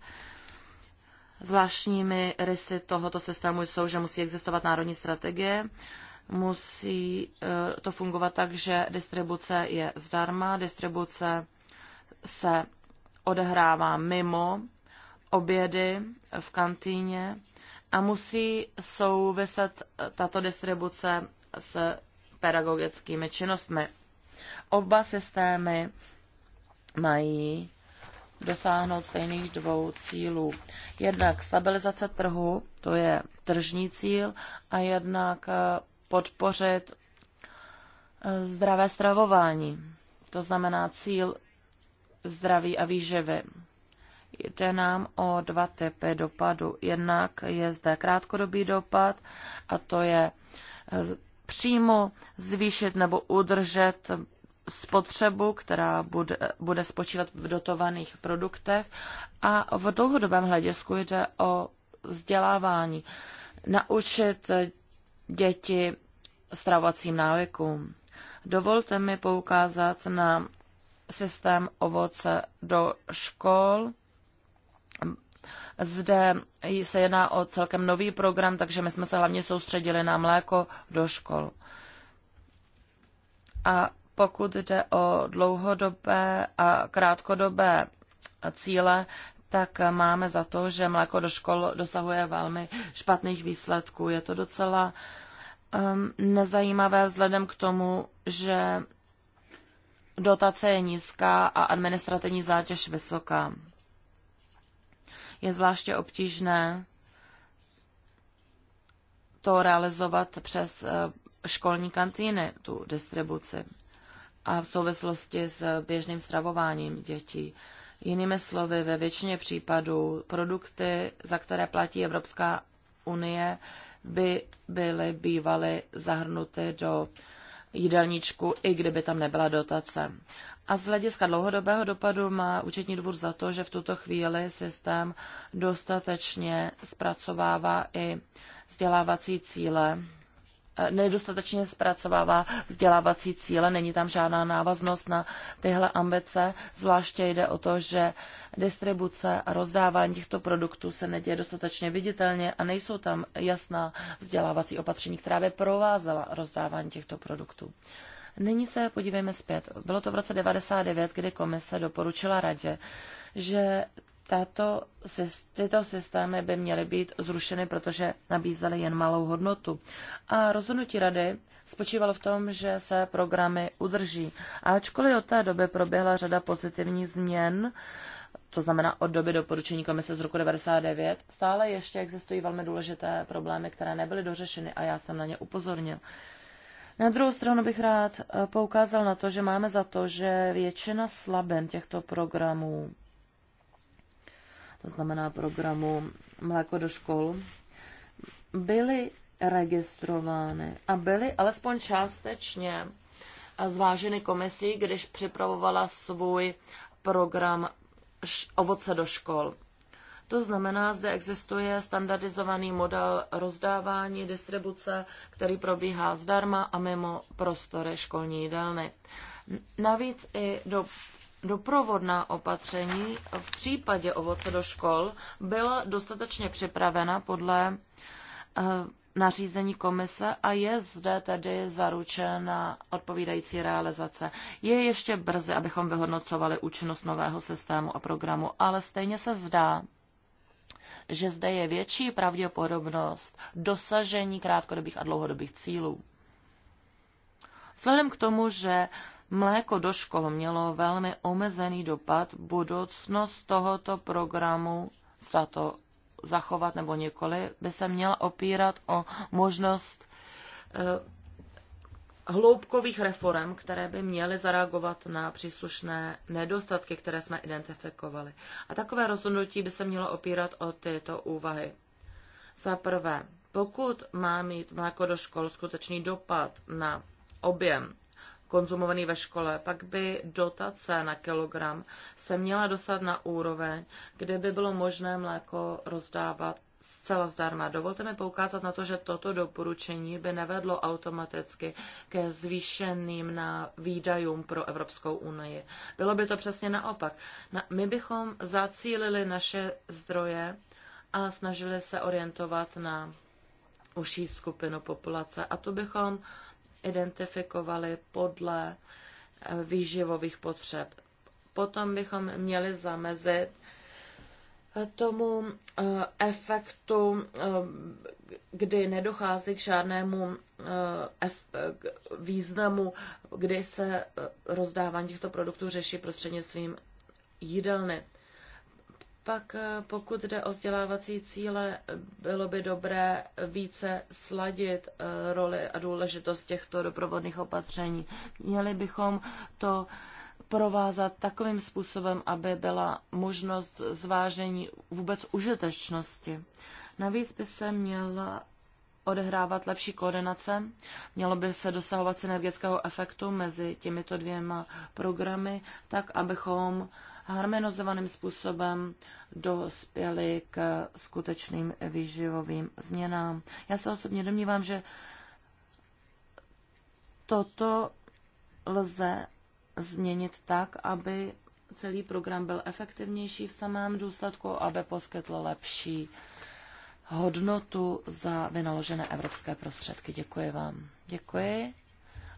Zvláštními rysy tohoto systému jsou, že musí existovat národní strategie, musí eh, to fungovat tak, že distribuce je zdarma, distribuce se odehrává mimo obědy v kantýně a musí souviset eh, tato distribuce s pedagogickými činnostmi. Oba systémy mají dosáhnout stejných dvou cílů. Jednak stabilizace trhu, to je tržní cíl, a jednak eh, podpořit eh, zdravé stravování, to znamená cíl zdraví a výživy. Jde nám o dva typy dopadu. Jednak je zde krátkodobý dopad, a to je eh, přímo zvýšit nebo udržet spotřebu, která bude, bude spočívat v dotovaných produktech a v dlouhodobém hledisku jde o vzdělávání. Naučit děti stravovacím návykům. Dovolte mi poukázat na systém ovoce do škol. Zde se jedná o celkem nový program, takže my jsme se hlavně soustředili na mléko do škol. A pokud jde o dlouhodobé a krátkodobé cíle, tak máme za to, že mléko do škol dosahuje velmi špatných výsledků. Je to docela um, nezajímavé vzhledem k tomu, že dotace je nízká a administrativní zátěž vysoká. Je zvláště obtížné to realizovat přes eh, školní kantýny, tu distribuci a v souvislosti s běžným stravováním dětí. Jinými slovy, ve většině případů produkty, za které platí Evropská unie, by byly bývaly zahrnuty do jídelníčku, i kdyby tam nebyla dotace. A z hlediska dlouhodobého dopadu má účetní dvůr za to, že v tuto chvíli systém dostatečně zpracovává i vzdělávací cíle nedostatečně zpracovává vzdělávací cíle, není tam žádná návaznost na tyhle ambice, zvláště jde o to, že distribuce a rozdávání těchto produktů se neděje dostatečně viditelně a nejsou tam jasná vzdělávací opatření, která by provázela rozdávání těchto produktů. Nyní se podívejme zpět. Bylo to v roce 99, kdy komise doporučila radě, že tato, tyto systémy by měly být zrušeny, protože nabízely jen malou hodnotu. A rozhodnutí rady spočívalo v tom, že se programy udrží. A ačkoliv od té doby proběhla řada pozitivních změn, to znamená od doby doporučení komise z roku 99, stále ještě existují velmi důležité problémy, které nebyly dořešeny a já jsem na ně upozornil. Na druhou stranu bych rád eh, poukázal na to, že máme za to, že většina slaben těchto programů to znamená programu Mléko do škol, byly registrovány a byly alespoň částečně zváženy komisí, když připravovala svůj program ovoce do škol. To znamená, zde existuje standardizovaný model rozdávání distribuce, který probíhá zdarma a mimo prostory školní jídelny. Navíc i do doprovodná opatření v případě ovoce do škol byla dostatečně připravena podle eh, nařízení komise a je zde tedy zaručena odpovídající realizace. Je ještě brzy, abychom vyhodnocovali účinnost nového systému a programu, ale stejně se zdá, že zde je větší pravděpodobnost dosažení krátkodobých a dlouhodobých cílů. Vzhledem k tomu, že mléko do škol mělo velmi omezený dopad. Budoucnost tohoto programu, zda to zachovat nebo nikoli, by se měla opírat o možnost eh, hloubkových reform, které by měly zareagovat na příslušné nedostatky, které jsme identifikovali. A takové rozhodnutí by se mělo opírat o tyto úvahy. Za prvé, pokud má mít mléko do škol skutečný dopad na objem konzumovaný ve škole, pak by dotace na kilogram se měla dostat na úroveň, kde by bylo možné mléko rozdávat zcela zdarma. Dovolte mi poukázat na to, že toto doporučení by nevedlo automaticky ke zvýšeným na výdajům pro Evropskou unii. Bylo by to přesně naopak. Na, my bychom zacílili naše zdroje a snažili se orientovat na užší skupinu populace. A tu bychom identifikovali podle eh, výživových potřeb. Potom bychom měli zamezit eh, tomu eh, efektu, kdy nedochází k žádnému významu, kdy se rozdávání těchto produktů řeší prostřednictvím jídelny. Pak eh, pokud jde o vzdělávací cíle, bylo by dobré více sladit eh, roli a důležitost těchto doprovodných opatření. Měli bychom to provázat takovým způsobem, aby byla možnost zvážení vůbec užitečnosti. Navíc by se měla odehrávat lepší koordinace. Mělo by se dosahovat synergického efektu mezi těmito dvěma programy, tak abychom harmonizovaným způsobem dospěli k skutečným výživovým změnám. Já se osobně domnívám, že toto lze změnit tak, aby celý program byl efektivnější v samém důsledku, aby poskytl lepší hodnotu za vynaložené evropské prostředky. Děkuji vám. Děkuji.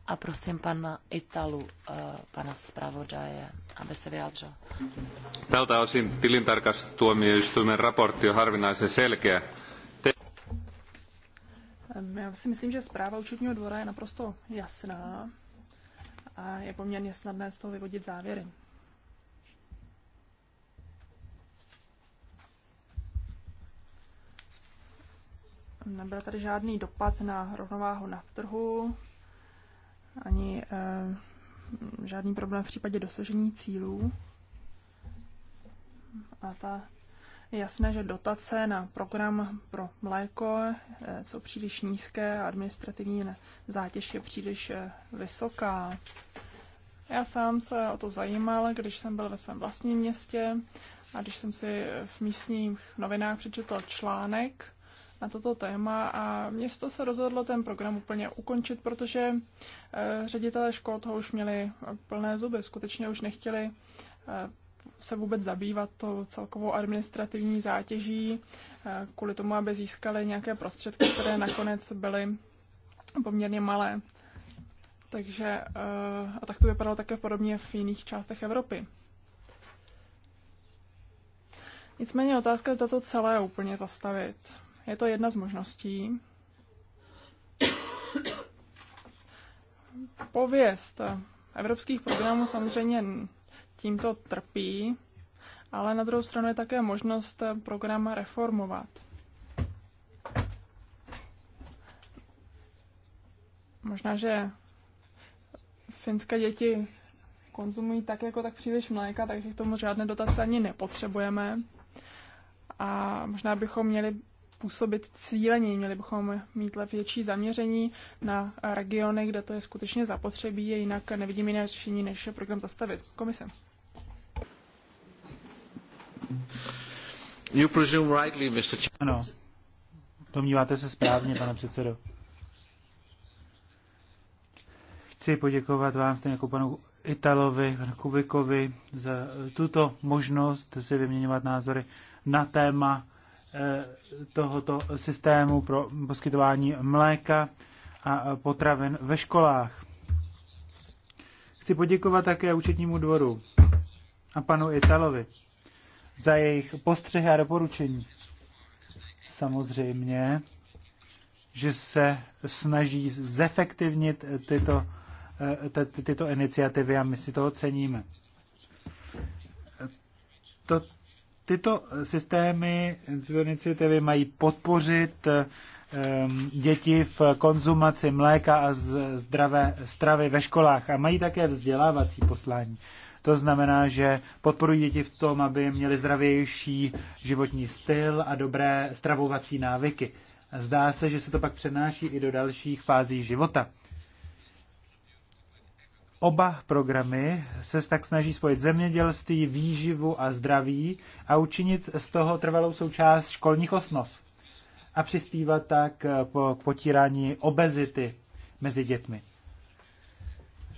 A prosím pana Italu, eh, pana zpravodaje, aby se vyjádřil. Tältä osin tilintarkastuomioistuimen raportti on harvinaisen selkeä. Te... Já si myslím, že zpráva účetního dvora je naprosto jasná a je poměrně snadné z toho vyvodit závěry. Nebyl tady žádný dopad na rovnováhu na trhu, ani e, žádný problém v případě dosažení cílů. A ta je jasné, že dotace na program pro mléko jsou eh, příliš nízké a administrativní zátěž je příliš eh, vysoká. Já sám se o to zajímal, když jsem byl ve svém vlastním městě a když jsem si v místních novinách přečetl článek, na toto téma a město se rozhodlo ten program úplně ukončit, protože eh, ředitelé škol toho už měli plné zuby, skutečně už nechtěli eh, se vůbec zabývat to celkovou administrativní zátěží eh, kvůli tomu, aby získali nějaké prostředky, které nakonec byly poměrně malé. Takže a tak to vypadalo také podobně v jiných částech Evropy. Nicméně otázka je to celé úplně zastavit. Je to jedna z možností. Pověst evropských programů samozřejmě tímto trpí, ale na druhou stranu je také možnost program reformovat. Možná, že finské děti konzumují tak jako tak příliš mléka, takže k tomu žádné dotace ani nepotřebujeme. A možná bychom měli působit cíleně, měli bychom mít větší zaměření na regiony, kde to je skutečně zapotřebí, a jinak nevidím jiné řešení, než program zastavit. Komise. You presume rightly, Mr. Ano, domníváte se správně, pane předsedo. Chci poděkovat vám, stejně jako panu Italovi, panu Kubikovi, za tuto možnost si vyměňovat názory na téma, Eh, tohoto systému pro poskytování mléka a potravin ve školách. Chci poděkovat také účetnímu dvoru a panu Italovi za jejich postřehy a doporučení. Samozřejmě, že se snaží zefektivnit tyto, eh, tyto iniciativy a my si toho ceníme. To, Tyto systémy, tyto iniciativy mají podpořit eh, děti v konzumaci mléka a zdravé stravy ve školách a mají také vzdělávací poslání. To znamená, že podporují děti v tom, aby měli zdravější životní styl a dobré stravovací návyky. Zdá se, že se to pak přenáší i do dalších fází života. Oba programy se tak snaží spojit zemědělství, výživu a zdraví a učinit z toho trvalou součást školních osnov a přispívat tak eh, k potírání obezity mezi dětmi.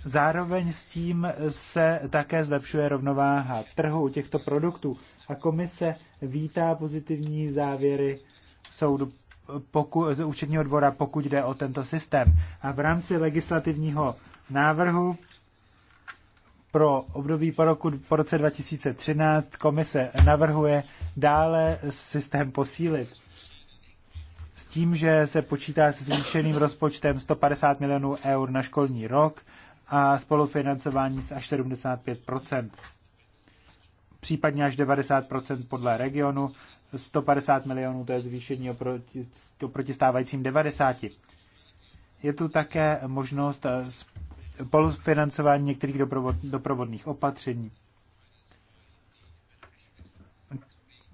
Zároveň s tím se také zlepšuje rovnováha trhu u těchto produktů a komise vítá pozitivní závěry soudu poku, účetního dvora, pokud jde o tento systém. A v rámci legislativního návrhu pro období po, roku, po roce 2013 komise navrhuje dále systém posílit s tím, že se počítá se zvýšeným rozpočtem 150 milionů eur na školní rok a spolufinancování s až 75 případně až 90 podle regionu, 150 milionů to je zvýšení oproti, oproti stávajícím 90. Je tu také možnost Spolufinancování některých doprovod, doprovodných opatření,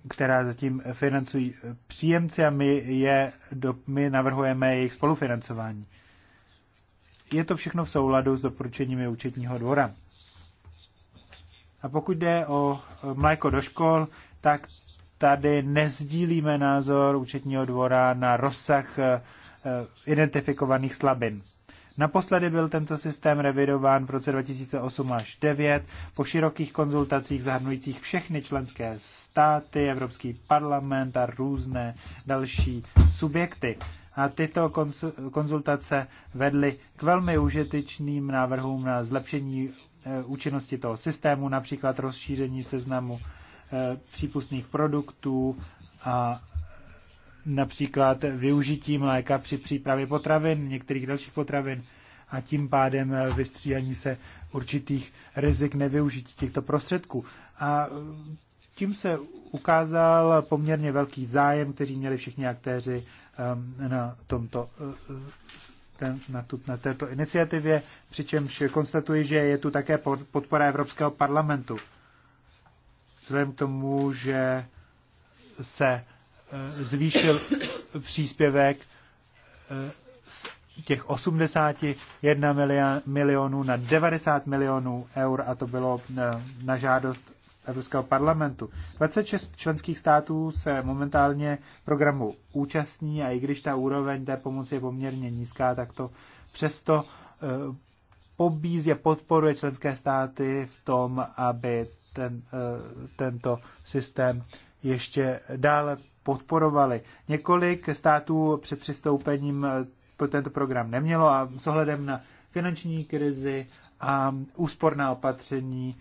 která zatím financují příjemci a my, je, do, my navrhujeme jejich spolufinancování. Je to všechno v souladu s doporučeními účetního dvora. A pokud jde o mléko do škol, tak tady nezdílíme názor účetního dvora na rozsah eh, identifikovaných slabin. Naposledy byl tento systém revidován v roce 2008 až 2009 po širokých konzultacích zahrnujících všechny členské státy, Evropský parlament a různé další subjekty. A tyto konzultace vedly k velmi užitečným návrhům na zlepšení e, účinnosti toho systému, například rozšíření seznamu e, přípustných produktů a například využitím mléka při přípravě potravin, některých dalších potravin a tím pádem vystříhaní se určitých rizik nevyužití těchto prostředků. A eh, tím se ukázal poměrně velký zájem, kteří měli všichni aktéři eh, na, tomto, eh, na, tu, na této iniciativě, přičemž konstatuji, že je tu také podpora Evropského parlamentu. Vzhledem k tomu, že se Eh, zvýšil příspěvek eh, z těch 81 milionů na 90 milionů eur a to bylo eh, na žádost Evropského parlamentu. 26 členských států se momentálně programu účastní a i když ta úroveň té pomoci je poměrně nízká, tak to přesto pobízí a podporuje členské státy v tom, aby ten, tento systém ještě dále podporovali. Několik států před přistoupením eh, tento program nemělo a s ohledem na finanční krizi a úsporná opatření,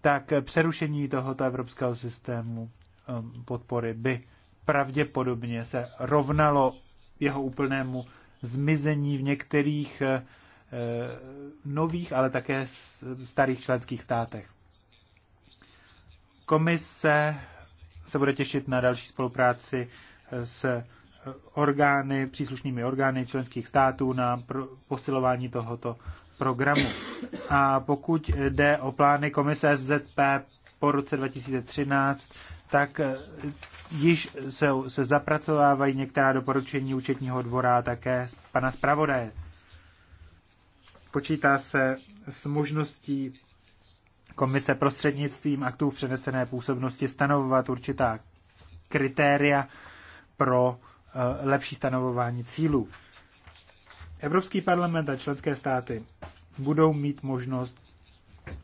tak přerušení tohoto evropského systému ehm, podpory by pravděpodobně se rovnalo jeho úplnému zmizení v některých eh, eh, nových, ale také starých členských státech. Komise se bude těšit na další spolupráci s orgány, příslušnými orgány členských států na posilování tohoto programu. A pokud jde o plány komise SZP po roce 2013, tak eh, již se, se zapracovávají některá doporučení účetního dvora a také pana zpravodaje. Počítá se s možností komise prostřednictvím aktů v přenesené působnosti stanovovat určitá kritéria pro eh, lepší stanovování cílů. Evropský parlament a členské státy budou mít možnost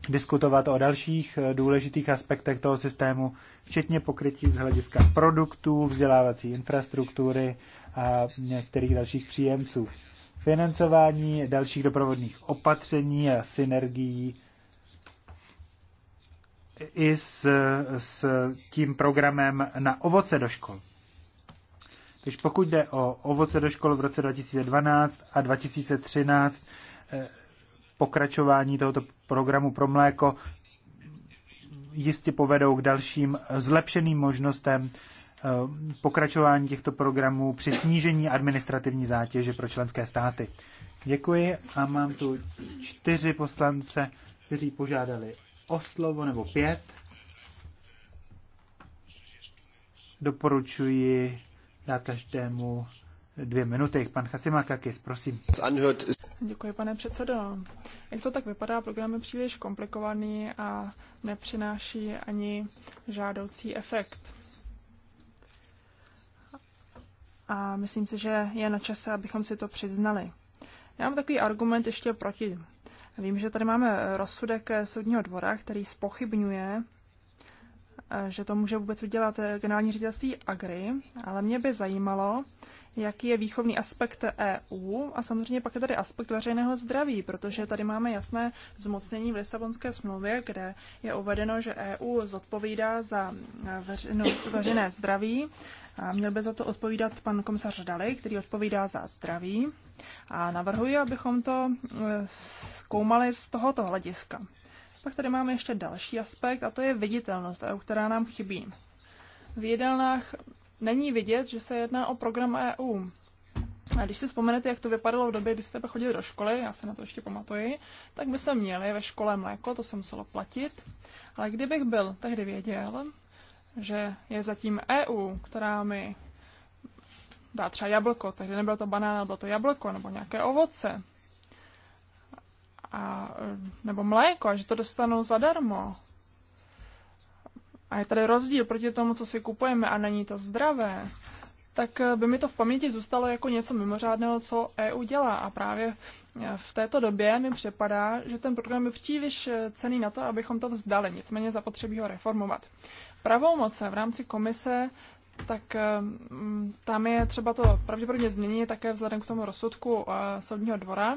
diskutovat o dalších eh, důležitých aspektech toho systému, včetně pokrytí z hlediska produktů, vzdělávací infrastruktury a některých dalších příjemců. Financování dalších doprovodných opatření a synergií i s, s tím programem na ovoce do škol. Takže pokud jde o ovoce do škol v roce 2012 a 2013, eh, pokračování tohoto programu pro mléko jistě povedou k dalším zlepšeným možnostem eh, pokračování těchto programů při snížení administrativní zátěže pro členské státy. Děkuji a mám tu čtyři poslance, kteří požádali o slovo nebo pět. Doporučuji dát každému dvě minuty. Pan Chacimakakis, prosím. Děkuji, pane předsedo. Jak to tak vypadá, program je příliš komplikovaný a nepřináší ani žádoucí efekt. A myslím si, že je na čase, abychom si to přiznali. Já mám takový argument ještě proti Vím, že tady máme rozsudek soudního dvora, který spochybňuje, eh, že to může vůbec udělat eh, generální ředitelství Agri, ale mě by zajímalo, jaký je výchovný aspekt EU a samozřejmě pak je tady aspekt veřejného zdraví, protože tady máme jasné zmocnění v Lisabonské smlouvě, kde je uvedeno, že EU zodpovídá za eh, no, veřejné zdraví a měl by za to odpovídat pan komisař Dali, který odpovídá za zdraví. A navrhuji, abychom to eh, zkoumali z tohoto hlediska. Pak tady máme ještě další aspekt a to je viditelnost EU, eh, která nám chybí. V jídelnách není vidět, že se jedná o program EU. A když si vzpomenete, jak to vypadalo v době, kdy jste chodili do školy, já se na to ještě pamatuji, tak by se měli ve škole mléko, to se muselo platit. Ale kdybych byl tehdy věděl, že je zatím EU, která mi dá třeba jablko, takže nebylo to banán, ale bylo to jablko nebo nějaké ovoce, a, nebo mléko, a že to dostanu zadarmo, a je tady rozdíl proti tomu, co si kupujeme a není to zdravé, tak eh, by mi to v paměti zůstalo jako něco mimořádného, co EU dělá. A právě eh, v této době mi připadá, že ten program je příliš eh, cený na to, abychom to vzdali. Nicméně zapotřebí ho reformovat. Pravomoce v rámci komise tak ehm, tam je třeba to pravděpodobně změnit také vzhledem k tomu rozsudku eh, soudního dvora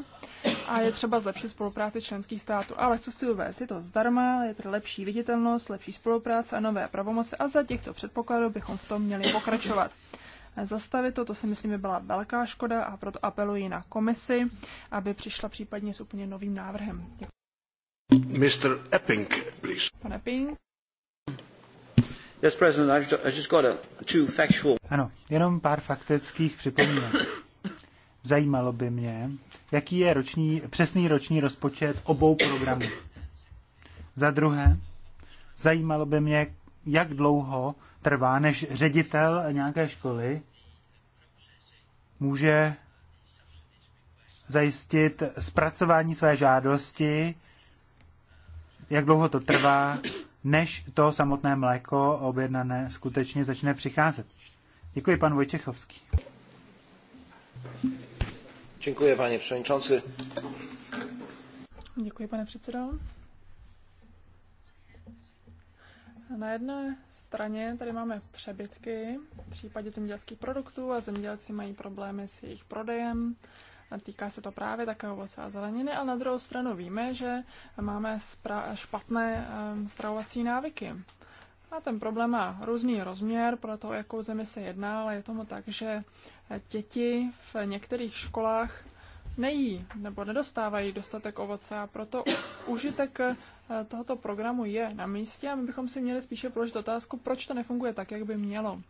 a je třeba zlepšit spolupráci členských států. Ale co chci uvést, je to zdarma, je to lepší viditelnost, lepší spolupráce a nové pravomoce a za těchto předpokladů bychom v tom měli pokračovat. Eh, zastavit to, to si myslím by byla velká škoda a proto apeluji na komisi, aby přišla případně s úplně novým návrhem. Děkuji. Mr. Epping, please. Pane Epping. Yes, President, I've just got a, two factual... Ano, jenom pár faktických připomínek. Zajímalo by mě, jaký je roční, přesný roční rozpočet obou programů. Za druhé, zajímalo by mě, jak dlouho trvá, než ředitel nějaké školy může zajistit zpracování své žádosti, jak dlouho to trvá než to samotné mléko objednané skutečně začne přicházet. Děkuji, pan Vojčechovský. Děkuji, pane předsedající. Děkuji, pane předsedo. Na jedné straně tady máme přebytky v případě zemědělských produktů a zemědělci mají problémy s jejich prodejem týká se to právě také ovoce a zeleniny, ale na druhou stranu víme, že máme špatné ehm, stravovací návyky. A ten problém má různý rozměr pro to, jakou zemi se jedná, ale je tomu tak, že eh, děti v některých školách nejí nebo nedostávají dostatek ovoce a proto užitek eh, tohoto programu je na místě a my bychom si měli spíše položit otázku, proč to nefunguje tak, jak by mělo.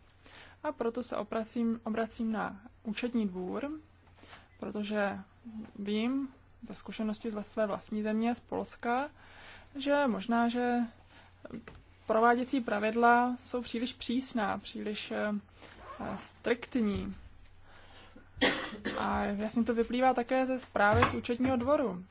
A proto se obracím, obracím na účetní dvůr, protože vím ze zkušenosti ze své vlastní země, z Polska, že možná, že prováděcí pravidla jsou příliš přísná, příliš eh, striktní. A jasně to vyplývá také ze zprávy z účetního dvoru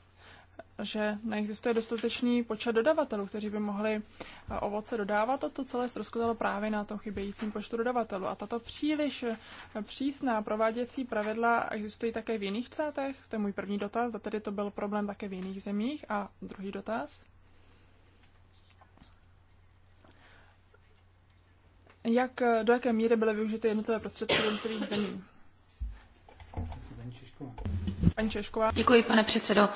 že neexistuje dostatečný počet dodavatelů, kteří by mohli eh, ovoce dodávat a to celé se právě na tom chybějícím počtu dodavatelů. A tato příliš eh, přísná prováděcí pravidla existují také v jiných státech? To je můj první dotaz, a tedy to byl problém také v jiných zemích. A druhý dotaz? Jak, eh, do jaké míry byly využity jednotlivé prostředky jednotlivých zemí? Paní Češková. Děkuji, pane předsedo.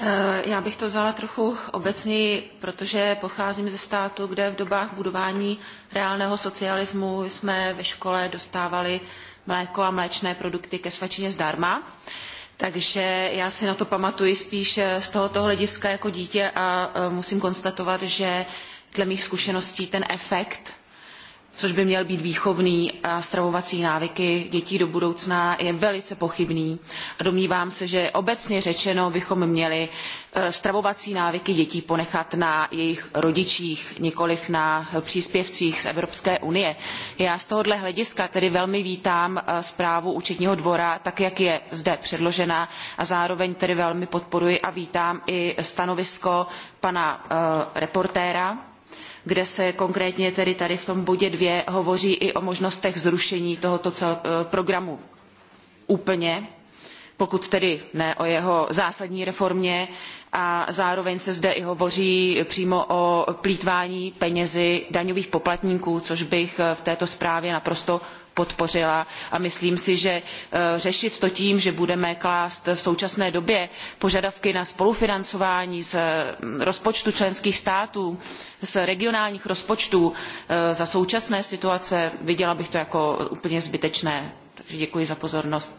Eh, já bych to vzala trochu obecněji, protože pocházím ze státu, kde v dobách budování reálného socialismu jsme ve škole dostávali mléko a mléčné produkty ke svačině zdarma. Takže já si na to pamatuji spíš eh, z tohoto hlediska jako dítě a eh, musím konstatovat, že dle mých zkušeností ten efekt což by měl být výchovný a stravovací návyky dětí do budoucna je velice pochybný. A domnívám se, že obecně řečeno bychom měli e, stravovací návyky dětí ponechat na jejich rodičích, nikoliv na příspěvcích z Evropské unie. Já z tohohle hlediska tedy velmi vítám e, zprávu účetního dvora, tak jak je zde předložena a zároveň tedy velmi podporuji a vítám i stanovisko pana e, reportéra kde se konkrétně tedy tady v tom bodě dvě hovoří i o možnostech zrušení tohoto cel, eh, programu úplně pokud tedy ne o jeho zásadní reformě a zároveň se zde i hovoří přímo o plýtvání penězi daňových poplatníků, což bych eh, v této zprávě naprosto podpořila a myslím si, že eh, řešit to tím, že budeme klást v současné době požadavky na spolufinancování z eh, rozpočtu členských států, z regionálních rozpočtů za současné situace, viděla bych to jako úplně zbytečné. Takže děkuji za pozornost.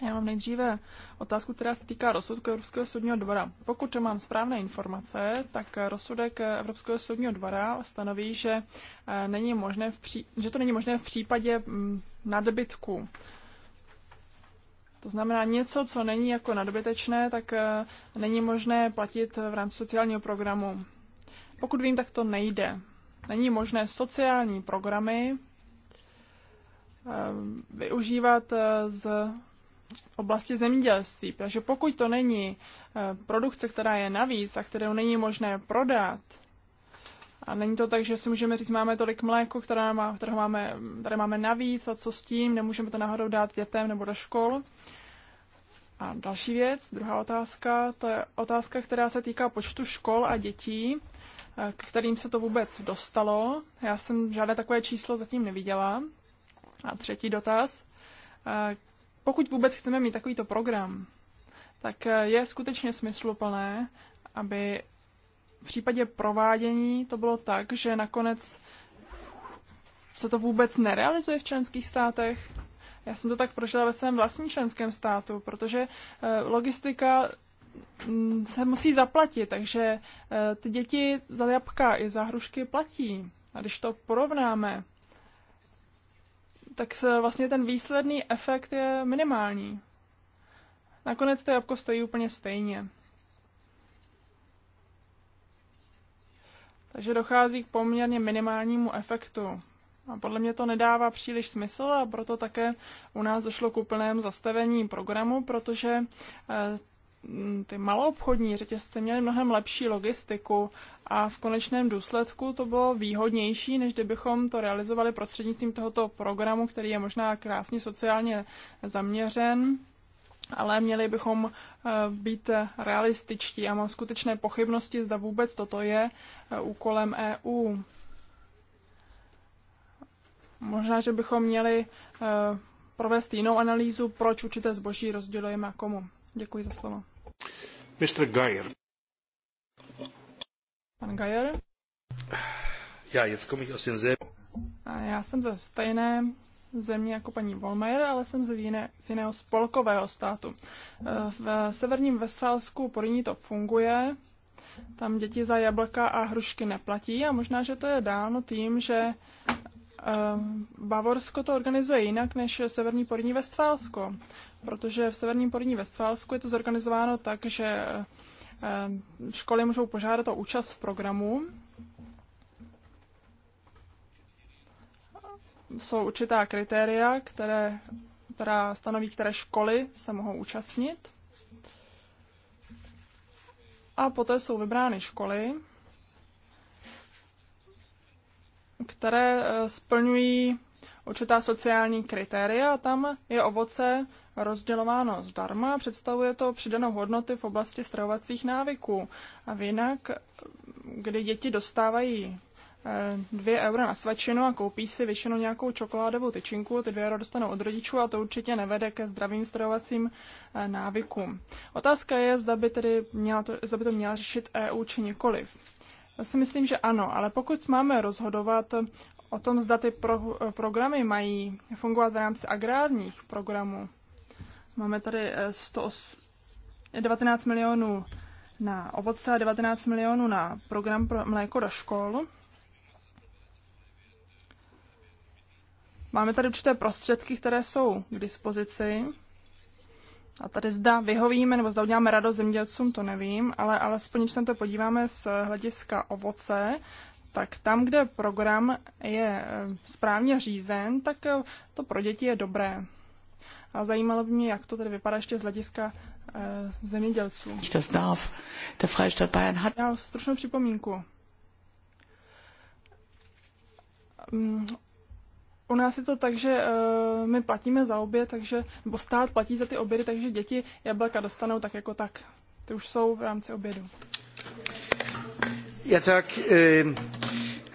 Já mám nejdříve otázku, která se týká rozsudku Evropského soudního dvora. Pokud mám správné informace, tak rozsudek Evropského soudního dvora stanoví, že, eh, není možné v pří, že to není možné v případě mm, nadbytku. To znamená, něco, co není jako nadbytečné, tak eh, není možné platit v rámci sociálního programu. Pokud vím, tak to nejde. Není možné sociální programy eh, využívat eh, z oblasti zemědělství. Takže pokud to není eh, produkce, která je navíc a kterou není možné prodat, a není to tak, že si můžeme říct, máme tolik mléko, které má, kterého máme, které máme navíc a co s tím, nemůžeme to náhodou dát dětem nebo do škol. A další věc, druhá otázka, to je otázka, která se týká počtu škol a dětí k kterým se to vůbec dostalo. Já jsem žádné takové číslo zatím neviděla. A třetí dotaz. Eh, pokud vůbec chceme mít takovýto program, tak eh, je skutečně smysluplné, aby v případě provádění to bylo tak, že nakonec se to vůbec nerealizuje v členských státech. Já jsem to tak prožila ve svém vlastním členském státu, protože eh, logistika Mm, se musí zaplatit, takže eh, ty děti za jabka i za hrušky platí. A když to porovnáme, tak se vlastně ten výsledný efekt je minimální. Nakonec to jabko stojí úplně stejně. Takže dochází k poměrně minimálnímu efektu. A podle mě to nedává příliš smysl a proto také u nás došlo k úplnému zastavení programu, protože eh, Mm, ty maloobchodní řetězce měly mnohem lepší logistiku a v konečném důsledku to bylo výhodnější, než kdybychom to realizovali prostřednictvím tohoto programu, který je možná krásně sociálně zaměřen, ale měli bychom eh, být realističtí a mám skutečné pochybnosti, zda vůbec toto je eh, úkolem EU. Možná, že bychom měli eh, provést jinou analýzu, proč určité zboží rozdělujeme a komu. Děkuji za slovo. Pan Geier? Já, jetzt Já jsem ze stejné země jako paní Volmer, ale jsem z, jiné, z jiného spolkového státu. Eh, v severním Vestfálsku po to funguje, tam děti za jablka a hrušky neplatí a možná, že to je dáno tím, že Ehm, Bavorsko to organizuje jinak než Severní Porní Vestfálsko, protože v Severním Porní Vestfálsku je to zorganizováno tak, že ehm, školy můžou požádat o účast v programu. Jsou určitá kritéria, které, která stanoví, které školy se mohou účastnit. A poté jsou vybrány školy, které eh, splňují určitá sociální kritéria. Tam je ovoce rozdělováno zdarma, představuje to přidanou hodnoty v oblasti stravovacích návyků. A jinak, kdy děti dostávají eh, dvě eura na svačinu a koupí si většinou nějakou čokoládovou tyčinku, ty dvě euro dostanou od rodičů a to určitě nevede ke zdravým stravovacím eh, návykům. Otázka je, zda by, tedy měla to, zda by to měla řešit EU či nikoliv. Já si myslím, že ano, ale pokud máme rozhodovat o tom, zda ty pro, programy mají fungovat v rámci agrárních programů, máme tady 19 eh, milionů na ovoce a 19 milionů na program pro mléko do škol. Máme tady určité prostředky, které jsou k dispozici a tady zda vyhovíme nebo zda uděláme radost zemědělcům, to nevím, ale alespoň, když se na to podíváme z hlediska ovoce, tak tam, kde program je eh, správně řízen, tak eh, to pro děti je dobré. A zajímalo by mě, jak to tedy vypadá ještě z hlediska eh, zemědělců. Das darf. Der Freistaat Bayern hat... Já stručnou připomínku mm, u nás je to tak, že uh, my platíme za obě, takže, nebo stát platí za ty obědy, takže děti jablka dostanou tak jako tak. Ty už jsou v rámci obědu. Ja, tak, eh,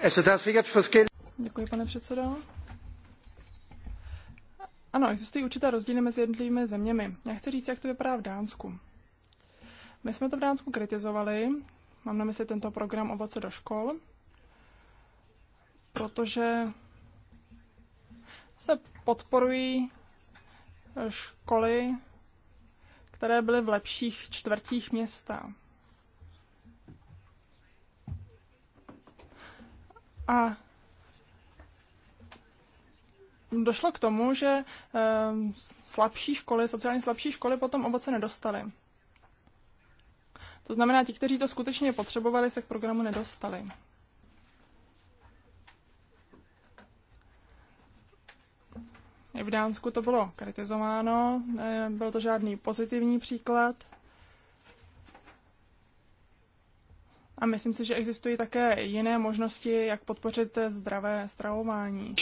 altså, der er Děkuji, pane předsedo. Ano, existují určité rozdíly mezi jednotlivými zeměmi. Já chci říct, jak to vypadá v Dánsku. My jsme to v Dánsku kritizovali, mám na mysli tento program Ovoce do škol, protože se podporují školy, které byly v lepších čtvrtích města. A došlo k tomu, že eh, slabší školy, sociálně slabší školy potom ovoce nedostaly. To znamená, ti, kteří to skutečně potřebovali, se k programu nedostali. V Dánsku to bylo kritizováno, byl to žádný pozitivní příklad. A myslím si, že existují také jiné možnosti, jak podpořit zdravé stravování.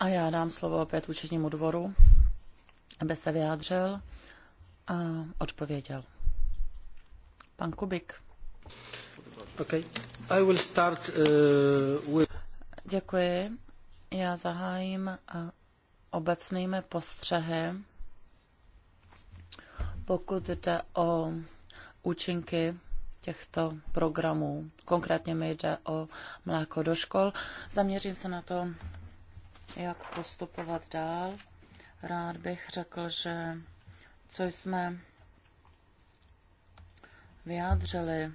A já dám slovo opět účetnímu dvoru, aby se vyjádřil a odpověděl. Pan Kubik. Okay. I will start, uh, with... Děkuji. Já zahájím obecnými postřehy, pokud jde o účinky těchto programů. Konkrétně mi jde o mléko do škol. Zaměřím se na to, jak postupovat dál. Rád bych řekl, že co jsme vyjádřili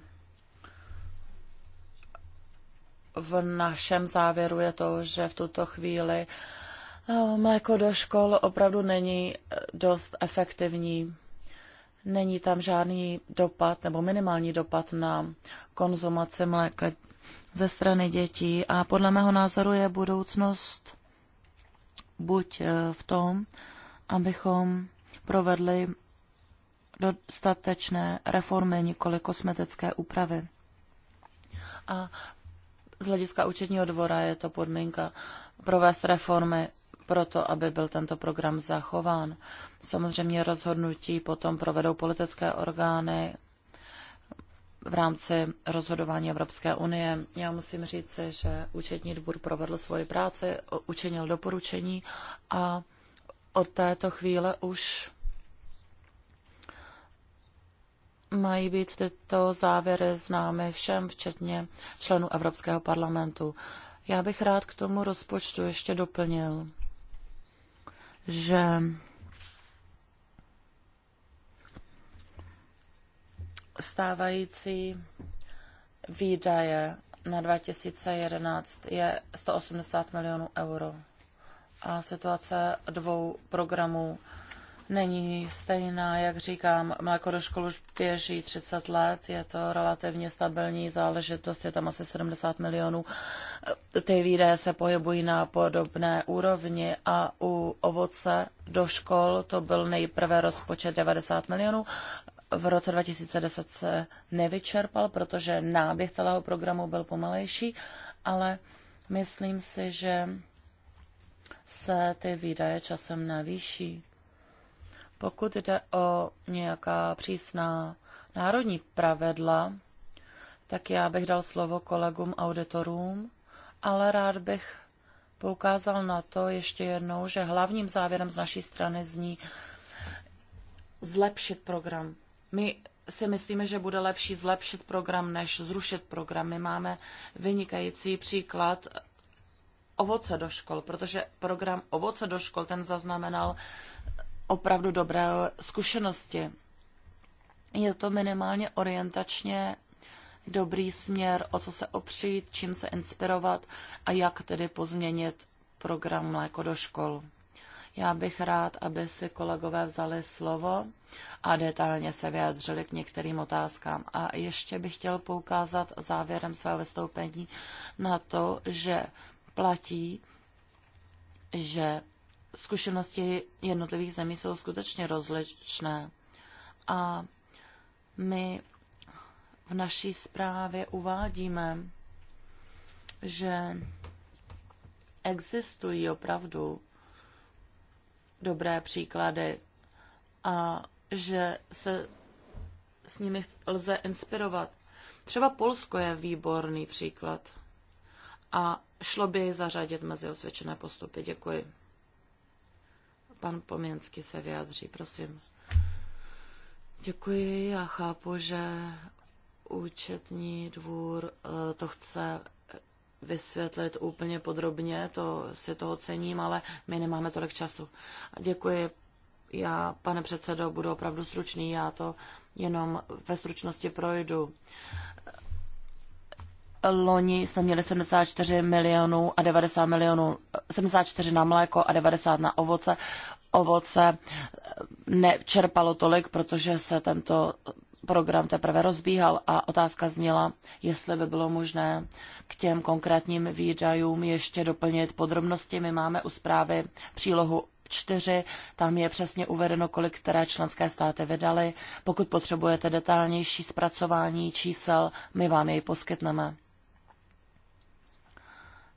v našem závěru je to, že v tuto chvíli eh, mléko do škol opravdu není eh, dost efektivní. Není tam žádný dopad nebo minimální dopad na konzumaci mléka ze strany dětí a podle mého názoru je budoucnost buď eh, v tom, abychom provedli dostatečné reformy, nikoli kosmetické úpravy. A z hlediska účetního dvora je to podmínka provést reformy proto, aby byl tento program zachován. Samozřejmě rozhodnutí potom provedou politické orgány v rámci rozhodování Evropské unie. Já musím říct, že účetní dvůr provedl svoji práci, učinil doporučení a od této chvíle už mají být tyto závěry známy všem, včetně členů Evropského parlamentu. Já bych rád k tomu rozpočtu ještě doplnil, že stávající výdaje na 2011 je 180 milionů euro a situace dvou programů není stejná, jak říkám, mléko do škol už běží 30 let, je to relativně stabilní záležitost, je tam asi 70 milionů. Ty výdaje se pohybují na podobné úrovni a u ovoce do škol to byl nejprve rozpočet 90 milionů. V roce 2010 se nevyčerpal, protože náběh celého programu byl pomalejší, ale myslím si, že se ty výdaje časem navýší pokud jde o nějaká přísná národní pravidla, tak já bych dal slovo kolegům auditorům, ale rád bych poukázal na to ještě jednou, že hlavním závěrem z naší strany zní zlepšit program. My si myslíme, že bude lepší zlepšit program, než zrušit program. My máme vynikající příklad ovoce do škol, protože program ovoce do škol, ten zaznamenal opravdu dobré zkušenosti. Je to minimálně orientačně dobrý směr, o co se opřít, čím se inspirovat a jak tedy pozměnit program Mléko do škol. Já bych rád, aby si kolegové vzali slovo a detailně se vyjadřili k některým otázkám. A ještě bych chtěl poukázat závěrem svého vystoupení na to, že platí, že zkušenosti jednotlivých zemí jsou skutečně rozličné. A my v naší zprávě uvádíme, že existují opravdu dobré příklady a že se s nimi lze inspirovat. Třeba Polsko je výborný příklad a šlo by zařadit mezi osvědčené postupy. Děkuji. Pan Poměnsky se vyjádří, prosím. Děkuji, já chápu, že účetní dvůr eh, to chce vysvětlit úplně podrobně, to si toho cením, ale my nemáme tolik času. Děkuji, já, pane předsedo, budu opravdu stručný, já to jenom ve stručnosti projdu loni jsme měli 74 milionů a 90 milionů, 74 na mléko a 90 na ovoce. Ovoce eh, nečerpalo tolik, protože se tento program teprve rozbíhal a otázka zněla, jestli by bylo možné k těm konkrétním výdajům ještě doplnit podrobnosti. My máme u zprávy přílohu 4, tam je přesně uvedeno, kolik které členské státy vydaly. Pokud potřebujete detailnější zpracování čísel, my vám jej poskytneme.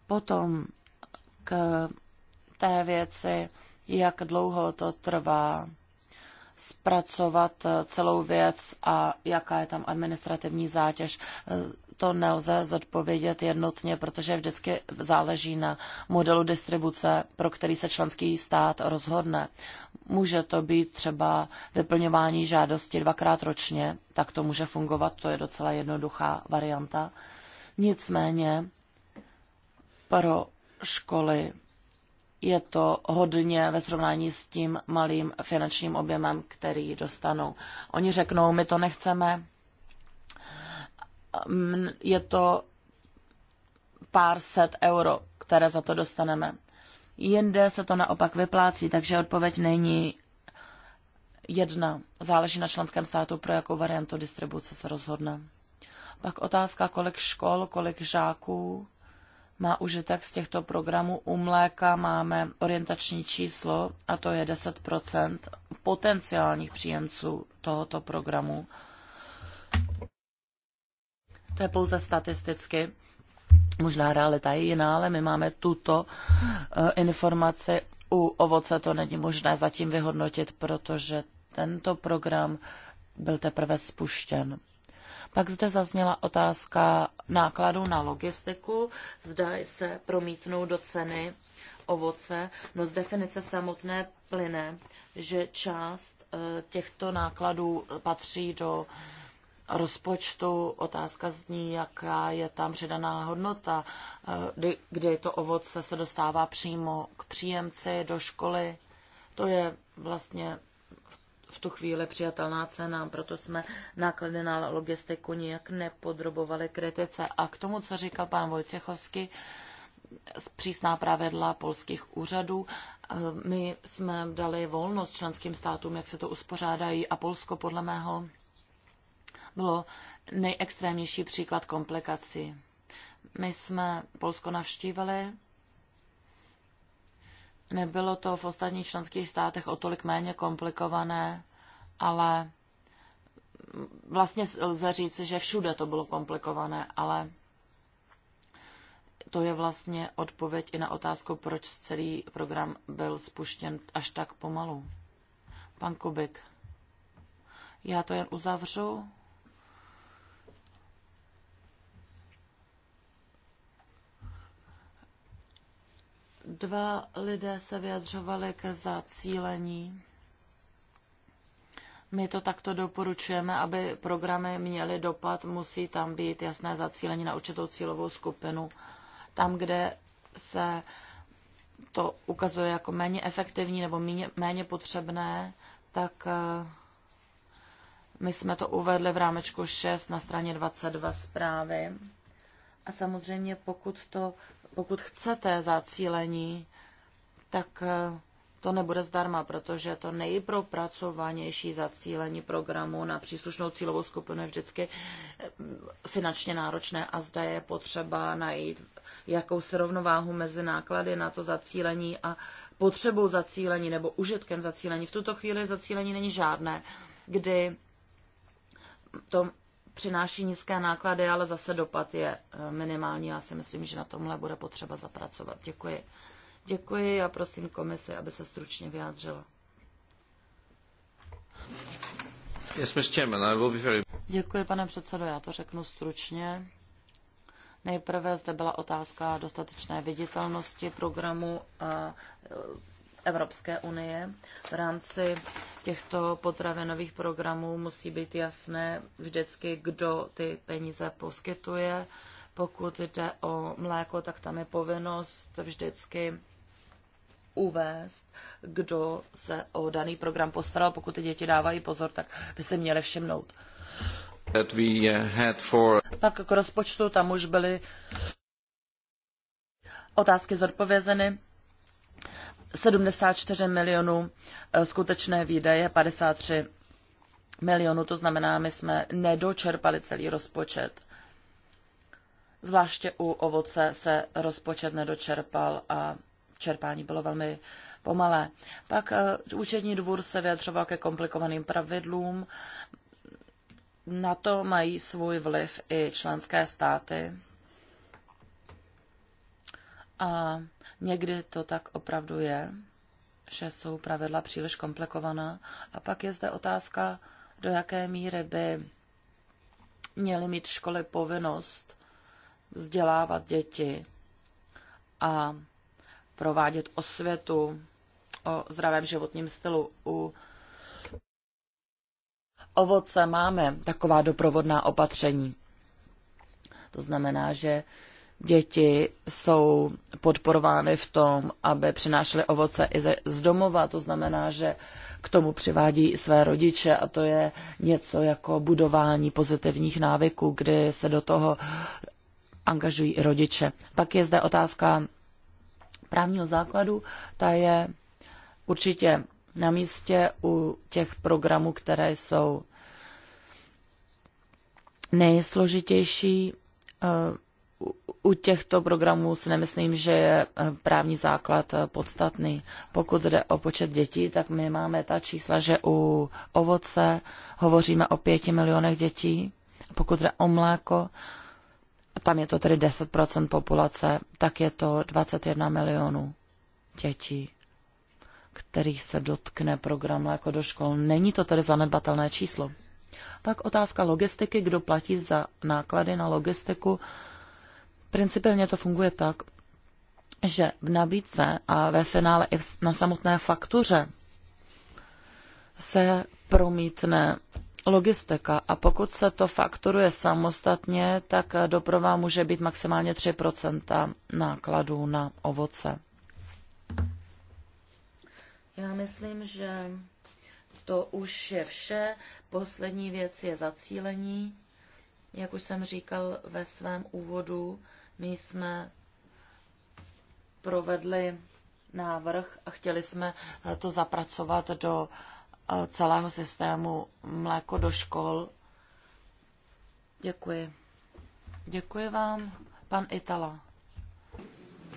Potom k té věci, jak dlouho to trvá zpracovat celou věc a jaká je tam administrativní zátěž. To nelze zodpovědět jednotně, protože vždycky záleží na modelu distribuce, pro který se členský stát rozhodne. Může to být třeba vyplňování žádosti dvakrát ročně, tak to může fungovat, to je docela jednoduchá varianta. Nicméně pro školy je to hodně ve srovnání s tím malým finančním objemem, který dostanou. Oni řeknou, my to nechceme, mm, je to pár set euro, které za to dostaneme. Jinde se to naopak vyplácí, takže odpověď není jedna. Záleží na členském státu, pro jakou variantu distribuce se rozhodne. Pak otázka, kolik škol, kolik žáků má užitek z těchto programů. U mléka máme orientační číslo a to je 10 potenciálních příjemců tohoto programu. To je pouze statisticky. Možná realita je jiná, ale my máme tuto eh, informaci. U ovoce to není možné zatím vyhodnotit, protože tento program byl teprve spuštěn. Pak zde zazněla otázka nákladů na logistiku. Zda se promítnou do ceny ovoce. No z definice samotné plyne, že část eh, těchto nákladů patří do rozpočtu. Otázka zní, jaká je tam přidaná hodnota, eh, kdy, to ovoce se dostává přímo k příjemci, do školy. To je vlastně v tu chvíli přijatelná cena, proto jsme náklady na logistiku nijak nepodrobovali kritice. A k tomu, co říkal pan Vojcechovský, přísná pravidla polských úřadů. My jsme dali volnost členským státům, jak se to uspořádají a Polsko podle mého bylo nejextrémnější příklad komplikací. My jsme Polsko navštívili, Nebylo to v ostatních členských státech o tolik méně komplikované, ale vlastně lze říci, že všude to bylo komplikované, ale to je vlastně odpověď i na otázku, proč celý program byl spuštěn až tak pomalu. Pan Kubik, já to jen uzavřu. Dva lidé se vyjadřovali ke zacílení. My to takto doporučujeme, aby programy měly dopad, musí tam být jasné zacílení na určitou cílovou skupinu. Tam, kde se to ukazuje jako méně efektivní nebo méně, méně potřebné, tak eh, my jsme to uvedli v rámečku 6 na straně 22 zprávy. A samozřejmě, pokud, to, pokud chcete zacílení, tak eh, to nebude zdarma, protože to nejpropracovanější zacílení programu na příslušnou cílovou skupinu je vždycky eh, finančně náročné a zde je potřeba najít jakousi rovnováhu mezi náklady na to zacílení a potřebou zacílení nebo užitkem zacílení. V tuto chvíli zacílení není žádné, kdy to přináší nízké náklady, ale zase dopad je eh, minimální. Já si myslím, že na tomhle bude potřeba zapracovat. Děkuji. Děkuji a prosím komisi, aby se stručně vyjádřila. Děkuji, pane předsedo, já to řeknu stručně. Nejprve zde byla otázka dostatečné viditelnosti programu a Evropské unie. V rámci těchto potravinových programů musí být jasné vždycky, kdo ty peníze poskytuje. Pokud jde o mléko, tak tam je povinnost vždycky uvést, kdo se o daný program postaral. Pokud ty děti dávají pozor, tak by se měly všimnout. That we uh, had for... Pak k rozpočtu tam už byly otázky zodpovězeny. 74 milionů eh, skutečné výdaje, 53 milionů, to znamená, my jsme nedočerpali celý rozpočet. Zvláště u ovoce se rozpočet nedočerpal a čerpání bylo velmi pomalé. Pak eh, účetní dvůr se vyjadřoval ke komplikovaným pravidlům. Na to mají svůj vliv i členské státy. A Někdy to tak opravdu je, že jsou pravidla příliš komplikovaná. A pak je zde otázka, do jaké míry by měly mít školy povinnost vzdělávat děti a provádět osvětu o zdravém životním stylu. U ovoce máme taková doprovodná opatření. To znamená, že děti jsou podporovány v tom, aby přinášely ovoce i ze, z domova. To znamená, že k tomu přivádí své rodiče a to je něco jako budování pozitivních návyků, kdy se do toho angažují i rodiče. Pak je zde otázka právního základu. Ta je určitě na místě u těch programů, které jsou nejsložitější eh, u těchto programů si nemyslím, že je eh, právní základ eh, podstatný. Pokud jde o počet dětí, tak my máme ta čísla, že u ovoce hovoříme o pěti milionech dětí. Pokud jde o mléko, tam je to tedy 10% populace, tak je to 21 milionů dětí, kterých se dotkne program mléko do škol. Není to tedy zanedbatelné číslo. Pak otázka logistiky, kdo platí za náklady na logistiku Principiálně to funguje tak, že v nabídce a ve finále i na samotné faktuře se promítne logistika a pokud se to fakturuje samostatně, tak doprava může být maximálně 3 nákladů na ovoce. Já myslím, že to už je vše. Poslední věc je zacílení. Jak už jsem říkal ve svém úvodu, my jsme provedli návrh a chtěli jsme eh, to zapracovat do eh, celého systému mléko do škol. Děkuji. Děkuji vám, pan Itala.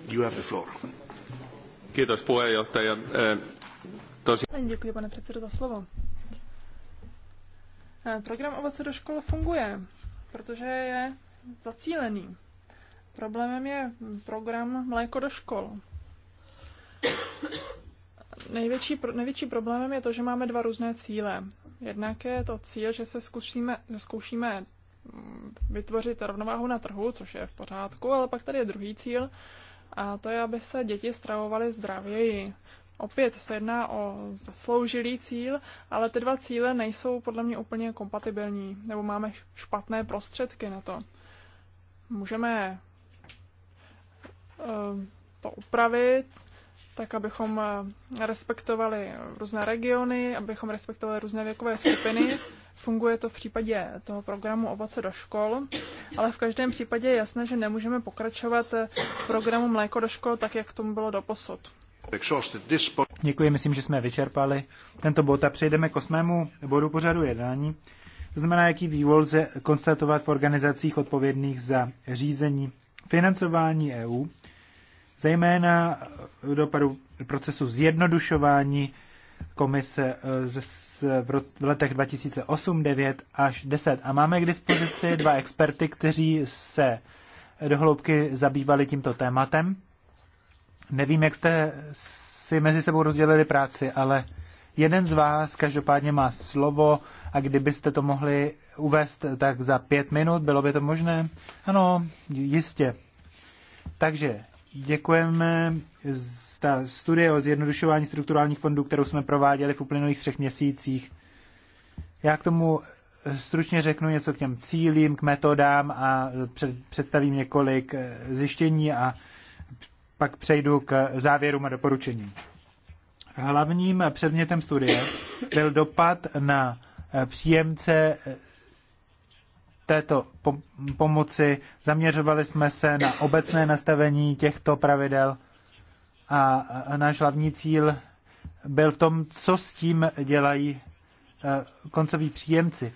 You have the floor. Kiitos puheenjohtaja. Eh, tosi... Děkuji, pane předsedo, za slovo. Program Ovoce do škol funguje, protože je zacílený. Problémem je program Mléko do škol. Největší, největší problémem je to, že máme dva různé cíle. Jednak je to cíl, že se zkusíme, zkoušíme mm, vytvořit rovnováhu na trhu, což je v pořádku, ale pak tady je druhý cíl, a to je, aby se děti stravovaly zdravěji. Opět se jedná o zasloužilý cíl, ale ty dva cíle nejsou podle mě úplně kompatibilní, nebo máme špatné prostředky na to. Můžeme Eh, to upravit, tak abychom eh, respektovali různé regiony, abychom respektovali různé věkové skupiny. Funguje to v případě toho programu Ovoce do škol, ale v každém případě je jasné, že nemůžeme pokračovat eh, v programu Mléko do škol tak, jak tomu bylo doposud. Děkuji, myslím, že jsme vyčerpali tento bod a přejdeme k osmému bodu pořadu jednání. To znamená, jaký vývoj lze konstatovat v organizacích odpovědných za řízení financování EU zejména dopadu procesu zjednodušování komise eh, v letech 2008, 9 až 10. A máme k dispozici dva experty, kteří se dohloubky zabývali tímto tématem. Nevím, jak jste si mezi sebou rozdělili práci, ale jeden z vás každopádně má slovo a kdybyste to mohli uvést tak za pět minut, bylo by to možné? Ano, jistě. Takže Děkujeme ta studie o zjednodušování strukturálních fondů, kterou jsme prováděli v uplynulých třech měsících. Já k tomu stručně řeknu něco k těm cílím, k metodám a před, představím několik zjištění a pak přejdu k závěrům a doporučením. Hlavním předmětem studie byl dopad na příjemce této pomoci. Zaměřovali jsme se na obecné nastavení těchto pravidel a náš hlavní cíl byl v tom, co s tím dělají e, koncoví příjemci.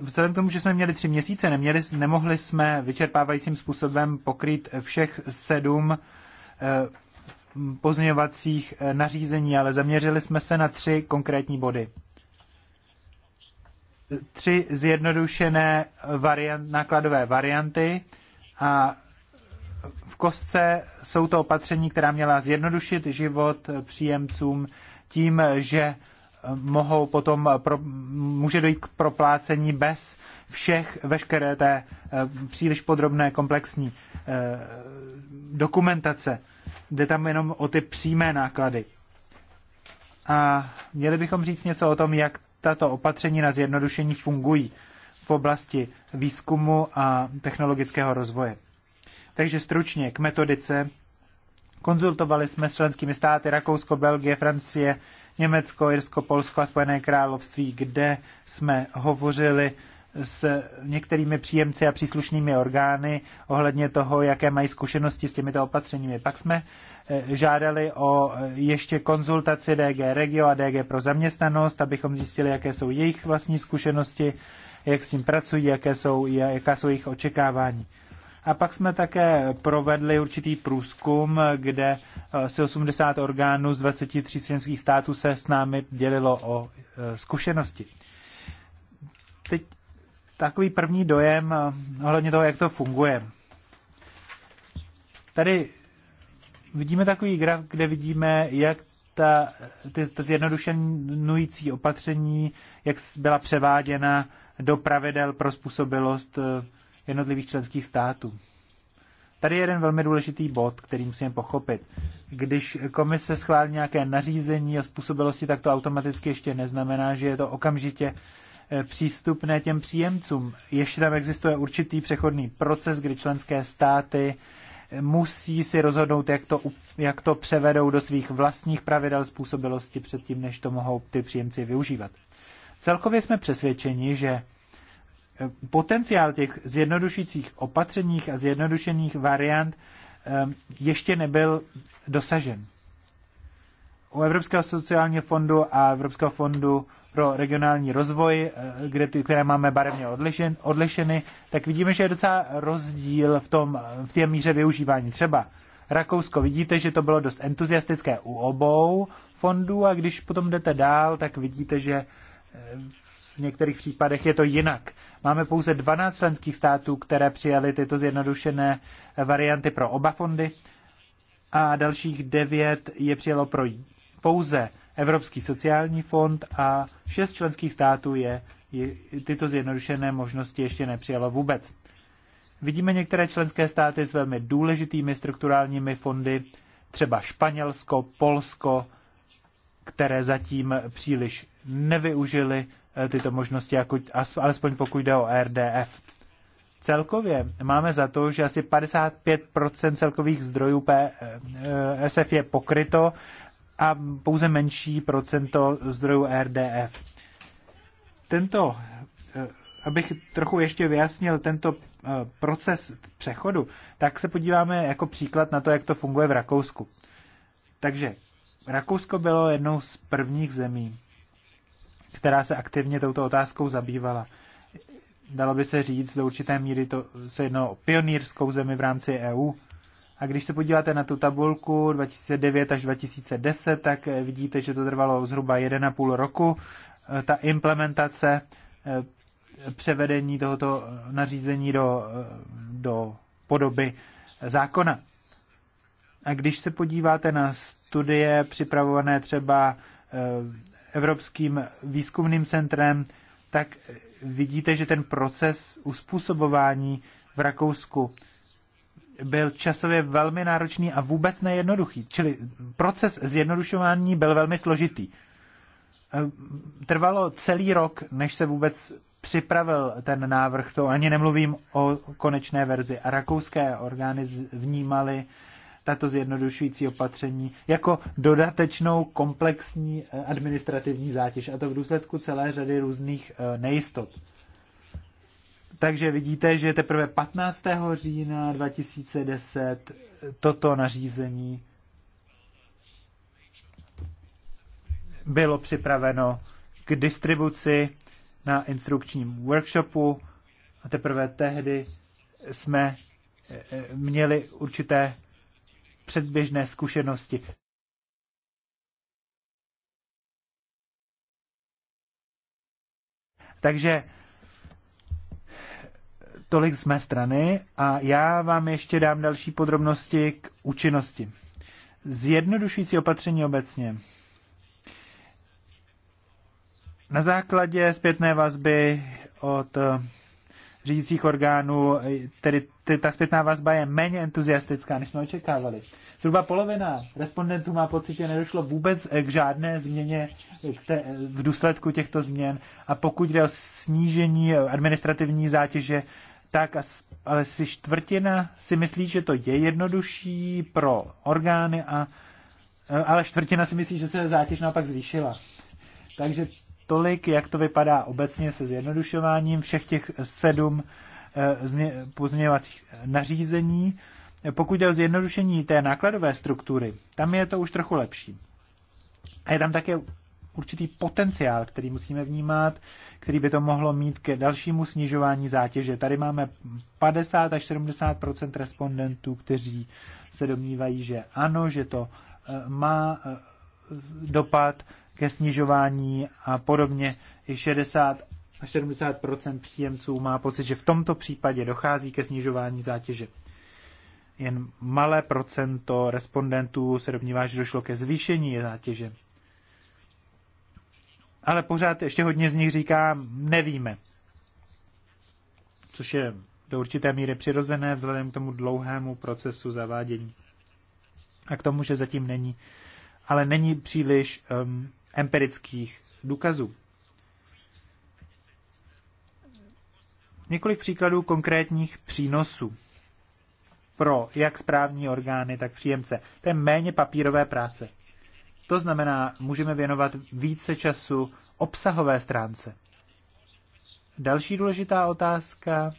Vzhledem k tomu, že jsme měli tři měsíce, neměli, nemohli jsme vyčerpávajícím způsobem pokrýt všech sedm e, pozměňovacích e, nařízení, ale zaměřili jsme se na tři konkrétní body tři zjednodušené variant, nákladové varianty a v kostce jsou to opatření, která měla zjednodušit život příjemcům tím, že mohou potom, pro, může dojít k proplácení bez všech, veškeré té eh, příliš podrobné komplexní eh, dokumentace. Jde tam jenom o ty přímé náklady. A měli bychom říct něco o tom, jak tato opatření na zjednodušení fungují v oblasti výzkumu a technologického rozvoje. Takže stručně k metodice. Konzultovali jsme s členskými státy Rakousko, Belgie, Francie, Německo, Irsko, Polsko a Spojené království, kde jsme hovořili s některými příjemci a příslušnými orgány ohledně toho, jaké mají zkušenosti s těmito opatřeními. Pak jsme eh, žádali o eh, ještě konzultaci DG Regio a DG pro zaměstnanost, abychom zjistili, jaké jsou jejich vlastní zkušenosti, jak s tím pracují, jaké jsou, jaká jsou jejich očekávání. A pak jsme také provedli určitý průzkum, kde eh, se 80 orgánů z 23 členských států se s námi dělilo o zkušenosti. Teď takový první dojem eh, ohledně toho, jak to funguje. Tady vidíme takový graf, kde vidíme, jak ta, ty, ta zjednodušenující opatření, jak byla převáděna do pravidel pro způsobilost eh, jednotlivých členských států. Tady je jeden velmi důležitý bod, který musíme pochopit. Když komise schválí nějaké nařízení a způsobilosti, tak to automaticky ještě neznamená, že je to okamžitě Eh, přístupné těm příjemcům. Ještě tam existuje určitý přechodný proces, kdy členské státy eh, musí si rozhodnout, jak to, jak to převedou do svých vlastních pravidel způsobilosti předtím, než to mohou ty příjemci využívat. Celkově jsme přesvědčeni, že eh, potenciál těch zjednodušících opatřeních a zjednodušených variant ještě nebyl dosažen u Evropského sociálního fondu a Evropského fondu pro regionální rozvoj, eh, kde ty, které máme barevně odlišen, odlišeny, tak vidíme, že je docela rozdíl v, tom, v té míře využívání. Třeba Rakousko, vidíte, že to bylo dost entuziastické u obou fondů a když potom jdete dál, tak vidíte, že eh, v některých případech je to jinak. Máme pouze 12 členských států, které přijali tyto zjednodušené eh, varianty pro oba fondy a dalších devět je přijelo pro pouze Evropský sociální fond a šest členských států je, je tyto zjednodušené možnosti ještě nepřijalo vůbec. Vidíme některé členské státy s velmi důležitými strukturálními fondy, třeba Španělsko, Polsko, které zatím příliš nevyužili eh, tyto možnosti, jako, alespoň pokud jde o RDF. Celkově máme za to, že asi 55 celkových zdrojů eh, eh, SF je pokryto a pouze menší procento zdrojů RDF. Tento, eh, abych trochu ještě vyjasnil tento eh, proces přechodu, tak se podíváme jako příklad na to, jak to funguje v Rakousku. Takže Rakousko bylo jednou z prvních zemí, která se aktivně touto otázkou zabývala. Dalo by se říct, do určité míry to se jednalo o pionýrskou zemi v rámci EU, a když se podíváte na tu tabulku 2009 až 2010, tak eh, vidíte, že to trvalo zhruba 1,5 roku. Eh, ta implementace eh, převedení tohoto nařízení do, do podoby zákona. A když se podíváte na studie připravované třeba Evropským výzkumným centrem, tak vidíte, že ten proces uspůsobování v Rakousku byl časově velmi náročný a vůbec nejednoduchý. Čili proces zjednodušování byl velmi složitý. Ehm, trvalo celý rok, než se vůbec připravil ten návrh, to ani nemluvím o konečné verzi. A rakouské orgány vnímaly tato zjednodušující opatření jako dodatečnou komplexní eh, administrativní zátěž, a to v důsledku celé řady různých eh, nejistot. Takže vidíte, že teprve 15. října 2010 toto nařízení bylo připraveno k distribuci na instrukčním workshopu a teprve tehdy jsme eh, eh, měli určité předběžné zkušenosti. Takže Tolik z mé strany a já vám ještě dám další podrobnosti k účinnosti. Zjednodušující opatření obecně. Na základě zpětné vazby od eh, řídících orgánů, tedy ta zpětná vazba je méně entuziastická, než jsme očekávali. Zhruba polovina respondentů má pocit, že nedošlo vůbec k žádné změně v důsledku těchto změn. A pokud jde o snížení administrativní zátěže, tak si čtvrtina si myslí, že to je jednodušší pro orgány, a, eh, ale čtvrtina si myslí, že se zátěž naopak zvýšila. Takže tolik, jak to vypadá obecně se zjednodušováním všech těch sedm eh, pozměňovacích nařízení. Pokud jde o zjednodušení té nákladové struktury, tam je to už trochu lepší. A je tam také určitý potenciál, který musíme vnímat, který by to mohlo mít ke dalšímu snižování zátěže. Tady máme 50 až 70 respondentů, kteří se domnívají, že ano, že to eh, má eh, dopad ke snižování a podobně. I 60 až 70 příjemců má pocit, že v tomto případě dochází ke snižování zátěže jen malé procento respondentů se domnívá, že došlo ke zvýšení zátěže ale pořád ještě hodně z nich říká, nevíme. Což je do určité míry přirozené vzhledem k tomu dlouhému procesu zavádění a k tomu, že zatím není, ale není příliš um, empirických důkazů. Několik příkladů konkrétních přínosů pro jak správní orgány, tak příjemce. To je méně papírové práce. To znamená, můžeme věnovat více času obsahové stránce. Další důležitá otázka,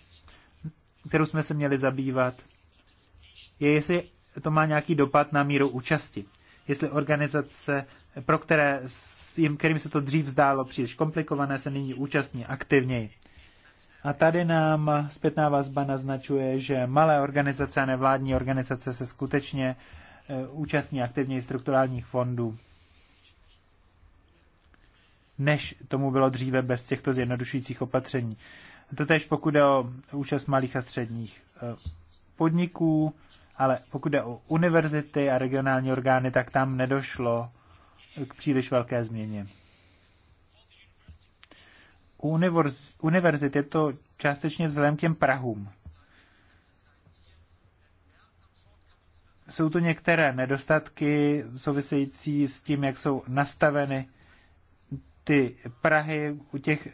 kterou jsme se měli zabývat, je, jestli to má nějaký dopad na míru účasti. Jestli organizace, pro které, kterým se to dřív zdálo příliš komplikované, se nyní účastní aktivněji. A tady nám zpětná vazba naznačuje, že malé organizace a nevládní organizace se skutečně Eh, účastní aktivněji strukturálních fondů, než tomu bylo dříve bez těchto zjednodušujících opatření. To tež pokud jde o účast malých a středních eh, podniků, ale pokud jde o univerzity a regionální orgány, tak tam nedošlo k příliš velké změně. U univerzit je to částečně vzhledem k těm Prahům. Jsou tu některé nedostatky související s tím, jak jsou nastaveny ty Prahy, u těch,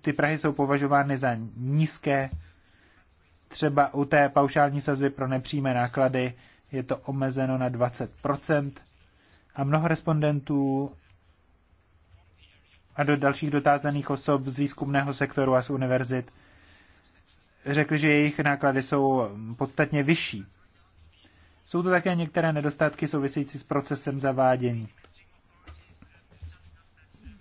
ty Prahy jsou považovány za nízké, třeba u té paušální sazby pro nepřímé náklady je to omezeno na 20%. A mnoho respondentů a do dalších dotázaných osob z výzkumného sektoru a z univerzit řekli, že jejich náklady jsou podstatně vyšší. Jsou to také některé nedostatky související s procesem zavádění.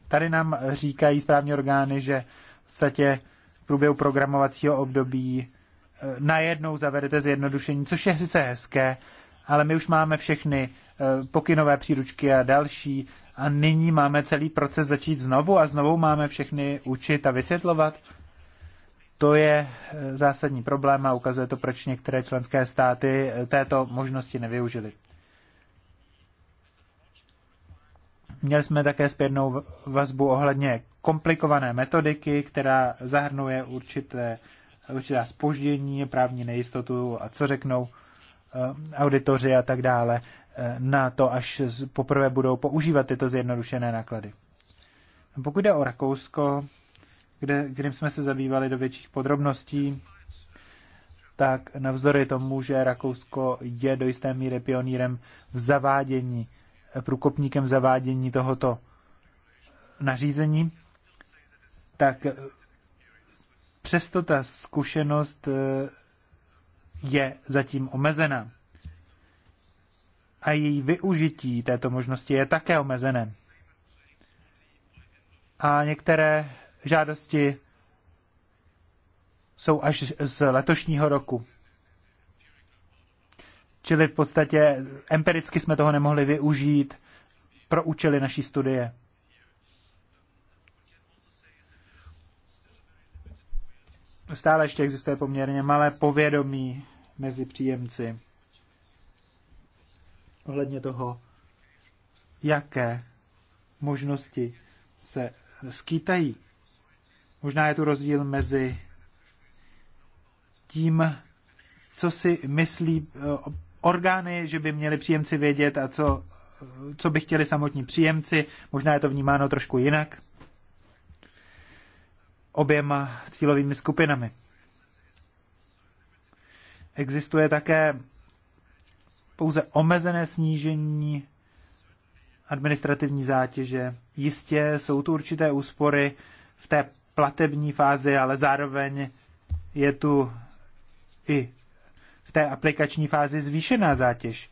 Tady nám říkají správní orgány, že v podstatě v průběhu programovacího období eh, najednou zavedete zjednodušení, což je sice hezké, ale my už máme všechny eh, pokynové příručky a další a nyní máme celý proces začít znovu a znovu máme všechny učit a vysvětlovat. To je eh, zásadní problém a ukazuje to, proč některé členské státy eh, této možnosti nevyužily. Měli jsme také zpětnou vazbu ohledně komplikované metodiky, která zahrnuje určité, určitá spoždění, právní nejistotu a co řeknou eh, auditoři a tak dále na to, až poprvé budou používat tyto zjednodušené náklady. Pokud jde o Rakousko, kde, kterým jsme se zabývali do větších podrobností, tak navzdory tomu, že Rakousko je do jisté míry pionýrem v zavádění, průkopníkem zavádění tohoto nařízení, tak přesto ta zkušenost eh, je zatím omezená. A její využití této možnosti je také omezené. A některé žádosti jsou až z letošního roku. Čili v podstatě empiricky jsme toho nemohli využít pro účely naší studie. Stále ještě existuje poměrně malé povědomí mezi příjemci ohledně toho, jaké možnosti se skýtají Možná je tu rozdíl mezi tím, co si myslí eh, orgány, že by měli příjemci vědět a co, eh, co by chtěli samotní příjemci. Možná je to vnímáno trošku jinak oběma cílovými skupinami. Existuje také pouze omezené snížení administrativní zátěže. Jistě jsou tu určité úspory v té platební fázi, ale zároveň je tu i v té aplikační fázi zvýšená zátěž,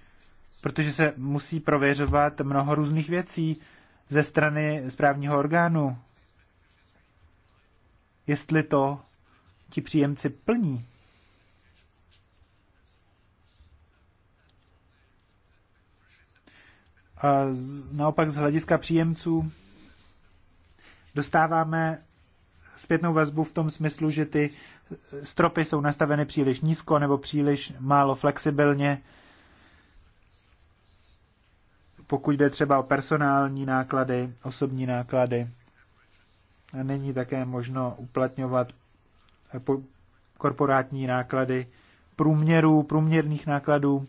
protože se musí prověřovat mnoho různých věcí ze strany správního orgánu, jestli to ti příjemci plní. A naopak z hlediska příjemců dostáváme zpětnou vazbu v tom smyslu, že ty stropy jsou nastaveny příliš nízko nebo příliš málo flexibilně, pokud jde třeba o personální náklady, osobní náklady. A není také možno uplatňovat korporátní náklady průměrů, průměrných nákladů.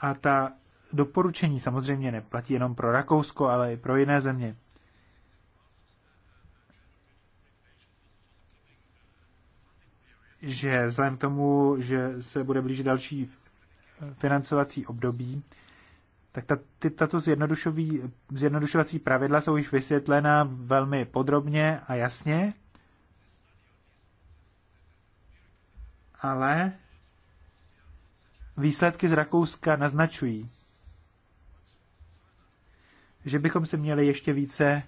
A ta doporučení samozřejmě neplatí jenom pro Rakousko, ale i pro jiné země. Že vzhledem k tomu, že se bude blížit další financovací období, tak ta, ty, tato zjednodušovací pravidla jsou již vysvětlena velmi podrobně a jasně, ale výsledky z Rakouska naznačují, že bychom se měli ještě více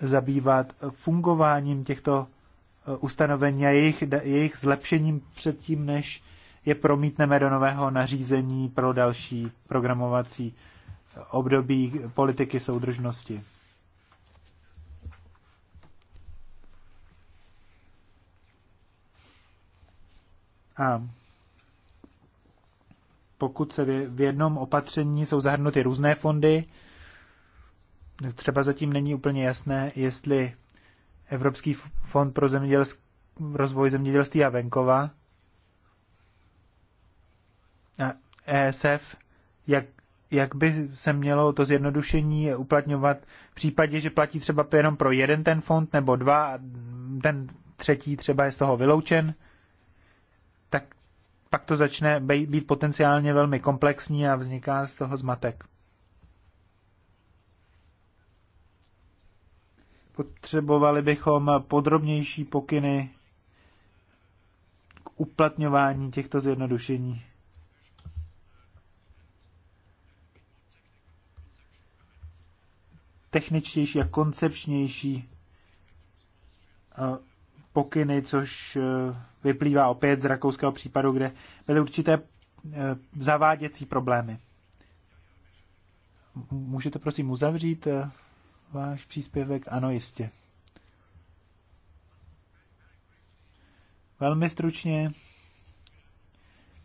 zabývat fungováním těchto eh, ustanovení a jejich, jejich zlepšením předtím, než je promítneme do nového nařízení pro další programovací eh, období politiky soudržnosti. A pokud se v jednom opatření jsou zahrnuty různé fondy, třeba zatím není úplně jasné, jestli Evropský fond pro zemědělsk, rozvoj zemědělství a venkova a ESF, jak, jak by se mělo to zjednodušení uplatňovat v případě, že platí třeba jenom pro jeden ten fond nebo dva a ten třetí třeba je z toho vyloučen, tak pak to začne být potenciálně velmi komplexní a vzniká z toho zmatek. Potřebovali bychom podrobnější pokyny k uplatňování těchto zjednodušení. Techničtější a koncepčnější eh, pokyny, což eh, vyplývá opět z rakouského případu, kde byly určité eh, zaváděcí problémy. Můžete prosím uzavřít váš příspěvek? Ano, jistě. Velmi stručně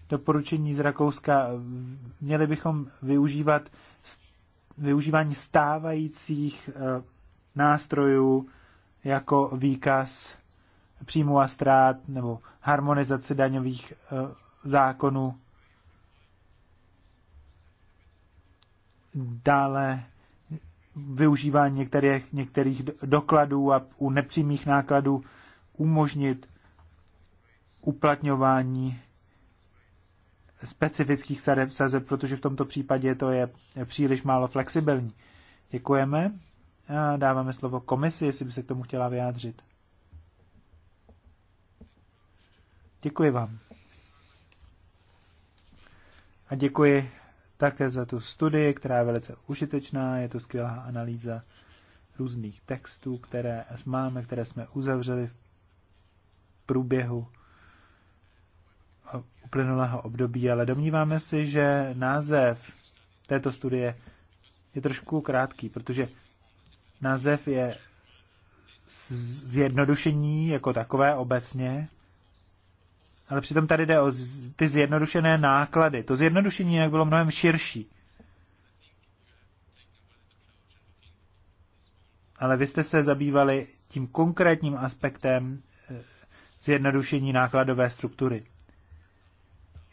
doporučení z Rakouska. Měli bychom využívat využívání stávajících eh, nástrojů jako výkaz příjmu a ztrát nebo harmonizaci daňových eh, zákonů. Dále využívání některých, některých dokladů a u nepřímých nákladů umožnit uplatňování specifických sazeb, protože v tomto případě to je příliš málo flexibilní. Děkujeme. A dáváme slovo komisi, jestli by se k tomu chtěla vyjádřit. Děkuji vám. A děkuji také za tu studii, která je velice užitečná, je to skvělá analýza různých textů, které máme, které jsme uzavřeli v průběhu uplynulého období, ale domníváme si, že název této studie je trošku krátký, protože název je zjednodušení jako takové obecně, ale přitom tady jde o ty zjednodušené náklady. To zjednodušení jinak bylo mnohem širší. Ale vy jste se zabývali tím konkrétním aspektem eh, zjednodušení nákladové struktury.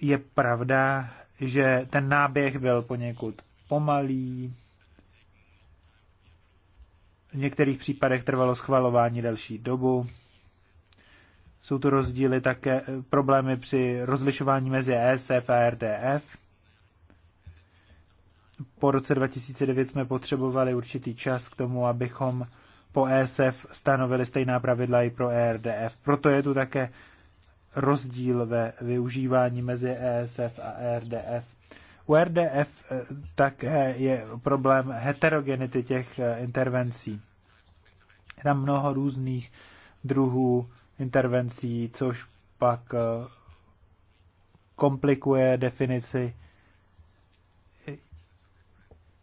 Je pravda, že ten náběh byl poněkud pomalý. V některých případech trvalo schvalování delší dobu. Jsou to rozdíly také eh, problémy při rozlišování mezi ESF a RDF. Po roce 2009 jsme potřebovali určitý čas k tomu, abychom po ESF stanovili stejná pravidla i pro ERDF. Proto je tu také rozdíl ve využívání mezi ESF a e RDF. U RDF eh, také je problém heterogenity těch eh, intervencí. Je tam mnoho různých druhů intervencí, což pak eh, komplikuje definici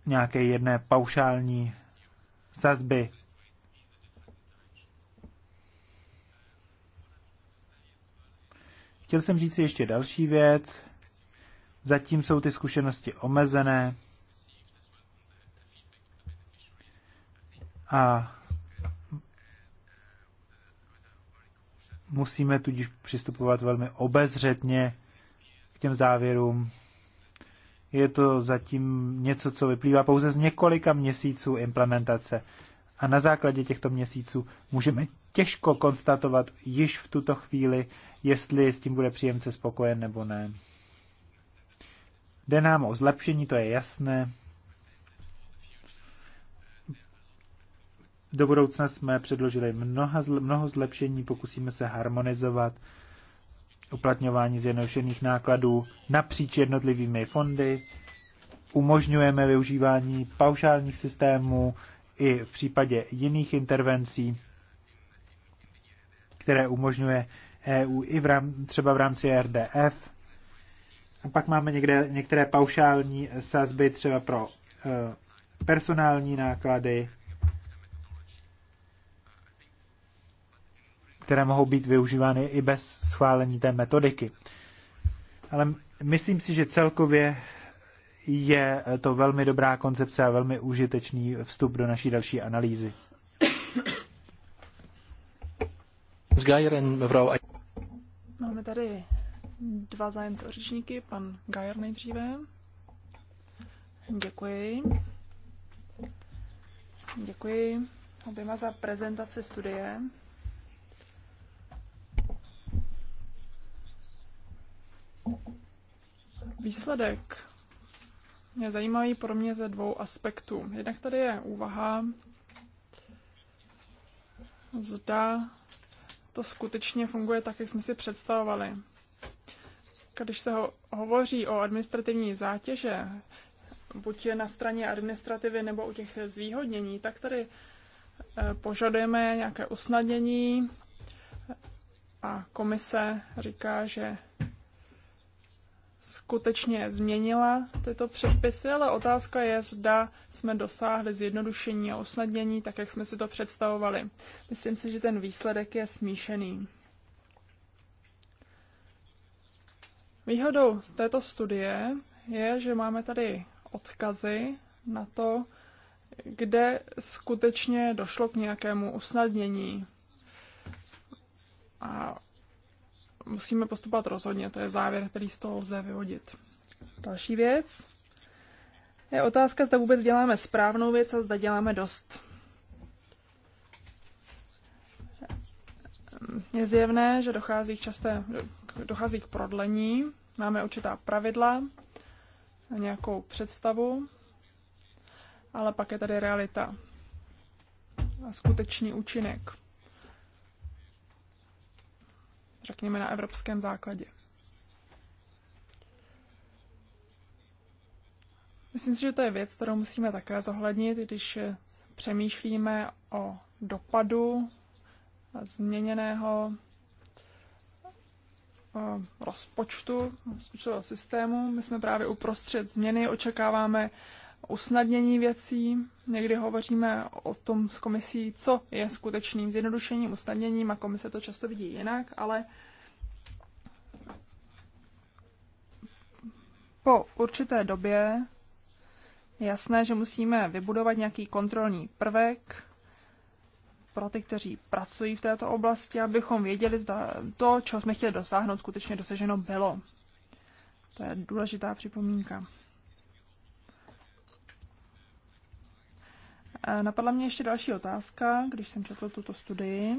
nějaké jedné paušální sazby. Chtěl jsem říct ještě další věc. Zatím jsou ty zkušenosti omezené. A Musíme tudíž přistupovat velmi obezřetně k těm závěrům. Je to zatím něco, co vyplývá pouze z několika měsíců implementace. A na základě těchto měsíců můžeme těžko konstatovat již v tuto chvíli, jestli s tím bude příjemce spokojen nebo ne. Jde nám o zlepšení, to je jasné, Do budoucna jsme předložili mnoha, mnoho zlepšení, pokusíme se harmonizovat uplatňování zjednodušených nákladů napříč jednotlivými fondy, umožňujeme využívání paušálních systémů i v případě jiných intervencí, které umožňuje EU i v rám, třeba v rámci RDF. A pak máme někde, některé paušální sazby třeba pro e, personální náklady které mohou být využívány i bez schválení té metodiky. Ale myslím si, že celkově je to velmi dobrá koncepce a velmi užitečný vstup do naší další analýzy. Máme tady dva zájemce o řečníky, pan Gajer nejdříve. Děkuji. Děkuji oběma za prezentaci studie. Výsledek je zajímavý pro mě ze dvou aspektů. Jednak tady je úvaha, zda to skutečně funguje tak, jak jsme si představovali. Když se ho- hovoří o administrativní zátěže, buď je na straně administrativy nebo u těch zvýhodnění, tak tady eh, požadujeme nějaké usnadnění a komise říká, že skutečně změnila tyto předpisy, ale otázka je, zda jsme dosáhli zjednodušení a usnadnění, tak jak jsme si to představovali. Myslím si, že ten výsledek je smíšený. Výhodou z této studie je, že máme tady odkazy na to, kde skutečně došlo k nějakému usnadnění. A musíme postupovat rozhodně, to je závěr, který z toho lze vyvodit. Další věc je otázka, zda vůbec děláme správnou věc a zda děláme dost. Je zjevné, že dochází k, časté, dochází k prodlení, máme určitá pravidla, nějakou představu, ale pak je tady realita a skutečný účinek řekněme, na evropském základě. Myslím si, že to je věc, kterou musíme také zohlednit, když přemýšlíme o dopadu změněného eh, rozpočtu, rozpočtového systému. My jsme právě uprostřed změny, očekáváme usnadnění věcí. Někdy hovoříme o tom s komisí, co je skutečným zjednodušením, usnadněním a komise to často vidí jinak, ale po určité době jasné, že musíme vybudovat nějaký kontrolní prvek pro ty, kteří pracují v této oblasti, abychom věděli, zda to, čeho jsme chtěli dosáhnout, skutečně dosaženo bylo. To je důležitá připomínka. Eh, napadla mě ještě další otázka, když jsem četla tuto studii.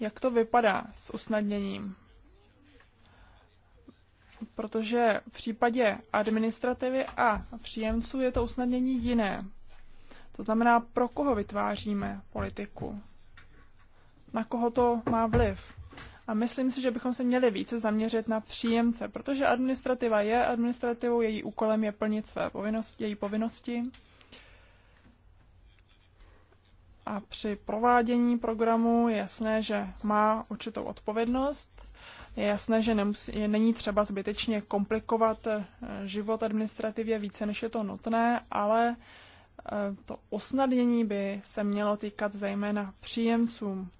Jak to vypadá s usnadněním? Protože v případě administrativy a příjemců je to usnadnění jiné. To znamená, pro koho vytváříme politiku? Na koho to má vliv? A myslím si, že bychom se měli více zaměřit na příjemce, protože administrativa je administrativou, její úkolem je plnit své povinnosti, její povinnosti a při provádění programu je jasné, že má určitou odpovědnost. Je jasné, že nemusí, není třeba zbytečně komplikovat eh, život administrativě více, než je to nutné, ale eh, to osnadnění by se mělo týkat zejména příjemcům.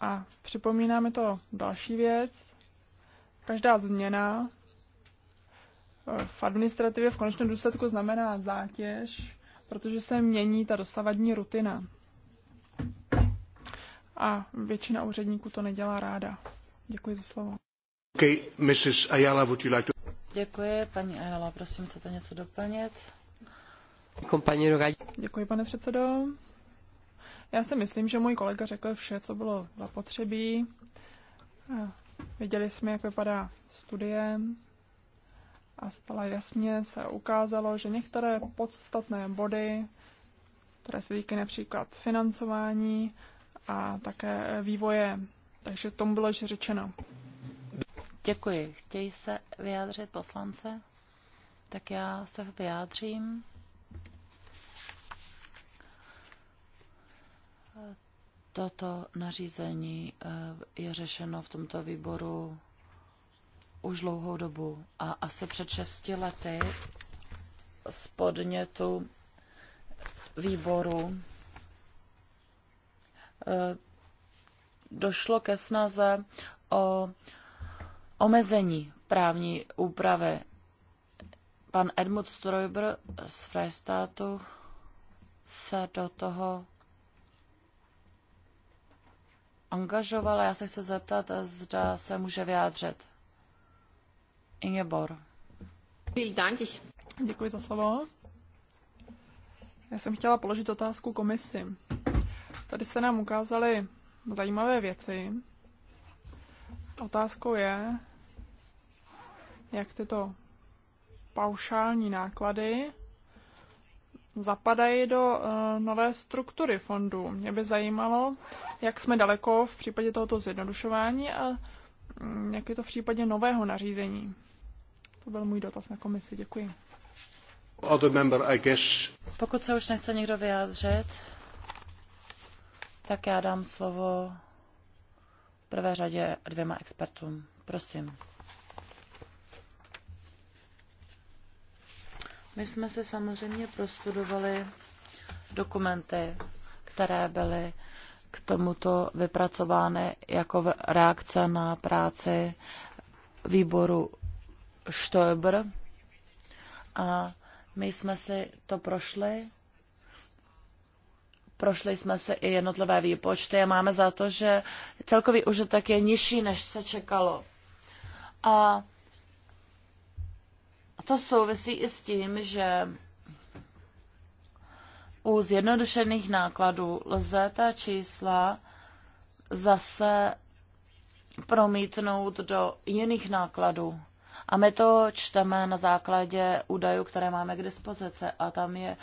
A připomínáme to další věc. Každá změna v administrativě v konečném důsledku znamená zátěž, protože se mění ta dosavadní rutina. A většina úředníků to nedělá ráda. Děkuji za slovo. Okay, Mrs. Ayala, would you like to... Děkuji, paní Ayala, prosím, chcete něco doplnit? Děkuji, pane předsedo. Já si myslím, že můj kolega řekl vše, co bylo zapotřebí. Viděli jsme, jak vypadá studie, a zcela jasně se ukázalo, že některé podstatné body, které se týkají například financování a také vývoje, takže tomu bylo již řečeno. Děkuji. Chtějí se vyjádřit poslance? Tak já se vyjádřím. Toto nařízení eh, je řešeno v tomto výboru už dlouhou dobu a asi před šesti lety z podnětu výboru eh, došlo ke snaze o omezení právní úpravy. Pan Edmund Stroiber z Freistátu se do toho a Já se chci zeptat, zda se může vyjádřit. Ingeborg. Děkuji za slovo. Já jsem chtěla položit otázku komisi. Tady jste nám ukázali zajímavé věci. Otázkou je, jak tyto paušální náklady zapadají do uh, nové struktury fondu. Mě by zajímalo, jak jsme daleko v případě tohoto zjednodušování a Mm, jak je to v případě nového nařízení? To byl můj dotaz na komisi. Děkuji. Member, Pokud se už nechce někdo vyjádřit, tak já dám slovo v prvé řadě dvěma expertům. Prosím. My jsme se samozřejmě prostudovali dokumenty, které byly k tomuto vypracovány jako reakce na práci výboru Stoiber. A my jsme si to prošli. Prošli jsme si i jednotlivé výpočty a máme za to, že celkový užitek je nižší, než se čekalo. A to souvisí i s tím, že u zjednodušených nákladů lze ta čísla zase promítnout do jiných nákladů. A my to čteme na základě údajů, které máme k dispozici. A tam je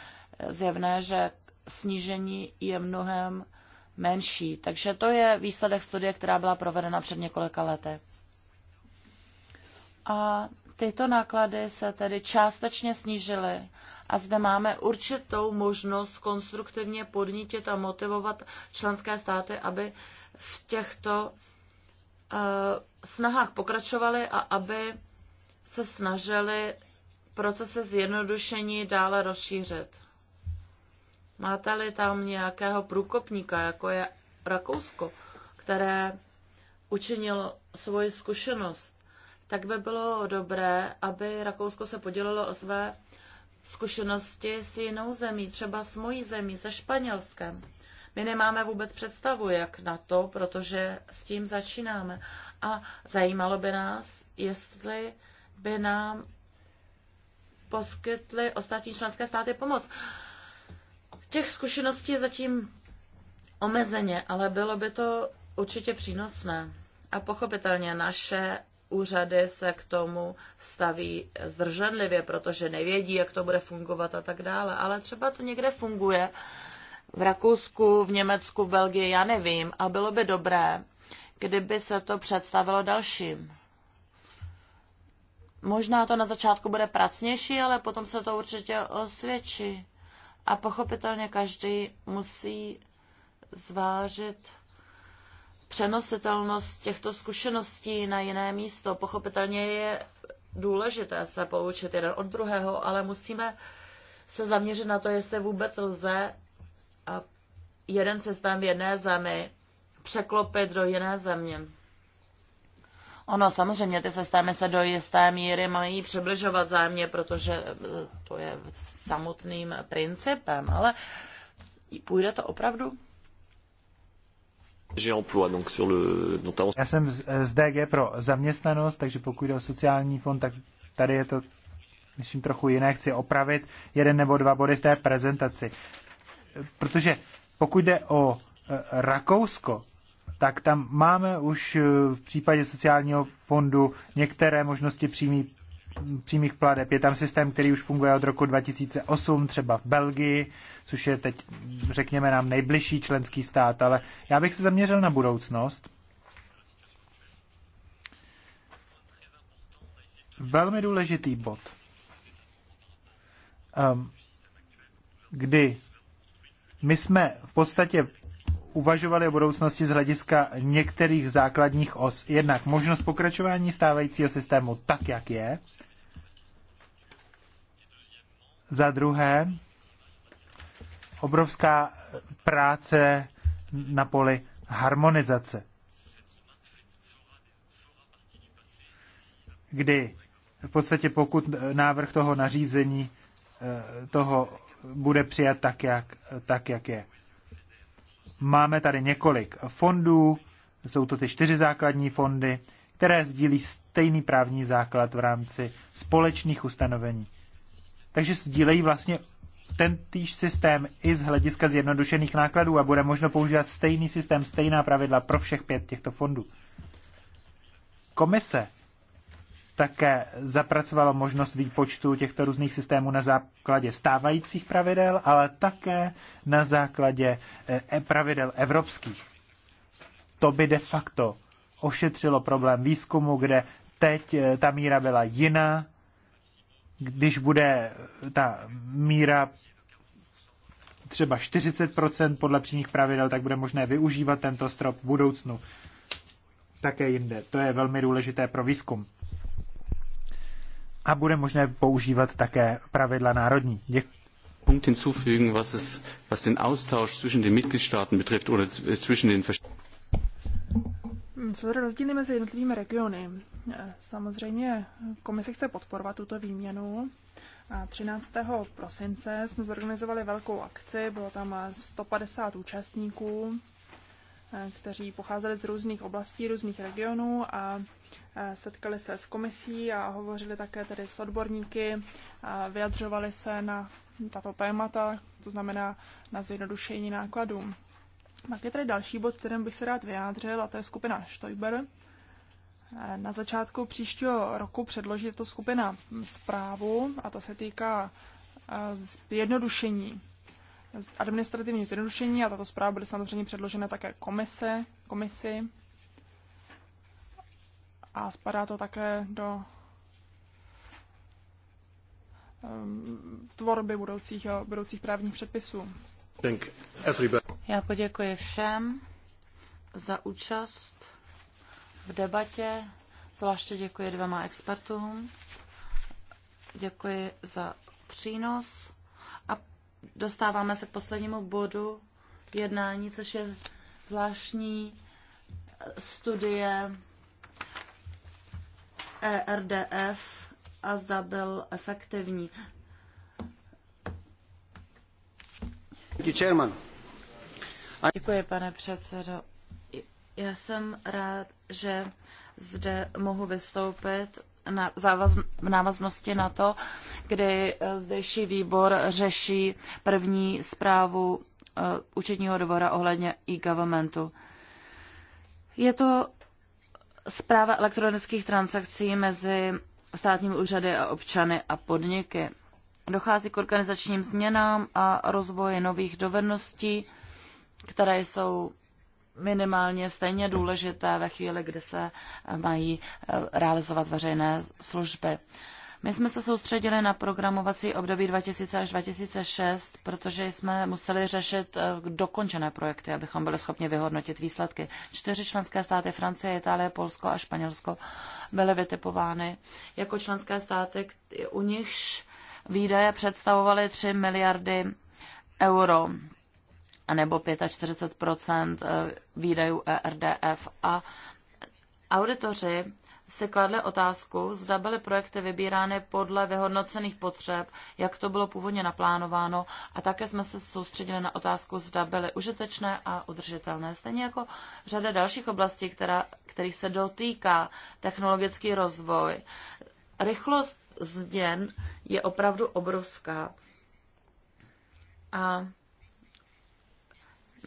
zjevné, že snížení je mnohem menší. Takže to je výsledek studie, která byla provedena před několika lety. A Tyto náklady se tedy částečně snížily a zde máme určitou možnost konstruktivně podnítit a motivovat členské státy, aby v těchto uh, snahách pokračovaly a aby se snažili procesy zjednodušení dále rozšířit. Máte-li tam nějakého průkopníka, jako je Rakousko, které učinilo svoji zkušenost tak by bylo dobré, aby Rakousko se podělilo o své zkušenosti s jinou zemí, třeba s mojí zemí, se Španělskem. My nemáme vůbec představu, jak na to, protože s tím začínáme. A zajímalo by nás, jestli by nám poskytly ostatní členské státy pomoc. Těch zkušeností je zatím omezeně, ale bylo by to určitě přínosné. A pochopitelně naše úřady se k tomu staví zdrženlivě, protože nevědí, jak to bude fungovat a tak dále. Ale třeba to někde funguje. V Rakousku, v Německu, v Belgii, já nevím. A bylo by dobré, kdyby se to představilo dalším. Možná to na začátku bude pracnější, ale potom se to určitě osvědčí. A pochopitelně každý musí zvážit přenositelnost těchto zkušeností na jiné místo. Pochopitelně je důležité se poučit jeden od druhého, ale musíme se zaměřit na to, jestli vůbec lze jeden systém v jedné zemi překlopit do jiné země. Ono samozřejmě ty systémy se do jisté míry mají přibližovat zájemně, protože e, to je samotným principem, ale půjde to opravdu já jsem z eh, DG pro zaměstnanost, takže pokud jde o sociální fond, tak tady je to, myslím, trochu jiné. Chci opravit jeden nebo dva body v té prezentaci. Protože pokud jde o eh, Rakousko, tak tam máme už eh, v případě sociálního fondu některé možnosti přímý, přímých pladeb. Je tam systém, který už funguje od roku 2008, třeba v Belgii, což je teď, řekněme nám, nejbližší členský stát, ale já bych se zaměřil na budoucnost. Velmi důležitý bod, ehm, kdy my jsme v podstatě uvažovali o budoucnosti z hlediska některých základních os. Jednak možnost pokračování stávajícího systému tak, jak je. Za druhé, obrovská práce na poli harmonizace, kdy v podstatě pokud návrh toho nařízení eh, toho bude přijat tak, jak, tak, jak je. Máme tady několik fondů, jsou to ty čtyři základní fondy, které sdílí stejný právní základ v rámci společných ustanovení. Takže sdílejí vlastně ten týž systém i z hlediska zjednodušených nákladů a bude možno používat stejný systém, stejná pravidla pro všech pět těchto fondů. Komise také zapracovalo možnost výpočtu těchto různých systémů na základě stávajících pravidel, ale také na základě eh, pravidel evropských. To by de facto ošetřilo problém výzkumu, kde teď eh, ta míra byla jiná, když bude eh, ta míra třeba 40% podle přímých pravidel, tak bude možné využívat tento strop v budoucnu také jinde. To je velmi důležité pro výzkum a bude možné používat také pravidla národní. Děkuji. Punkt hinzufügen, was, es, was den Austausch zwischen den Mitgliedstaaten betrifft oder zwischen den Co rozdíly mezi jednotlivými regiony? Samozřejmě komise chce podporovat tuto výměnu. A 13. prosince jsme zorganizovali velkou akci, bylo tam 150 účastníků Eh, kteří pocházeli z různých oblastí, různých regionů a eh, setkali se s komisí a hovořili také tedy s odborníky a vyjadřovali se na tato témata, to znamená na zjednodušení nákladů. Pak je tady další bod, kterým bych se rád vyjádřil, a to je skupina Stoiber. Eh, na začátku příštího roku předloží to skupina zprávu a ta se týká zjednodušení administrativní zjednodušení a tato zpráva bude samozřejmě předložena také komise, komisi a spadá to také do ehm, tvorby budoucích, budoucích právních předpisů. Já poděkuji všem za účast v debatě, zvláště děkuji dvěma expertům, děkuji za přínos a dostáváme se k poslednímu bodu jednání, což je zvláštní studie ERDF a zda byl efektivní. Děkuji, pane předsedo. Já jsem rád, že zde mohu vystoupit na závaz, v návaznosti na to, kdy eh, zdejší výbor řeší první zprávu eh, účetního dvora ohledně e-governmentu. Je to zpráva elektronických transakcí mezi státními úřady a občany a podniky. Dochází k organizačním změnám a rozvoji nových dovedností, které jsou minimálně stejně důležité ve chvíli, kdy se mají eh, realizovat veřejné služby. My jsme se soustředili na programovací období 2000 až 2006, protože jsme museli řešit eh, dokončené projekty, abychom byli schopni vyhodnotit výsledky. Čtyři členské státy, Francie, Itálie, Polsko a Španělsko, byly vytipovány jako členské státy, u nichž výdaje představovaly 3 miliardy euro anebo 45 eh, výdajů ERDF. A auditoři si kladli otázku, zda byly projekty vybírány podle vyhodnocených potřeb, jak to bylo původně naplánováno a také jsme se soustředili na otázku, zda byly užitečné a udržitelné. Stejně jako řada dalších oblastí, která, který se dotýká technologický rozvoj. Rychlost změn je opravdu obrovská. A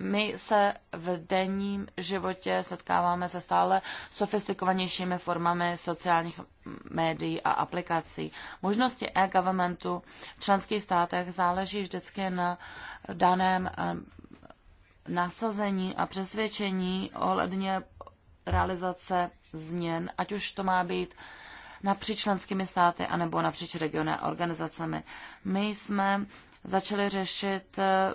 my se v denním životě setkáváme se stále sofistikovanějšími formami sociálních médií a aplikací. Možnosti e-governmentu v členských státech záleží vždycky na daném eh, nasazení a přesvědčení ohledně realizace změn, ať už to má být napříč členskými státy anebo napříč regiony a organizacemi. My jsme začali řešit eh,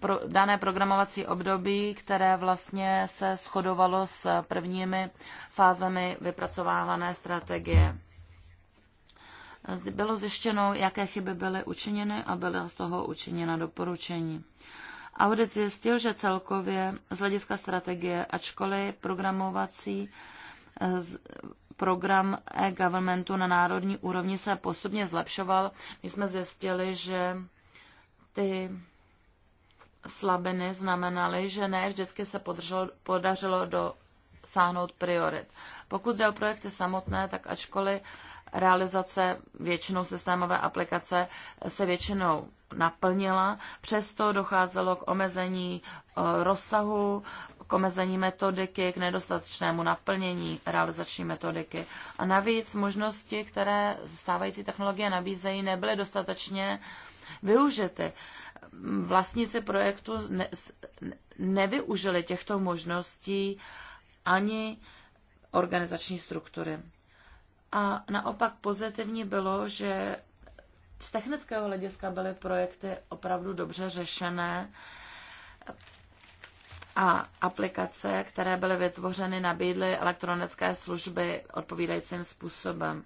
pro dané programovací období, které vlastně se shodovalo s prvními fázemi vypracovávané strategie. Bylo zjištěno, jaké chyby byly učiněny a byla z toho učiněna doporučení. Audit zjistil, že celkově z hlediska strategie, ačkoliv programovací eh, program e-governmentu na národní úrovni se postupně zlepšoval, my jsme zjistili, že ty slabiny znamenaly, že ne vždycky se podrželo, podařilo dosáhnout priorit. Pokud jde o projekty samotné, tak ačkoliv realizace většinou systémové aplikace se většinou naplnila, přesto docházelo k omezení eh, rozsahu, k omezení metodiky, k nedostatečnému naplnění realizační metodiky. A navíc možnosti, které stávající technologie nabízejí, nebyly dostatečně uh, využity. Vlastníci projektu ne, nevyužili těchto možností ani organizační struktury. A naopak pozitivní bylo, že z technického hlediska byly projekty opravdu dobře řešené a aplikace, které byly vytvořeny, nabídly elektronické služby odpovídajícím způsobem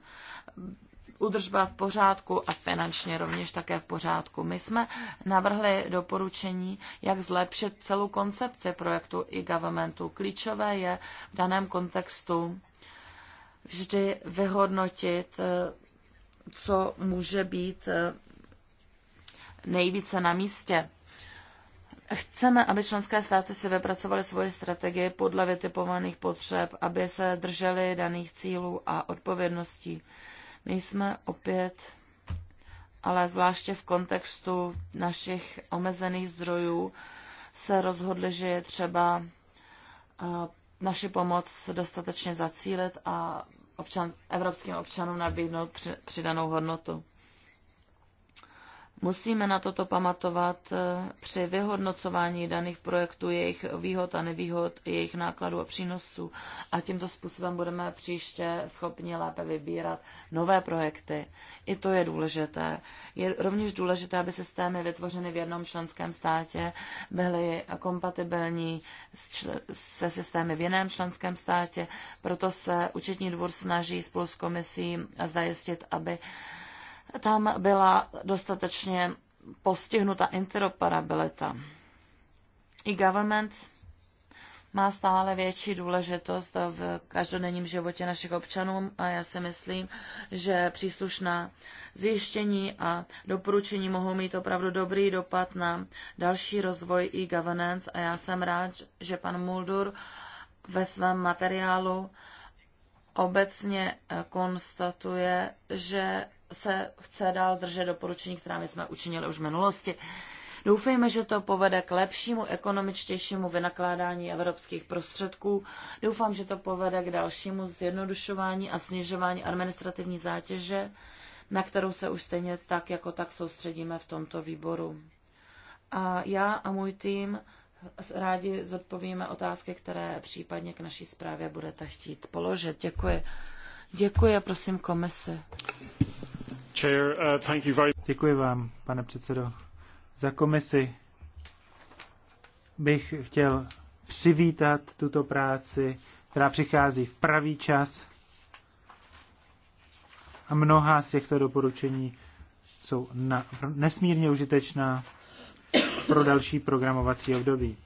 udržba v pořádku a finančně rovněž také v pořádku. My jsme navrhli doporučení, jak zlepšit celou koncepci projektu i governmentu. Klíčové je v daném kontextu vždy vyhodnotit, eh, co může být eh, nejvíce na místě. Chceme, aby členské státy si vypracovaly svoje strategie podle vytipovaných potřeb, aby se držely daných cílů a odpovědností. My jsme opět, ale zvláště v kontextu našich omezených zdrojů, se rozhodli, že je třeba eh, naši pomoc dostatečně zacílit a občan, evropským občanům nabídnout přidanou hodnotu. Musíme na toto pamatovat eh, při vyhodnocování daných projektů, jejich výhod a nevýhod, jejich nákladů a přínosů. A tímto způsobem budeme příště schopni lépe vybírat nové projekty. I to je důležité. Je rovněž důležité, aby systémy vytvořeny v jednom členském státě byly kompatibilní se systémy v jiném členském státě. Proto se účetní dvůr snaží spolu s komisí zajistit, aby tam byla dostatečně postihnuta interoperabilita. I government má stále větší důležitost v každodenním životě našich občanů a já si myslím, že příslušná zjištění a doporučení mohou mít opravdu dobrý dopad na další rozvoj i governance a já jsem rád, že pan Muldur ve svém materiálu obecně eh, konstatuje, že se chce dál držet doporučení, která my jsme učinili už v minulosti. Doufejme, že to povede k lepšímu, ekonomičtějšímu vynakládání evropských prostředků. Doufám, že to povede k dalšímu zjednodušování a snižování administrativní zátěže, na kterou se už stejně tak jako tak soustředíme v tomto výboru. A já a můj tým rádi zodpovíme otázky, které případně k naší zprávě budete chtít položit. Děkuji. Děkuji a prosím komise. Uh, Děkuji vám, pane předsedo. Za komisi bych chtěl přivítat tuto práci, která přichází v pravý čas. A mnoha z těchto doporučení jsou na, nesmírně užitečná pro další programovací období.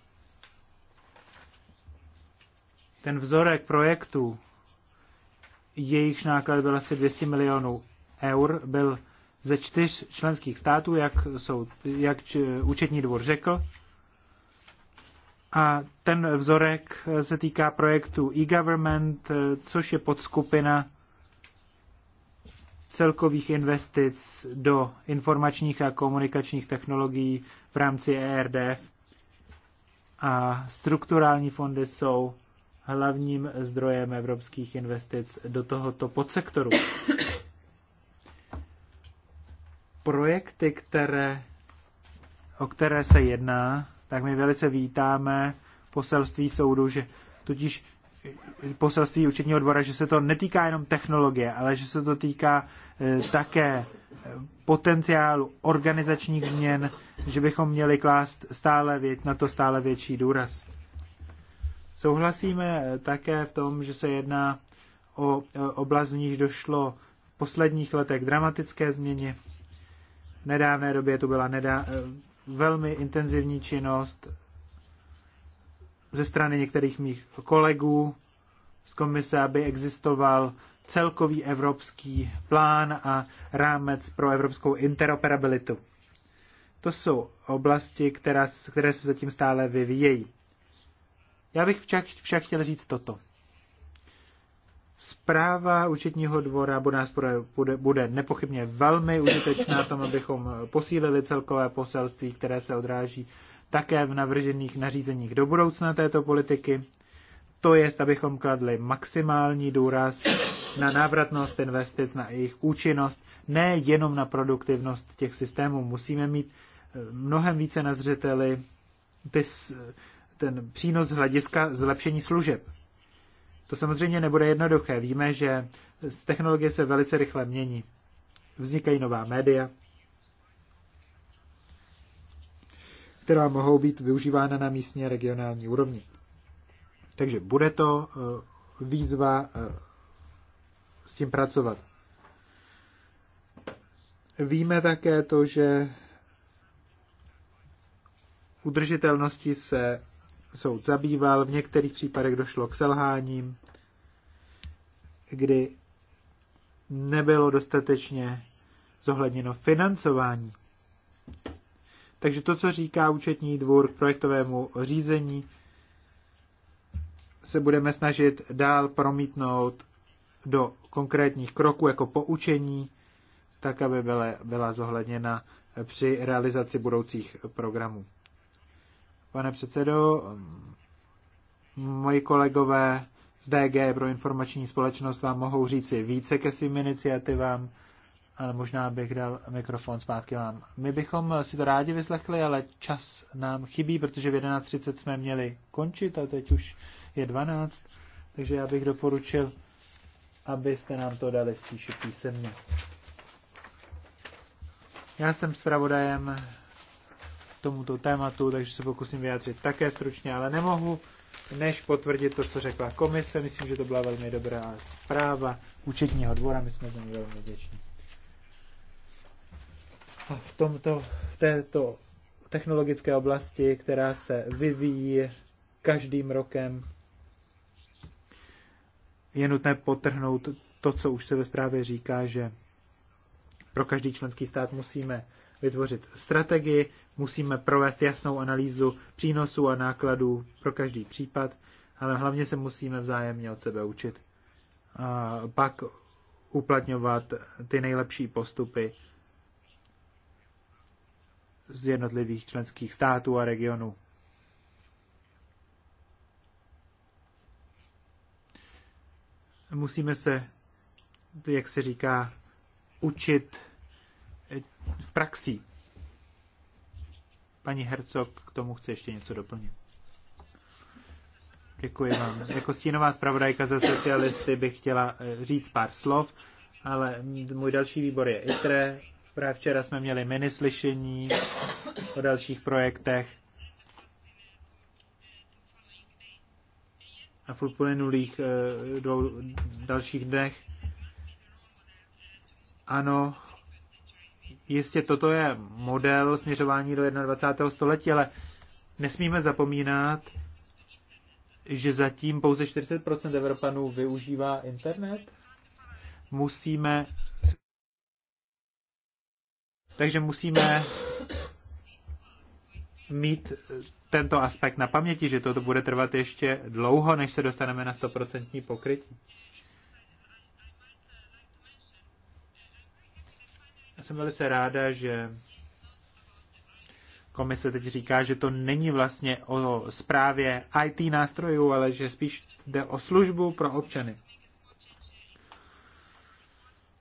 Ten vzorek projektů, jejichž náklad byl asi 200 milionů eur byl ze čtyř členských států, jak, jsou, jak účetní dvor řekl. A ten vzorek se týká projektu e-government, což je podskupina celkových investic do informačních a komunikačních technologií v rámci ERDF. A strukturální fondy jsou hlavním zdrojem evropských investic do tohoto podsektoru projekty, které, o které se jedná, tak my velice vítáme poselství soudu, že totiž eh, poselství účetního dvora, že se to netýká jenom technologie, ale že se to týká eh, také eh, potenciálu organizačních změn, že bychom měli klást stále vět, na to stále větší důraz. Souhlasíme také v tom, že se jedná o oblast, v níž došlo v posledních letech dramatické změně nedávné době tu byla nedá, eh, velmi intenzivní činnost ze strany některých mých kolegů z komise, aby existoval celkový evropský plán a rámec pro evropskou interoperabilitu. To jsou oblasti, která, které se zatím stále vyvíjejí. Já bych však, však chtěl říct toto. Zpráva účetního dvora bude, nás bude, bude nepochybně velmi užitečná tom, abychom posílili celkové poselství, které se odráží také v navržených nařízeních do budoucna této politiky. To je, abychom kladli maximální důraz na návratnost investic, na jejich účinnost, ne jenom na produktivnost těch systémů. Musíme mít eh, mnohem více na zřeteli ten přínos hlediska zlepšení služeb. To samozřejmě nebude jednoduché. Víme, že z technologie se velice rychle mění. Vznikají nová média, která mohou být využívána na místní a regionální úrovni. Takže bude to eh, výzva eh, s tím pracovat. Víme také to, že udržitelnosti se soud zabýval. V některých případech došlo k selháním, kdy nebylo dostatečně zohledněno financování. Takže to, co říká účetní dvůr k projektovému řízení, se budeme snažit dál promítnout do konkrétních kroků jako poučení, tak aby byla, byla zohledněna při realizaci budoucích programů. Pane předsedo, moji kolegové z DG pro informační společnost vám mohou říci více ke svým iniciativám, ale možná bych dal mikrofon zpátky vám. My bychom si to rádi vyslechli, ale čas nám chybí, protože v 11.30 jsme měli končit a teď už je 12, takže já bych doporučil, abyste nám to dali spíše písemně. Já jsem zpravodajem tomuto tématu, takže se pokusím vyjádřit také stručně, ale nemohu než potvrdit to, co řekla komise. Myslím, že to byla velmi dobrá zpráva účetního dvora, my jsme za ní velmi vděční. A v tomto, v této technologické oblasti, která se vyvíjí každým rokem, je nutné potrhnout to, co už se ve zprávě říká, že pro každý členský stát musíme vytvořit strategii, musíme provést jasnou analýzu přínosů a nákladů pro každý případ, ale hlavně se musíme vzájemně od sebe učit. A pak uplatňovat ty nejlepší postupy z jednotlivých členských států a regionů. Musíme se, jak se říká, učit v praxi. Paní Hercog k tomu chce ještě něco doplnit. Děkuji vám. Jako stínová zpravodajka ze socialisty bych chtěla eh, říct pár slov, ale můj další výbor je ITRE. Právě včera jsme měli minislyšení o dalších projektech. A v uplynulých eh, dvou dalších dnech. Ano, Jistě toto je model směřování do 21. století, ale nesmíme zapomínat, že zatím pouze 40% Evropanů využívá internet. Musíme takže musíme mít tento aspekt na paměti, že toto bude trvat ještě dlouho, než se dostaneme na 100% pokrytí. jsem velice ráda, že komise teď říká, že to není vlastně o zprávě IT nástrojů, ale že spíš jde o službu pro občany.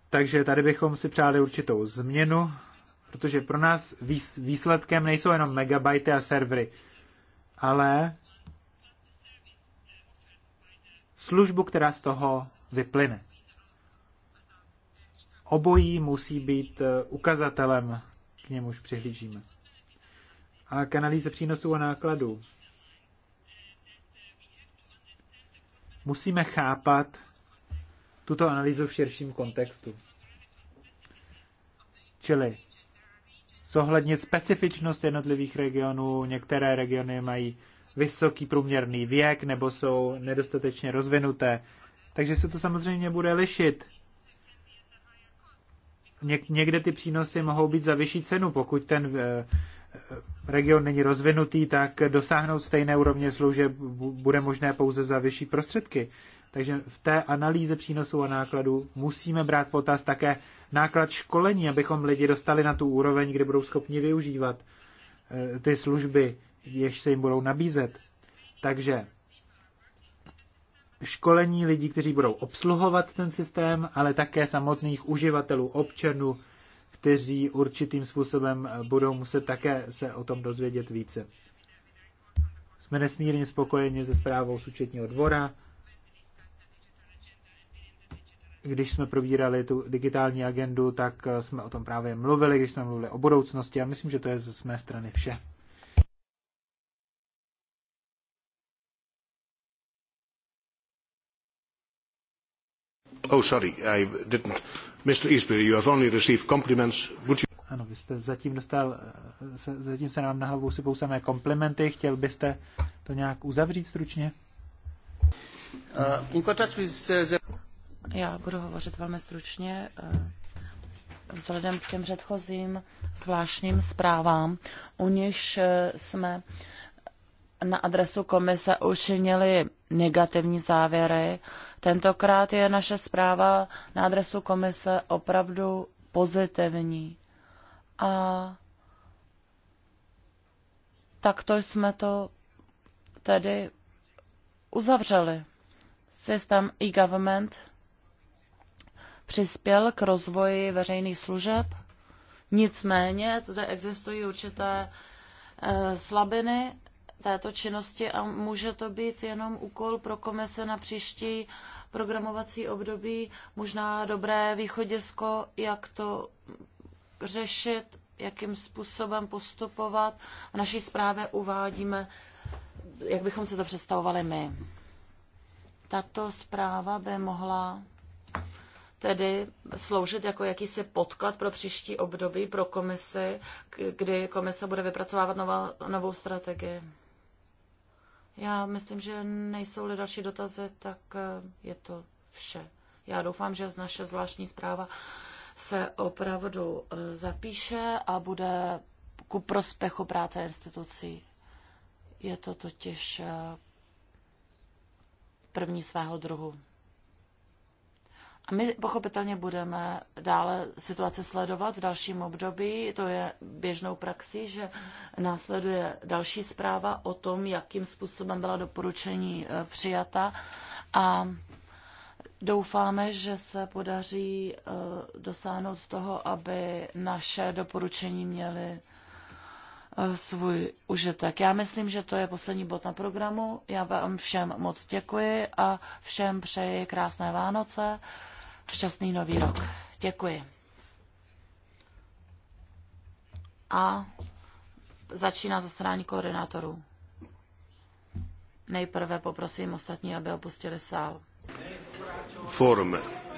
Takže tady bychom si přáli určitou změnu, protože pro nás výsledkem nejsou jenom megabajty a servery, ale službu, která z toho vyplyne. Obojí musí být eh, ukazatelem, k němuž přihlížíme. A k analýze přínosů a nákladů. Musíme chápat tuto analýzu v širším kontextu. Čili zohlednit specifičnost jednotlivých regionů. Některé regiony mají vysoký průměrný věk nebo jsou nedostatečně rozvinuté. Takže se to samozřejmě bude lišit někde ty přínosy mohou být za vyšší cenu, pokud ten eh, eh, region není rozvinutý, tak dosáhnout stejné úrovně služeb bude možné pouze za vyšší prostředky. Takže v té analýze přínosů a nákladů musíme brát potaz také náklad školení, abychom lidi dostali na tu úroveň, kde budou schopni využívat eh, ty služby, jež se jim budou nabízet. Takže školení lidí, kteří budou obsluhovat ten systém, ale také samotných uživatelů, občanů, kteří určitým způsobem eh, budou muset také se o tom dozvědět více. Jsme nesmírně spokojeni se zprávou z účetního dvora. Když jsme probírali tu digitální agendu, tak eh, jsme o tom právě mluvili, když jsme mluvili o budoucnosti a myslím, že to je z mé strany vše. Oh, sorry, I didn't. Mr. Eastbury, you have only received compliments. Would you... Ano, vy jste zatím dostal, eh, zatím se nám na hlavu sypou samé komplimenty. Chtěl byste to nějak uzavřít stručně? Eh, Já budu hovořit velmi stručně. Eh, vzhledem k těm předchozím zvláštním zprávám, u nichž jsme na adresu komise učinili negativní závěry, Tentokrát je naše zpráva na adresu komise opravdu pozitivní. A takto jsme to tedy uzavřeli. Systém e-government přispěl k rozvoji veřejných služeb, nicméně zde existují určité eh, slabiny této činnosti a může to být jenom úkol pro komise na příští programovací období, možná dobré východisko, jak to řešit, jakým způsobem postupovat. V naší zprávě uvádíme, jak bychom se to představovali my. Tato zpráva by mohla tedy sloužit jako jakýsi podklad pro příští období pro komisi, kdy komise bude vypracovávat novou strategii. Já myslím, že nejsou-li další dotazy, tak eh, je to vše. Já doufám, že z naše zvláštní zpráva se opravdu eh, zapíše a bude ku prospěchu práce institucí. Je to totiž eh, první svého druhu. My pochopitelně budeme dále situace sledovat v dalším období. To je běžnou praxi, že následuje další zpráva o tom, jakým způsobem byla doporučení e, přijata a Doufáme, že se podaří e, dosáhnout toho, aby naše doporučení měly e, svůj užitek. Já myslím, že to je poslední bod na programu. Já vám všem moc děkuji a všem přeji krásné Vánoce šťastný nový rok. Děkuji. A začíná zasedání koordinátorů. Nejprve poprosím ostatní, aby opustili sál. Forum.